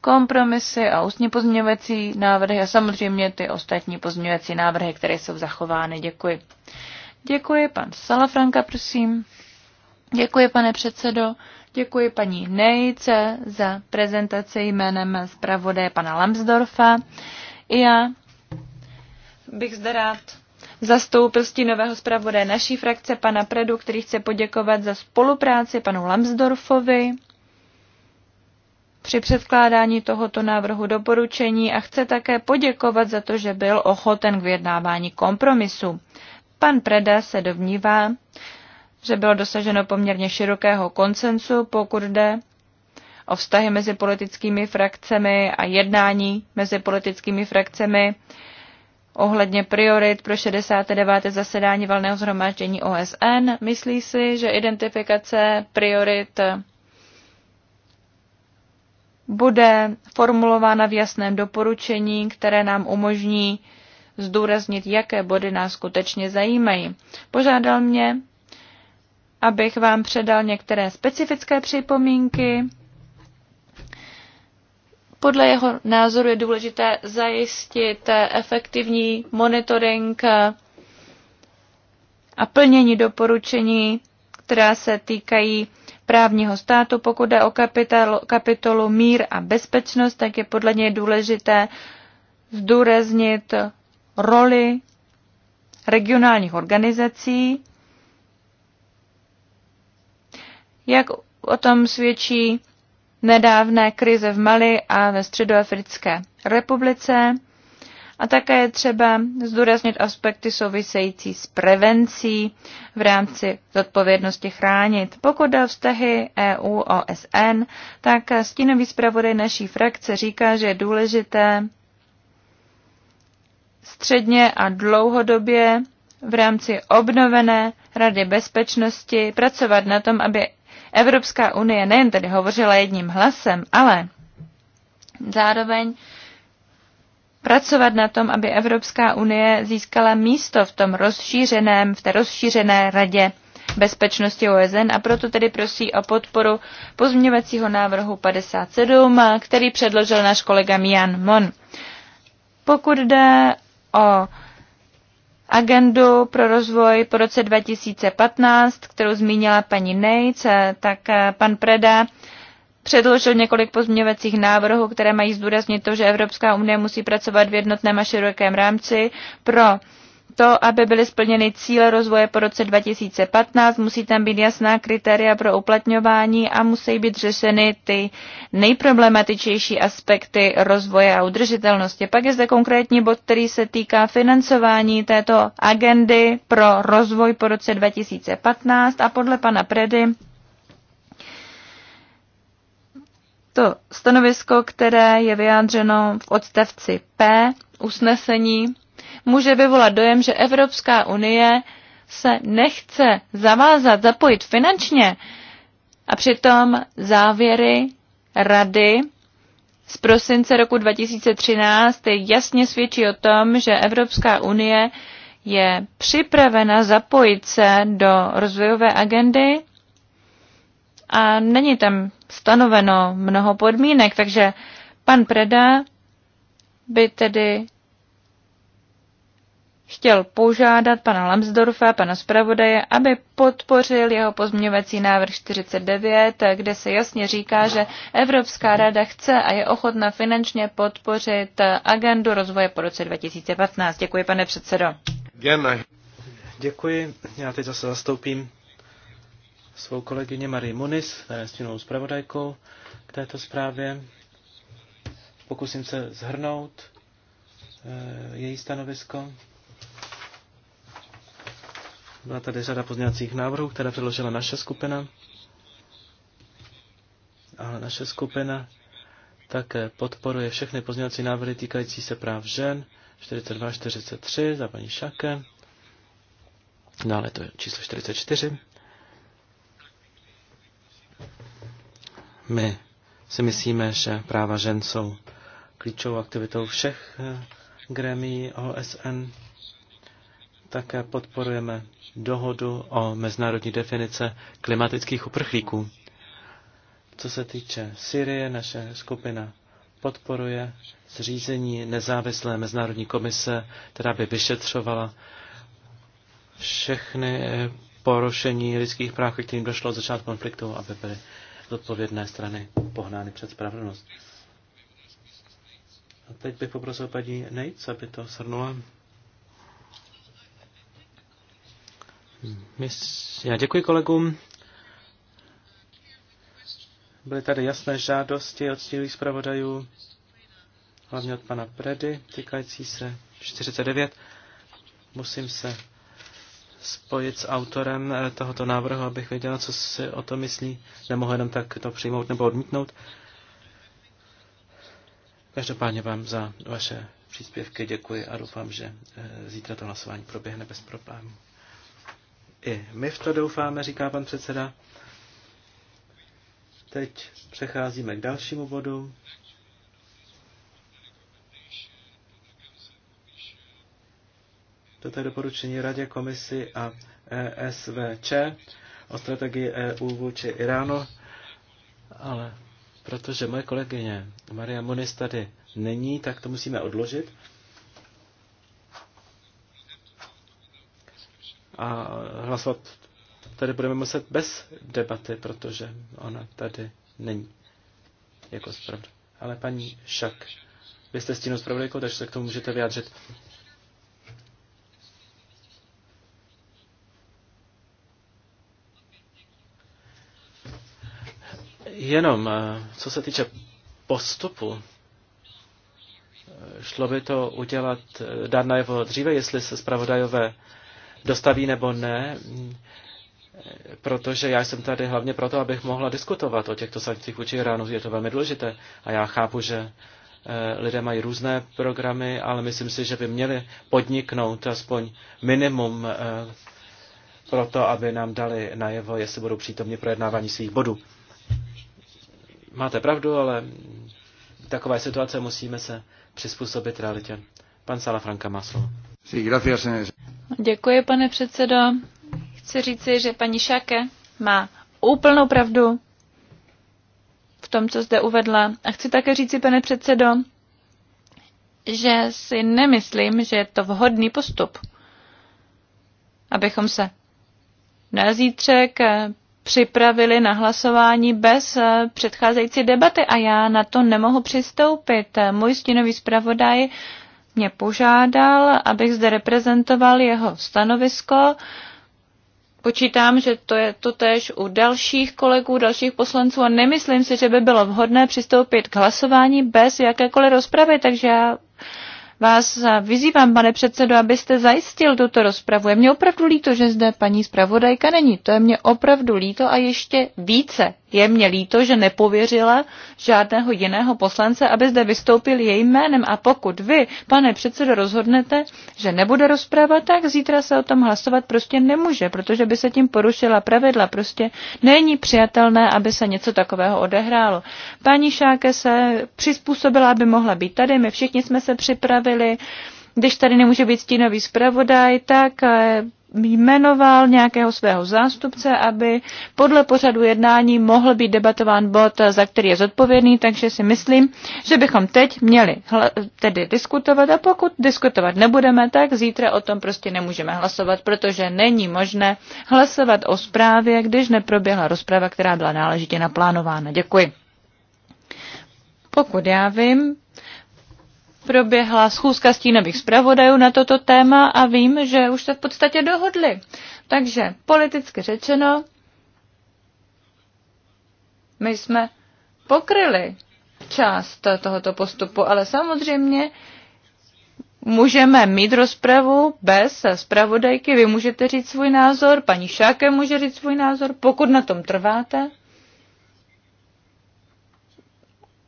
Kompromisy a ústní pozměňovací návrhy a samozřejmě ty ostatní pozměňovací návrhy, které jsou zachovány. Děkuji. Děkuji, pan Salafranka, prosím. Děkuji, pane předsedo. Děkuji paní Nejce za prezentaci jménem zpravodaje pana Lambsdorfa. I já bych zde rád zastoupil stínového zpravodaje naší frakce pana Predu, který chce poděkovat za spolupráci panu Lambsdorfovi při předkládání tohoto návrhu doporučení a chce také poděkovat za to, že byl ochoten k vyjednávání kompromisu. Pan Preda se domnívá, že bylo dosaženo poměrně širokého koncensu, pokud jde o vztahy mezi politickými frakcemi a jednání mezi politickými frakcemi ohledně priorit pro 69. zasedání valného zhromáždění OSN. Myslí si, že identifikace priorit bude formulována v jasném doporučení, které nám umožní zdůraznit, jaké body nás skutečně zajímají. Požádal mě, abych vám předal některé specifické připomínky. Podle jeho názoru je důležité zajistit efektivní monitoring a plnění doporučení, která se týkají právního státu. Pokud jde o kapitolu, kapitolu mír a bezpečnost, tak je podle něj důležité zdůraznit roli regionálních organizací jak o tom svědčí nedávné krize v Mali a ve Středoafrické republice. A také je třeba zdůraznit aspekty související s prevencí v rámci zodpovědnosti chránit. Pokud jde o vztahy EU-OSN, tak stínový zpravodaj naší frakce říká, že je důležité středně a dlouhodobě v rámci obnovené Rady bezpečnosti pracovat na tom, aby Evropská unie nejen tedy hovořila jedním hlasem, ale zároveň pracovat na tom, aby Evropská unie získala místo v tom rozšířeném, v té rozšířené radě bezpečnosti OSN a proto tedy prosí o podporu pozměňovacího návrhu 57, který předložil náš kolega Mian Mon. Pokud jde o agendu pro rozvoj po roce 2015, kterou zmínila paní Nejc, tak pan Preda předložil několik pozměňovacích návrhů, které mají zdůraznit to, že Evropská unie musí pracovat v jednotném a širokém rámci pro to, aby byly splněny cíle rozvoje po roce 2015, musí tam být jasná kritéria pro uplatňování a musí být řešeny ty nejproblematičnější aspekty rozvoje a udržitelnosti. Pak je zde konkrétní bod, který se týká financování této agendy pro rozvoj po roce 2015 a podle pana Predy to stanovisko, které je vyjádřeno v odstavci P usnesení může vyvolat dojem, že Evropská unie se nechce zavázat, zapojit finančně a přitom závěry rady z prosince roku 2013 jasně svědčí o tom, že Evropská unie je připravena zapojit se do rozvojové agendy a není tam stanoveno mnoho podmínek, takže pan Preda by tedy chtěl požádat pana Lambsdorfa, pana zpravodaje, aby podpořil jeho pozměňovací návrh 49, kde se jasně říká, že Evropská rada chce a je ochotna finančně podpořit agendu rozvoje po roce 2015. Děkuji, pane předsedo. Děkuji. Já teď zase zastoupím svou kolegyně Marie Muniz, která stínovou zpravodajkou k této zprávě. Pokusím se zhrnout eh, její stanovisko. Byla tady řada pozměňovacích návrhů, které předložila naše skupina. A naše skupina také podporuje všechny pozměňovací návrhy týkající se práv žen 42-43 za paní Šake. Dále to je číslo 44. My si myslíme, že práva žen jsou klíčovou aktivitou všech eh, gremí OSN také podporujeme dohodu o mezinárodní definice klimatických uprchlíků. Co se týče Syrie, naše skupina podporuje zřízení nezávislé mezinárodní komise, která by vyšetřovala všechny porušení lidských práv, kterým došlo od začátku konfliktu, aby byly z odpovědné strany pohnány před spravedlnost. A teď bych poprosil paní Nejc, aby to shrnula. Já děkuji kolegům. Byly tady jasné žádosti od stílých zpravodajů, hlavně od pana Predy, týkající se 49. Musím se spojit s autorem eh, tohoto návrhu, abych věděl, co si o to myslí. Nemohu jenom tak to přijmout nebo odmítnout. Každopádně vám za vaše příspěvky děkuji a doufám, že eh, zítra to hlasování proběhne bez problémů. I my v to doufáme, říká pan předseda. Teď přecházíme k dalšímu bodu. Toto je doporučení Radě komisi a ESVČ o strategii EU vůči Iránu, ale protože moje kolegyně Maria Monis tady není, tak to musíme odložit. a hlasovat tady budeme muset bez debaty, protože ona tady není jako zpravda. Ale paní Šak, vy jste stínou zpravodajkou, takže se k tomu můžete vyjádřit. Jenom, eh, co se týče postupu, eh, šlo by to udělat, eh, dát najevo dříve, jestli se zpravodajové dostaví nebo ne, protože já jsem tady hlavně proto, abych mohla diskutovat o těchto sankcích vůči Iránu. Je to velmi důležité a já chápu, že eh, lidé mají různé programy, ale myslím si, že by měli podniknout aspoň minimum eh, pro to, aby nám dali najevo, jestli budou přítomně projednávání svých bodů. Máte pravdu, ale takové situace musíme se přizpůsobit realitě. Pan Salafranka má slovo. Eh. Děkuji, pane předsedo. Chci říci, že paní Šake má úplnou pravdu v tom, co zde uvedla. A chci také říci, pane předsedo, že si nemyslím, že je to vhodný postup, abychom se na zítřek připravili na hlasování bez předcházející debaty a já na to nemohu přistoupit. Můj stínový zpravodaj mě požádal, abych zde reprezentoval jeho stanovisko. Počítám, že to je to tež u dalších kolegů, dalších poslanců a nemyslím si, že by bylo vhodné přistoupit k hlasování bez jakékoliv rozpravy, takže já vás vyzývám, pane předsedo, abyste zajistil tuto rozpravu. Je mě opravdu líto, že zde paní zpravodajka není. To je mě opravdu líto a ještě více je mě líto, že nepověřila žádného jiného poslance, aby zde vystoupil jejím jménem. A pokud vy, pane předsedo, rozhodnete, že nebude rozprava, tak zítra se o tom hlasovat prostě nemůže, protože by se tím porušila pravidla. Prostě není přijatelné, aby se něco takového odehrálo. Paní Šáke se přizpůsobila, aby mohla být tady. My všichni jsme se připravili. Uh, když tady nemůže být stínový zpravodaj, tak eh, jmenoval nějakého svého zástupce, aby podle pořadu jednání mohl být debatován bod, eh, za který je zodpovědný, takže si myslím, že bychom teď měli tedy diskutovat a pokud diskutovat nebudeme, tak zítra o tom prostě nemůžeme hlasovat, protože není možné hlasovat o zprávě, když neproběhla rozprava, která byla náležitě naplánována. Děkuji. Pokud já vím, proběhla schůzka stínových zpravodajů na toto téma a vím, že už se v podstatě dohodli. Takže politicky řečeno, my jsme pokryli část tohoto postupu, ale samozřejmě můžeme mít rozpravu bez zpravodajky. Vy můžete říct svůj názor, paní Šáke může říct svůj názor, pokud na tom trváte.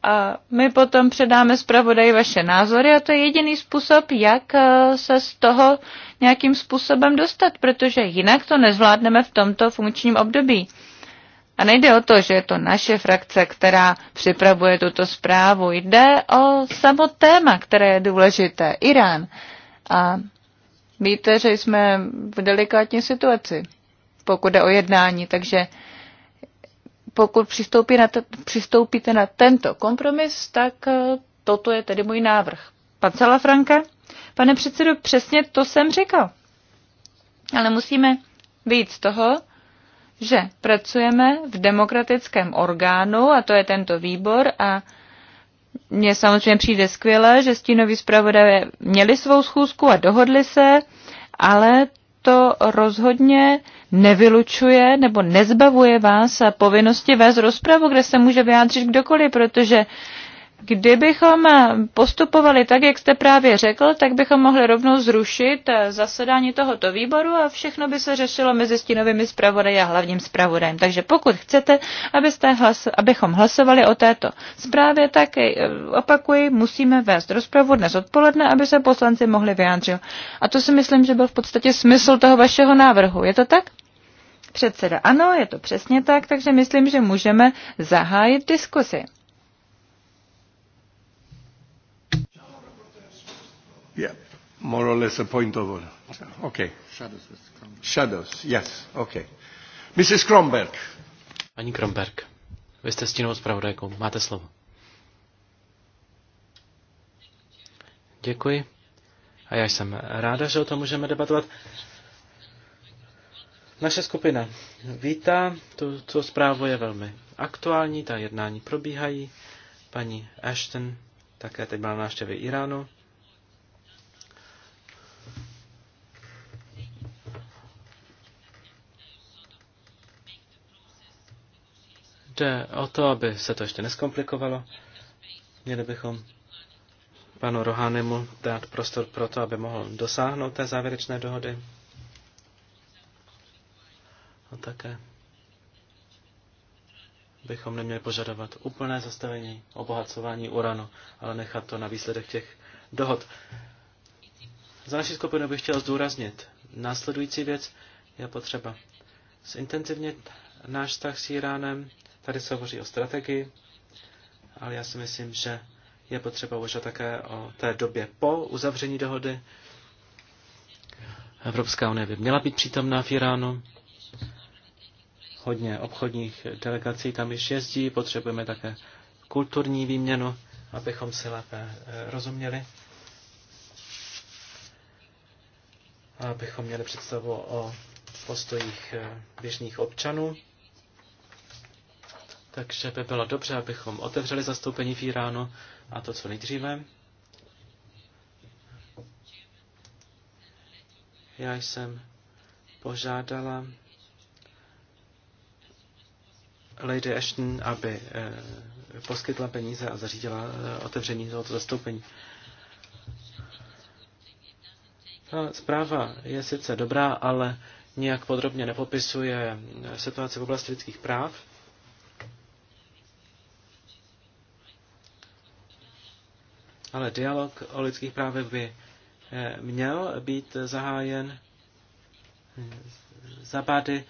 a my potom předáme zpravodaji vaše názory a to je jediný způsob, jak eh, se z toho nějakým způsobem dostat, protože jinak to nezvládneme v tomto funkčním období. A nejde o to, že je to naše frakce, která připravuje tuto zprávu. Jde o samo téma, které je důležité. Irán. A víte, že jsme v delikátní situaci, pokud jde o jednání, takže pokud přistoupí na t- přistoupíte na tento kompromis, tak eh, toto je tedy můj návrh. Pan Salafranka? Pane předsedo, přesně to jsem říkal. Ale musíme vyjít z toho, že pracujeme v demokratickém orgánu, a to je tento výbor, a mně samozřejmě přijde skvěle, že stínoví zpravodaje měli svou schůzku a dohodli se, ale to rozhodně nevylučuje nebo nezbavuje vás povinnosti vést rozpravu, kde se může vyjádřit kdokoliv, protože Kdybychom postupovali tak, jak jste právě řekl, tak bychom mohli rovnou zrušit zasedání tohoto výboru a všechno by se řešilo mezi stínovými zpravodaji a hlavním zpravodajem. Takže pokud chcete, abyste hlas, abychom hlasovali o této zprávě, tak eh, opakuji, musíme vést rozpravu dnes odpoledne, aby se poslanci mohli vyjádřit. A to si myslím, že byl v podstatě smysl toho vašeho návrhu. Je to tak? Předseda, ano, je to přesně tak, takže myslím, že můžeme zahájit diskusi. Yeah, more or less a point of order. Okay. Shadows. Shadows, yes, okay. Mrs. Kronberg. Paní Kronberg, vy jste stínou zpravodajkou, máte slovo. Děkuji. A já jsem ráda, že o tom můžeme debatovat. Naše skupina vítá, tu, tu zprávu je velmi aktuální, ta jednání probíhají. Paní Ashton také teď byla návštěvě Iránu. Jde o to, aby se to ještě neskomplikovalo. Měli bychom panu Rohanemu dát prostor pro to, aby mohl dosáhnout té závěrečné dohody. A také bychom neměli požadovat úplné zastavení obohacování uranu, ale nechat to na výsledek těch dohod. Za naši skupinu bych chtěl zdůraznit následující věc je potřeba zintenzivnit náš vztah s Iránem. Tady se hovoří o strategii, ale já si myslím, že je potřeba uvažovat také o té době po uzavření dohody. Evropská unie by měla být přítomná v Iránu hodně obchodních delegací tam již jezdí, potřebujeme také kulturní výměnu, abychom si lépe eh, rozuměli. A abychom měli představu o postojích eh, běžných občanů. Takže by bylo dobře, abychom otevřeli zastoupení v Iránu a to co nejdříve. Já jsem požádala Lady Ashton, aby eh, poskytla peníze a zařídila eh, otevření tohoto zastoupení. Ta zpráva je sice dobrá, ale nijak podrobně nepopisuje eh, situaci v oblasti lidských práv. Ale dialog o lidských právech by měl být zahájen. Hm, Zabády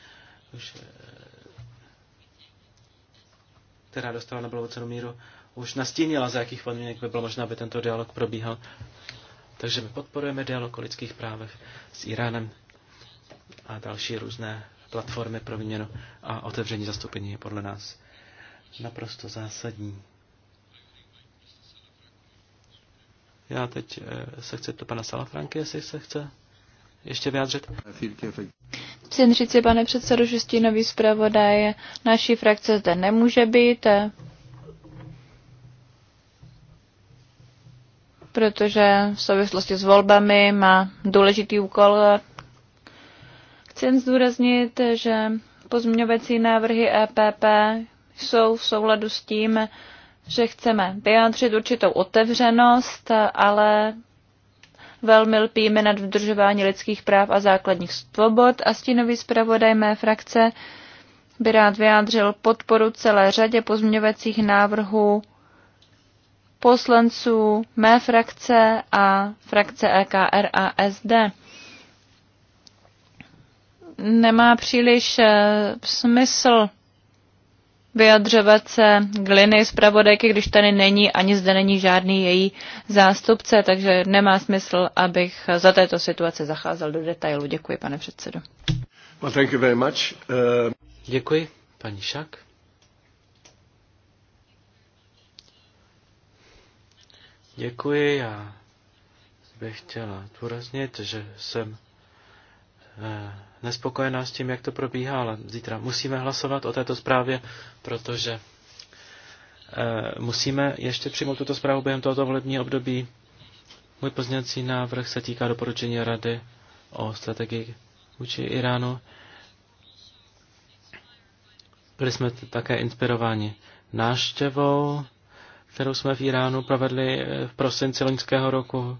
už která dostala Nobelovu cenu míru, už nastínila, za jakých podmínek by bylo možné, aby tento dialog probíhal. Takže my podporujeme dialog o lidských právech s Iránem a další různé platformy pro výměnu a otevření zastoupení je podle nás naprosto zásadní. Já teď eh, se chci to pana Salafranky, jestli se chce ještě vyjádřit. Chci si, pane předsedo, že stínový zpravodaj naší frakce zde nemůže být, protože v souvislosti s volbami má důležitý úkol. Chci jen zdůraznit, že pozměňovací návrhy EPP jsou v souladu s tím, že chceme vyjádřit určitou otevřenost, ale velmi lpíme nad dodržování lidských práv a základních svobod a stínový zpravodaj mé frakce by rád vyjádřil podporu celé řadě pozměňovacích návrhů poslanců mé frakce a frakce EKR a SD. Nemá příliš eh, smysl vyjadřovat se k z pravodajky, když tady není, ani zde není žádný její zástupce, takže nemá smysl, abych za této situace zacházel do detailu. Děkuji, pane předsedo. Well, thank you very much. Uh... Děkuji, paní Šak. Děkuji, já bych chtěla důraznit, že jsem Eh, nespokojená s tím, jak to probíhá, ale zítra musíme hlasovat o této zprávě, protože eh, musíme ještě přijmout tuto zprávu během tohoto volebního období. Můj pozněcí návrh se týká doporučení Rady o strategii vůči Iránu. Byli jsme také inspirováni náštěvou, kterou jsme v Iránu provedli eh, v prosinci loňského roku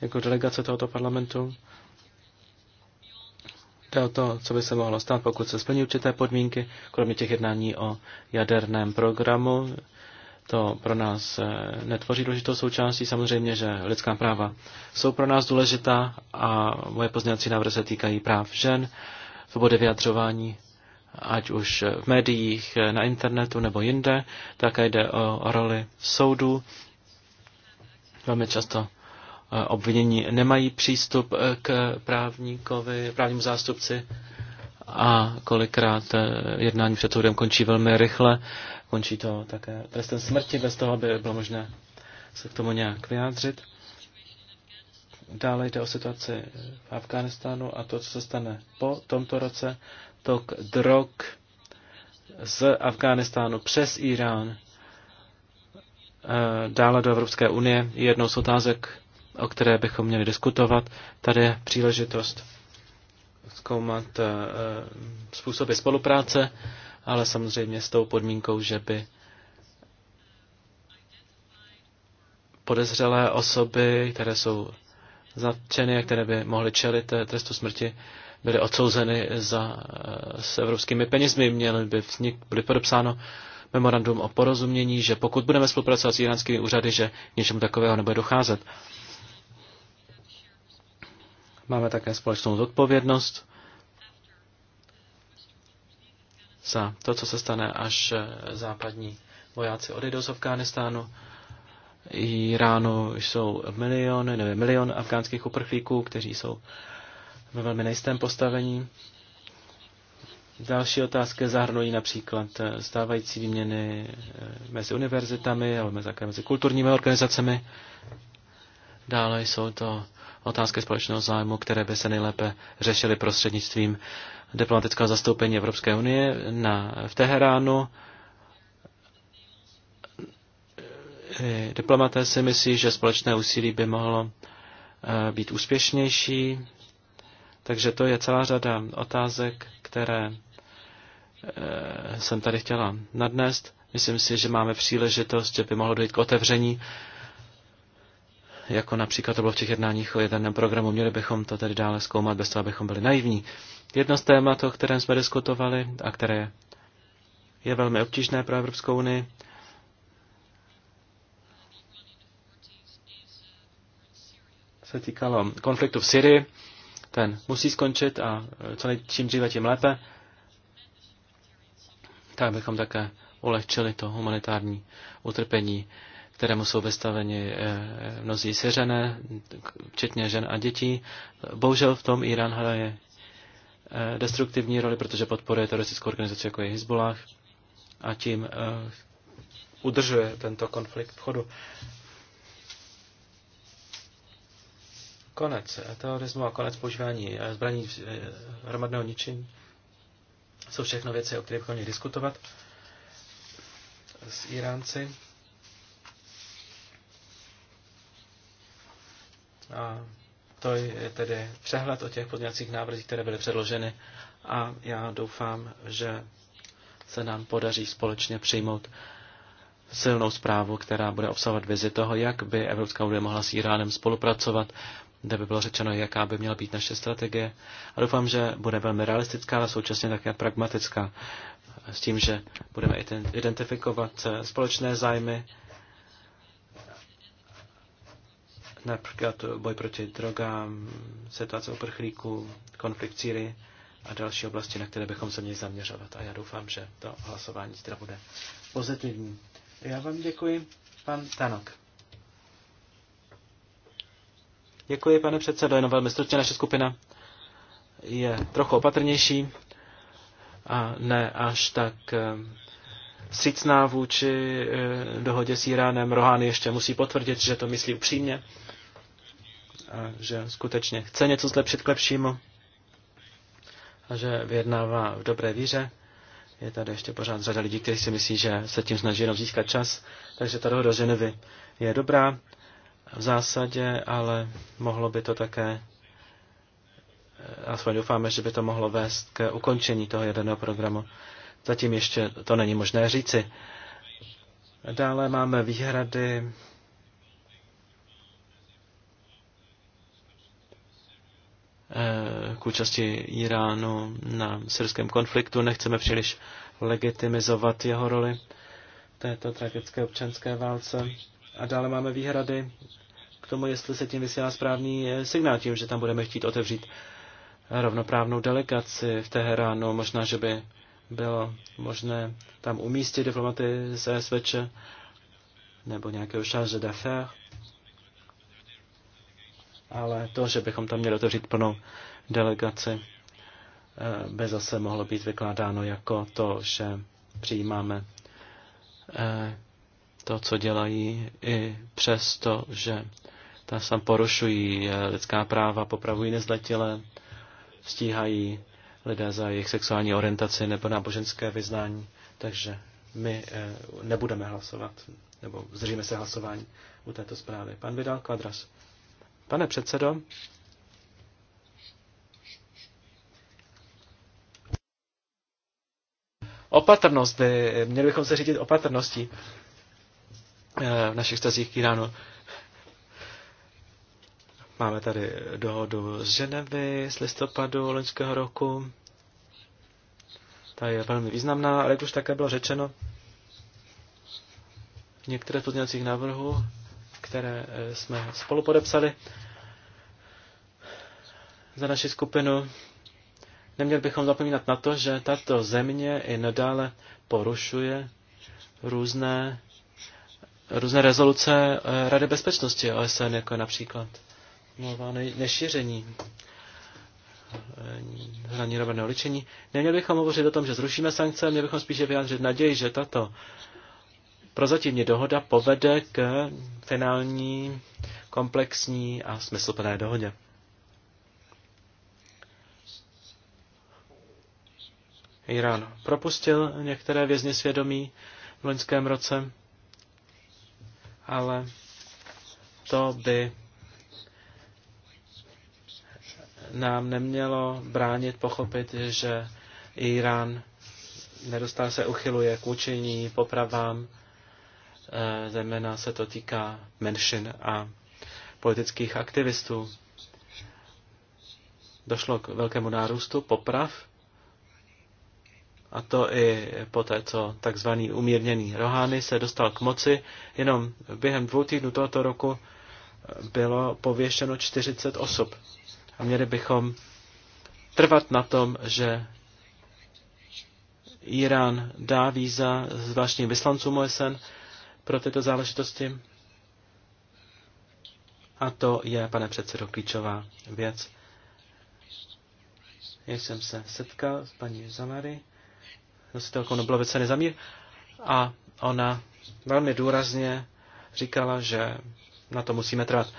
jako delegace tohoto parlamentu. To je to, co by se mohlo stát, pokud se splní určité podmínky, kromě těch jednání o jaderném programu. To pro nás eh, netvoří důležitou součástí. Samozřejmě, že lidská práva jsou pro nás důležitá a moje pozměňovací návrhy se týkají práv žen, svobody vyjadřování, ať už v médiích, eh, na internetu nebo jinde. Také jde o roli soudů. Velmi často obvinění nemají přístup eh, k právníkovi, právnímu zástupci a kolikrát eh, jednání před soudem končí velmi rychle. Končí to také trestem smrti bez toho, aby bylo možné se k tomu nějak vyjádřit. Dále jde o situaci v Afghánistánu a to, co se stane po tomto roce, tok drog z Afghánistánu přes Irán eh, dále do Evropské unie. Jednou z otázek, o které bychom měli diskutovat. Tady je příležitost zkoumat eh, eh, způsoby spolupráce, ale samozřejmě s tou podmínkou, že by podezřelé osoby, které jsou zatčeny a které by mohly čelit eh, trestu smrti, byly odsouzeny za, s evropskými penězmi. Měly by vznik, byly podepsáno memorandum o porozumění, že pokud budeme spolupracovat s iránskými úřady, že něčemu takového nebude docházet. Máme také společnou zodpovědnost za to, co se stane, až západní vojáci odejdou z Afghánistánu. Iránu jsou miliony, nevím, milion afgánských uprchlíků, kteří jsou ve velmi nejistém postavení. Další otázky zahrnují například stávající výměny eh, mezi univerzitami, ale také mezi kulturními organizacemi. Dále jsou to otázky společného zájmu, které by se nejlépe řešily prostřednictvím diplomatického zastoupení Evropské unie na, v Teheránu. Diplomaté si myslí, že společné úsilí by mohlo eh, být úspěšnější, takže to je celá řada otázek, které eh, jsem tady chtěla nadnést. Myslím si, že máme příležitost, že by mohlo dojít k otevření jako například to bylo v těch jednáních o jedném programu. Měli bychom to tedy dále zkoumat bez toho, abychom byli naivní. Jedno z témat, o kterém jsme diskutovali a které je velmi obtížné pro Evropskou unii, se týkalo konfliktu v Syrii. Ten musí skončit a e, co nej, čím dříve, tím lépe. Tak bychom také ulehčili to humanitární utrpení kterému jsou vystaveni eh, mnozí seřené, včetně žen a dětí. Bohužel v tom Irán hraje eh, destruktivní roli, protože podporuje teroristickou organizaci, jako je Hezbollah, a tím eh, udržuje tento konflikt v chodu. Konec terorismu a konec používání zbraní hromadného ničení jsou všechno věci, o kterých bychom měli diskutovat s Iránci. A to je tedy přehled o těch podněcích návrzích, které byly předloženy a já doufám, že se nám podaří společně přijmout silnou zprávu, která bude obsahovat vizi toho, jak by Evropská unie mohla s Iránem spolupracovat, kde by bylo řečeno, jaká by měla být naše strategie. A doufám, že bude velmi realistická, ale současně také pragmatická, s tím, že budeme identifikovat společné zájmy například boj proti drogám, situace uprchlíků, konflikt Sýrii a další oblasti, na které bychom se měli zaměřovat. A já doufám, že to hlasování zítra bude pozitivní. Já vám děkuji, pan Tanok. Děkuji, pane předsedo, jenom velmi stručně naše skupina je trochu opatrnější a ne až tak eh, vstřícná vůči eh, dohodě s Iránem. Rohány ještě musí potvrdit, že to myslí upřímně a že skutečně chce něco zlepšit k lepšímu a že vyjednává v dobré víře. Je tady ještě pořád řada lidí, kteří si myslí, že se tím snaží jenom získat čas, takže ta dohoda Ženevy je dobrá v zásadě, ale mohlo by to také, eh, aspoň doufáme, že by to mohlo vést k ukončení toho jedného programu. Zatím ještě to není možné říci. Dále máme výhrady Eh, k účasti Iránu na syrském konfliktu. Nechceme příliš legitimizovat jeho roli v této tragické občanské válce. A dále máme výhrady k tomu, jestli se tím vysílá správný eh, signál, tím, že tam budeme chtít otevřít rovnoprávnou delegaci v Teheránu. Možná, že by bylo možné tam umístit diplomaty z SVČ nebo nějakého charge d'affaires ale to, že bychom tam měli otevřít plnou delegaci, eh, by zase mohlo být vykládáno jako to, že přijímáme eh, to, co dělají, i přesto, že ta sam porušují eh, lidská práva, popravují nezletilé, stíhají lidé za jejich sexuální orientaci nebo náboženské vyznání. Takže my nebudeme hlasovat, nebo zřejmě se hlasování u této zprávy. Pan Vidal Kvadras. Pane předsedo, opatrnost, měli bychom se řídit opatrností eh, v našich stazích k Iránu. Máme tady dohodu z Ženevy z listopadu loňského roku. Ta je velmi významná, ale jak už také bylo řečeno, některé z pozměňovacích návrhů které eh, jsme spolu podepsali za naši skupinu. Neměli bychom zapomínat na to, že tato země i nadále porušuje různé, různé rezoluce eh, Rady bezpečnosti OSN, jako například mluvá nešíření eh, hraní rovného ličení. Neměli bychom hovořit o tom, že zrušíme sankce, měli bychom spíše vyjádřit naději, že tato prozatímní dohoda povede k finální komplexní a smysluplné dohodě. Irán propustil některé vězně svědomí v loňském roce, ale to by nám nemělo bránit pochopit, že Irán nedostal se uchyluje k učení, popravám Eh, zejména se to týká menšin a politických aktivistů. Došlo k velkému nárůstu poprav, a to i po té, co takzvaný umírněný Rohány se dostal k moci. Jenom během dvou týdnů tohoto roku eh, bylo pověšeno 40 osob. A měli bychom trvat na tom, že Irán dá víza zvláštním vyslancům OSN pro tyto záležitosti. A to je, pane předsedo, klíčová věc. Já jsem se setkal s paní Zamary, nositelkou Nobelovy ceny za mír, a ona velmi důrazně říkala, že na to musíme trvat.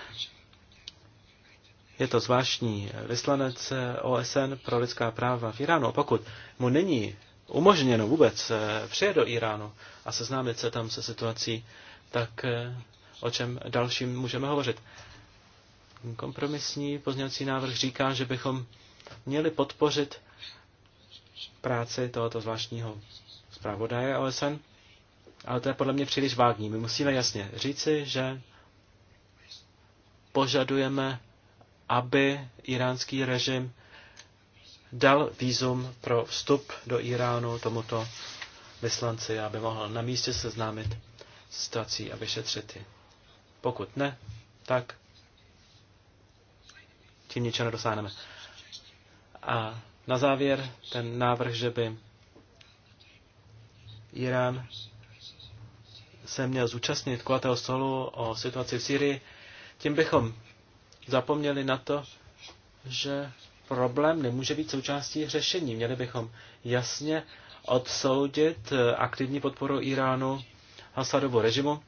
Je to zvláštní vyslanec OSN pro lidská práva v Iránu. Pokud mu není umožněno vůbec eh, přijet do Iránu a seznámit se tam se situací, tak eh, o čem dalším můžeme hovořit. Kompromisní pozměňovací návrh říká, že bychom měli podpořit práci tohoto zvláštního zpravodaje OSN, ale to je podle mě příliš vágní. My musíme jasně říci, že požadujeme, aby iránský režim dal výzum pro vstup do Iránu tomuto vyslanci, aby mohl na místě seznámit s situací a vyšetřit ji. Pokud ne, tak tím ničeho nedosáhneme. A na závěr ten návrh, že by Irán se měl zúčastnit kulatého stolu o situaci v Syrii, tím bychom zapomněli na to, že problém nemůže být součástí řešení. Měli bychom jasně odsoudit eh, aktivní podporu Iránu Hasadovu režimu.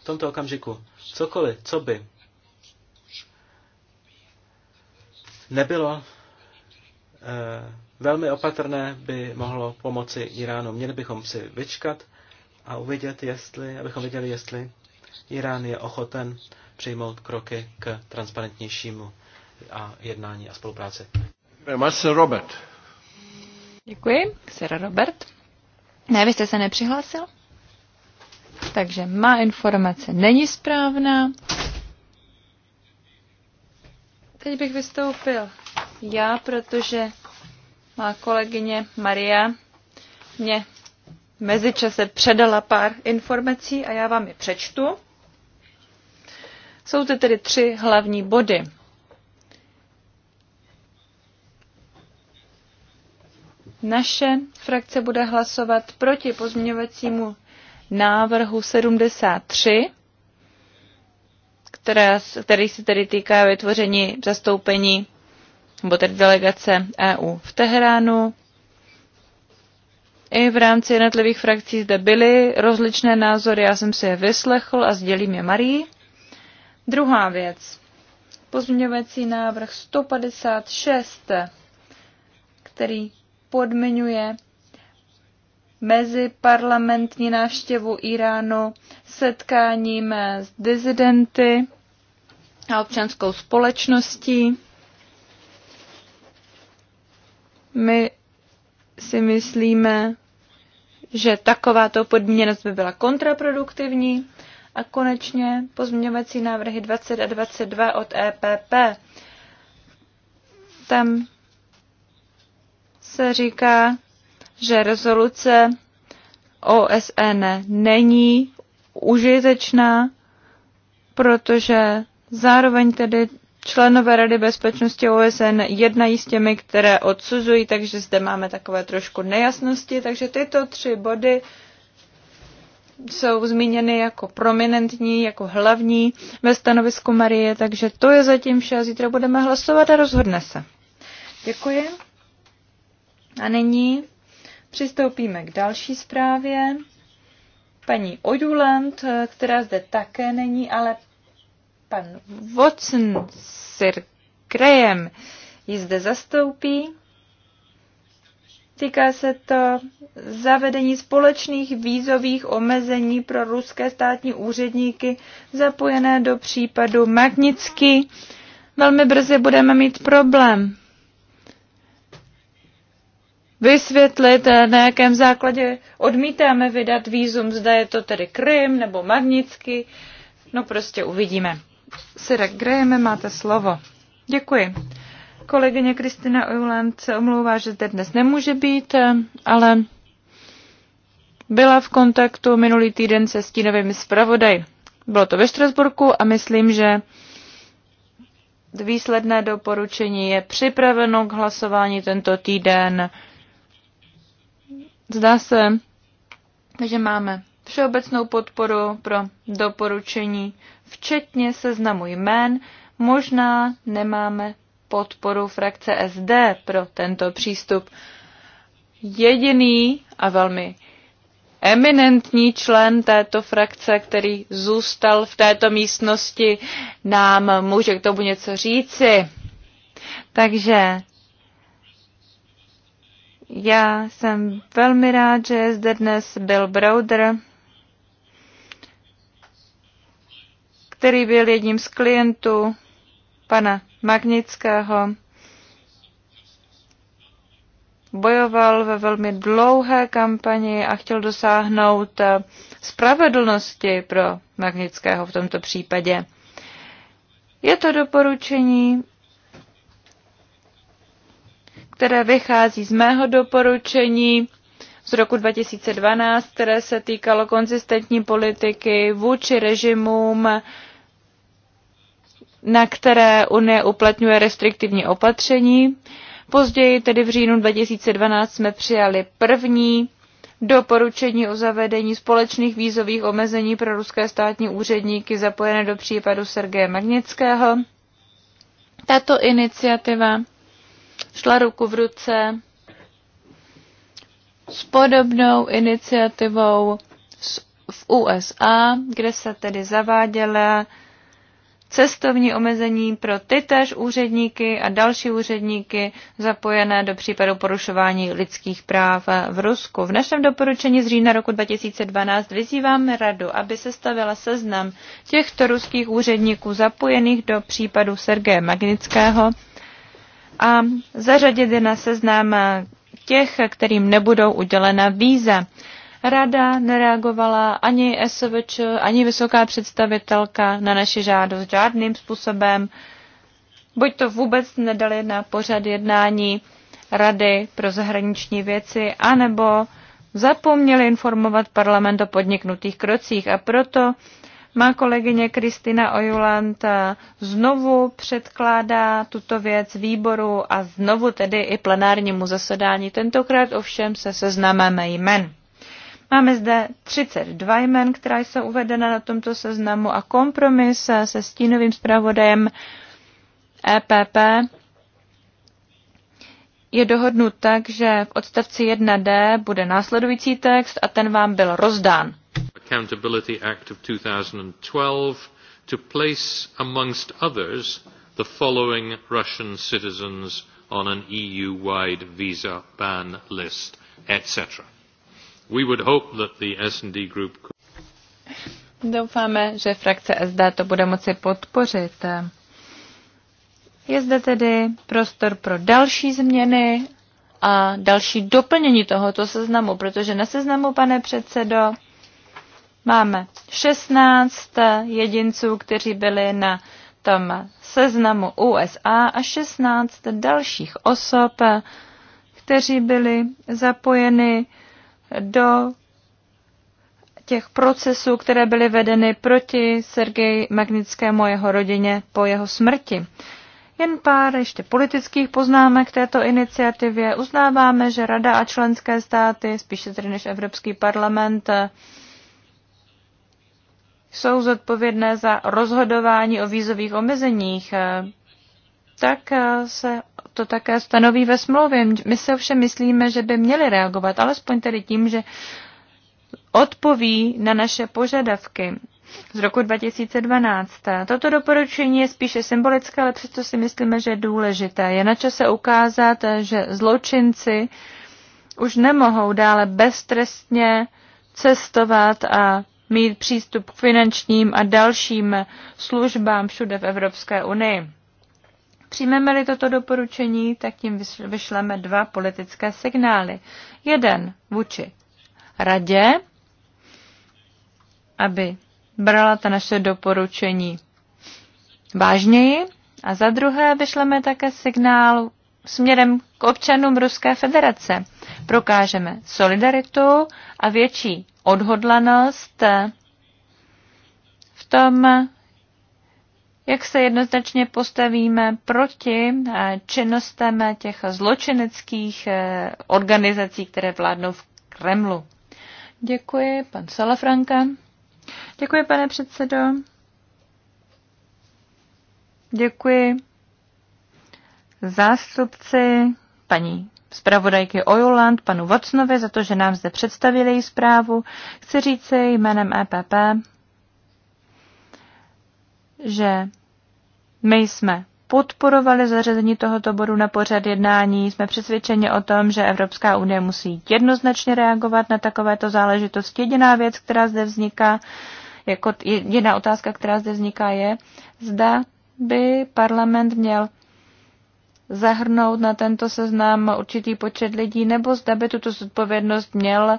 V tomto okamžiku cokoliv, co by nebylo eh, velmi opatrné, by mohlo pomoci Iránu. Měli bychom si vyčkat a uvidět, jestli, abychom viděli, jestli Irán je ochoten přijmout kroky k transparentnějšímu a jednání a spolupráci. Robert. Děkuji, Sir Robert. Ne, vy jste se nepřihlásil? Takže má informace není správná. Teď bych vystoupil já, protože má kolegyně Maria mě mezičase předala pár informací a já vám je přečtu. Jsou to tedy tři hlavní body. Naše frakce bude hlasovat proti pozměňovacímu návrhu 73, která, který se tedy týká vytvoření zastoupení nebo tedy delegace EU v Teheránu. I v rámci jednotlivých frakcí zde byly rozličné názory, já jsem si je vyslechl a sdělím je Marii. Druhá věc. Pozměňovací návrh 156, který podmiňuje mezi parlamentní návštěvu Iránu setkáním s dizidenty a občanskou společností. My si myslíme, že takováto podmíněnost by byla kontraproduktivní a konečně pozměňovací návrhy 20 a 22 od EPP. Tam se říká, že rezoluce OSN není užitečná, protože zároveň tedy členové Rady bezpečnosti OSN jednají s těmi, které odsuzují, takže zde máme takové trošku nejasnosti. Takže tyto tři body jsou zmíněny jako prominentní, jako hlavní ve stanovisku Marie, takže to je zatím vše. Zítra budeme hlasovat a rozhodne se. Děkuji. A nyní přistoupíme k další zprávě. Paní Ojuland, která zde také není, ale pan Watson Sir Graham ji zde zastoupí. Týká se to zavedení společných vízových omezení pro ruské státní úředníky zapojené do případu Magnický. Velmi brzy budeme mít problém vysvětlit, na jakém základě odmítáme vydat výzum, zda je to tedy Krym nebo Magnický. No prostě uvidíme. Sirek Grejeme, máte slovo. Děkuji. Kolegyně Kristina Ojland se omlouvá, že zde dnes nemůže být, ale byla v kontaktu minulý týden se stínovými zpravodaj. Bylo to ve Štrasburku a myslím, že výsledné doporučení je připraveno k hlasování tento týden. Zdá se, že máme všeobecnou podporu pro doporučení, včetně seznamu jmén. Možná nemáme podporu frakce SD pro tento přístup. Jediný a velmi eminentní člen této frakce, který zůstal v této místnosti, nám může k tomu něco říci. Takže já jsem velmi rád, že je zde dnes Bill Browder, který byl jedním z klientů pana Magnického. Bojoval ve velmi dlouhé kampani a chtěl dosáhnout eh, spravedlnosti pro Magnického v tomto případě. Je to doporučení, které vychází z mého doporučení z roku 2012, které se týkalo konzistentní politiky vůči režimům, na které Unie uplatňuje restriktivní opatření. Později, tedy v říjnu 2012, jsme přijali první doporučení o zavedení společných vízových omezení pro ruské státní úředníky zapojené do případu Sergeje Magnického. Tato iniciativa šla ruku v ruce s podobnou iniciativou v USA, kde se tedy zaváděla cestovní omezení pro tytéž úředníky a další úředníky zapojené do případu porušování lidských práv v Rusku. V našem doporučení z října roku 2012 vyzýváme radu, aby se stavila seznam těchto ruských úředníků zapojených do případu Sergeje Magnického a zařadit je na seznam těch, kterým nebudou udělena víza. Rada nereagovala ani SVČ, ani vysoká představitelka na naše žádost žádným způsobem. Buď to vůbec nedali na pořad jednání Rady pro zahraniční věci, anebo zapomněli informovat parlament o podniknutých krocích a proto má kolegyně Kristina Ojuland znovu předkládá tuto věc výboru a znovu tedy i plenárnímu zasedání. Tentokrát ovšem se seznámeme jmen. Máme zde 32 jmen, která jsou uvedena na tomto seznamu a kompromis se stínovým zpravodajem EPP je dohodnut tak, že v odstavci 1d bude následující text a ten vám byl rozdán. Accountability Act of 2012 to place amongst others the following Russian citizens on an EU-wide visa ban list, etc. We would hope that the S&D group Doufáme, že frakce SD to bude moci podpořit. Je zde tedy prostor pro další změny a další doplnění tohoto seznamu, protože na seznamu, pane předsedo, máme 16 jedinců, kteří byli na tom seznamu USA a 16 dalších osob, kteří byli zapojeni do těch procesů, které byly vedeny proti Sergeji Magnickému a jeho rodině po jeho smrti. Jen pár ještě politických poznámek k této iniciativě. Uznáváme, že Rada a členské státy, spíše tedy než Evropský parlament, jsou zodpovědné za rozhodování o vízových omezeních tak eh, se to také stanoví ve smlouvě. My se ovšem myslíme, že by měli reagovat, alespoň tedy tím, že odpoví na naše požadavky z roku 2012. Toto doporučení je spíše symbolické, ale přesto si myslíme, že je důležité. Je na čase ukázat, že zločinci už nemohou dále beztrestně cestovat a mít přístup k finančním a dalším službám všude v Evropské unii. Přijmeme-li toto doporučení, tak tím vyšleme dva politické signály. Jeden vůči radě, aby brala ta naše doporučení vážněji a za druhé vyšleme také signál směrem k občanům Ruské federace. Prokážeme solidaritu a větší odhodlanost v tom, jak se jednoznačně postavíme proti eh, činnostem těch zločineckých eh, organizací, které vládnou v Kremlu. Děkuji, pan Salafranka. Děkuji, pane předsedo. Děkuji zástupci paní zpravodajky Ojuland, panu Vocnovi, za to, že nám zde představili její zprávu. Chci říci jménem EPP, že my jsme podporovali zařazení tohoto bodu na pořad jednání. Jsme přesvědčeni o tom, že Evropská unie musí jednoznačně reagovat na takovéto záležitosti. Jediná věc, která zde vzniká, jako jediná otázka, která zde vzniká, je, zda by parlament měl zahrnout na tento seznam určitý počet lidí, nebo zda by tuto zodpovědnost měl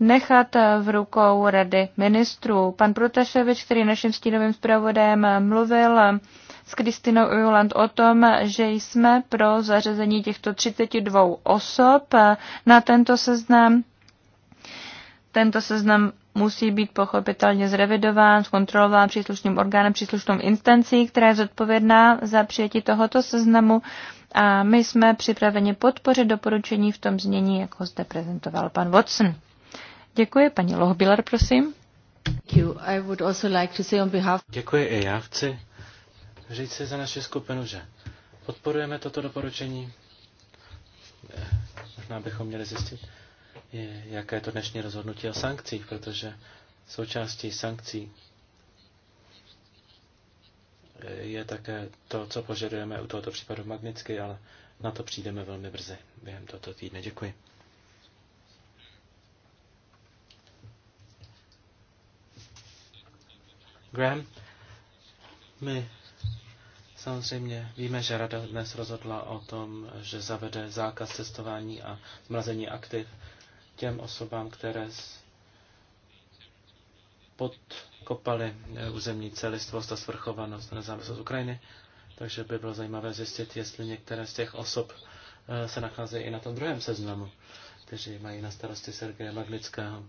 nechat eh, v rukou rady ministrů. Pan Proteševič, který naším stínovým zpravodajem mluvil eh, s Kristinou Ujuland o tom, že jsme pro zařazení těchto 32 osob eh, na tento seznam. Tento seznam musí být pochopitelně zrevidován, zkontrolován příslušným orgánem, příslušnou instancí, která je zodpovědná za přijetí tohoto seznamu a my jsme připraveni podpořit doporučení v tom znění, jak ho zde prezentoval pan Watson. Děkuji. Paní Lohbiller, prosím. Děkuji i já chci říct si za naši skupinu, že podporujeme toto doporučení. Eh, možná bychom měli zjistit, jaké je to dnešní rozhodnutí o sankcích, protože součástí sankcí eh, je také to, co požadujeme u tohoto případu magnicky, ale na to přijdeme velmi brzy během tohoto týdne. Děkuji. Graham. My samozřejmě víme, že Rada dnes rozhodla o tom, že zavede zákaz cestování a zmrazení aktiv těm osobám, které podkopaly eh, územní celistvost a svrchovanost a nezávislost Ukrajiny. Takže by bylo zajímavé zjistit, jestli některé z těch osob eh, se nacházejí i na tom druhém seznamu, kteří mají na starosti Sergeje Magnického.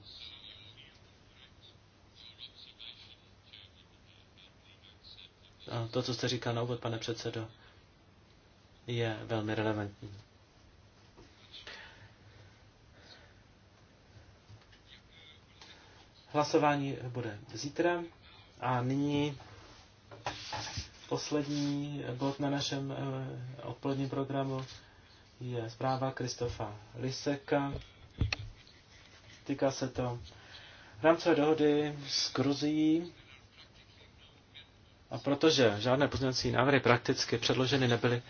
A to, co jste říkal na úvod, pane předsedo, je velmi relevantní. Hlasování bude zítra a nyní poslední bod na našem eh, odpoledním programu je zpráva Kristofa Liseka. Týká se to rámcové dohody s Gruzií. A protože žádné pozměňovací návrhy prakticky předloženy nebyly,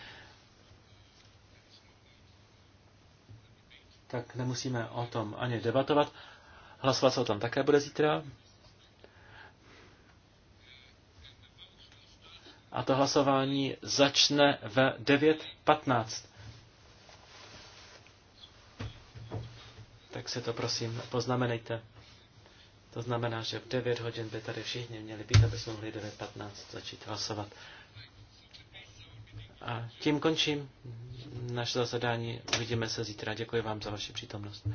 tak nemusíme o tom ani debatovat. Hlasovat se o tom také bude zítra. A to hlasování začne ve 9.15. Tak si to prosím poznamenejte. To znamená, že v 9 hodin by tady všichni měli být, aby jsme mohli 9.15 začít hlasovat. A tím končím naše zasedání. Uvidíme se zítra. Děkuji vám za vaši přítomnost.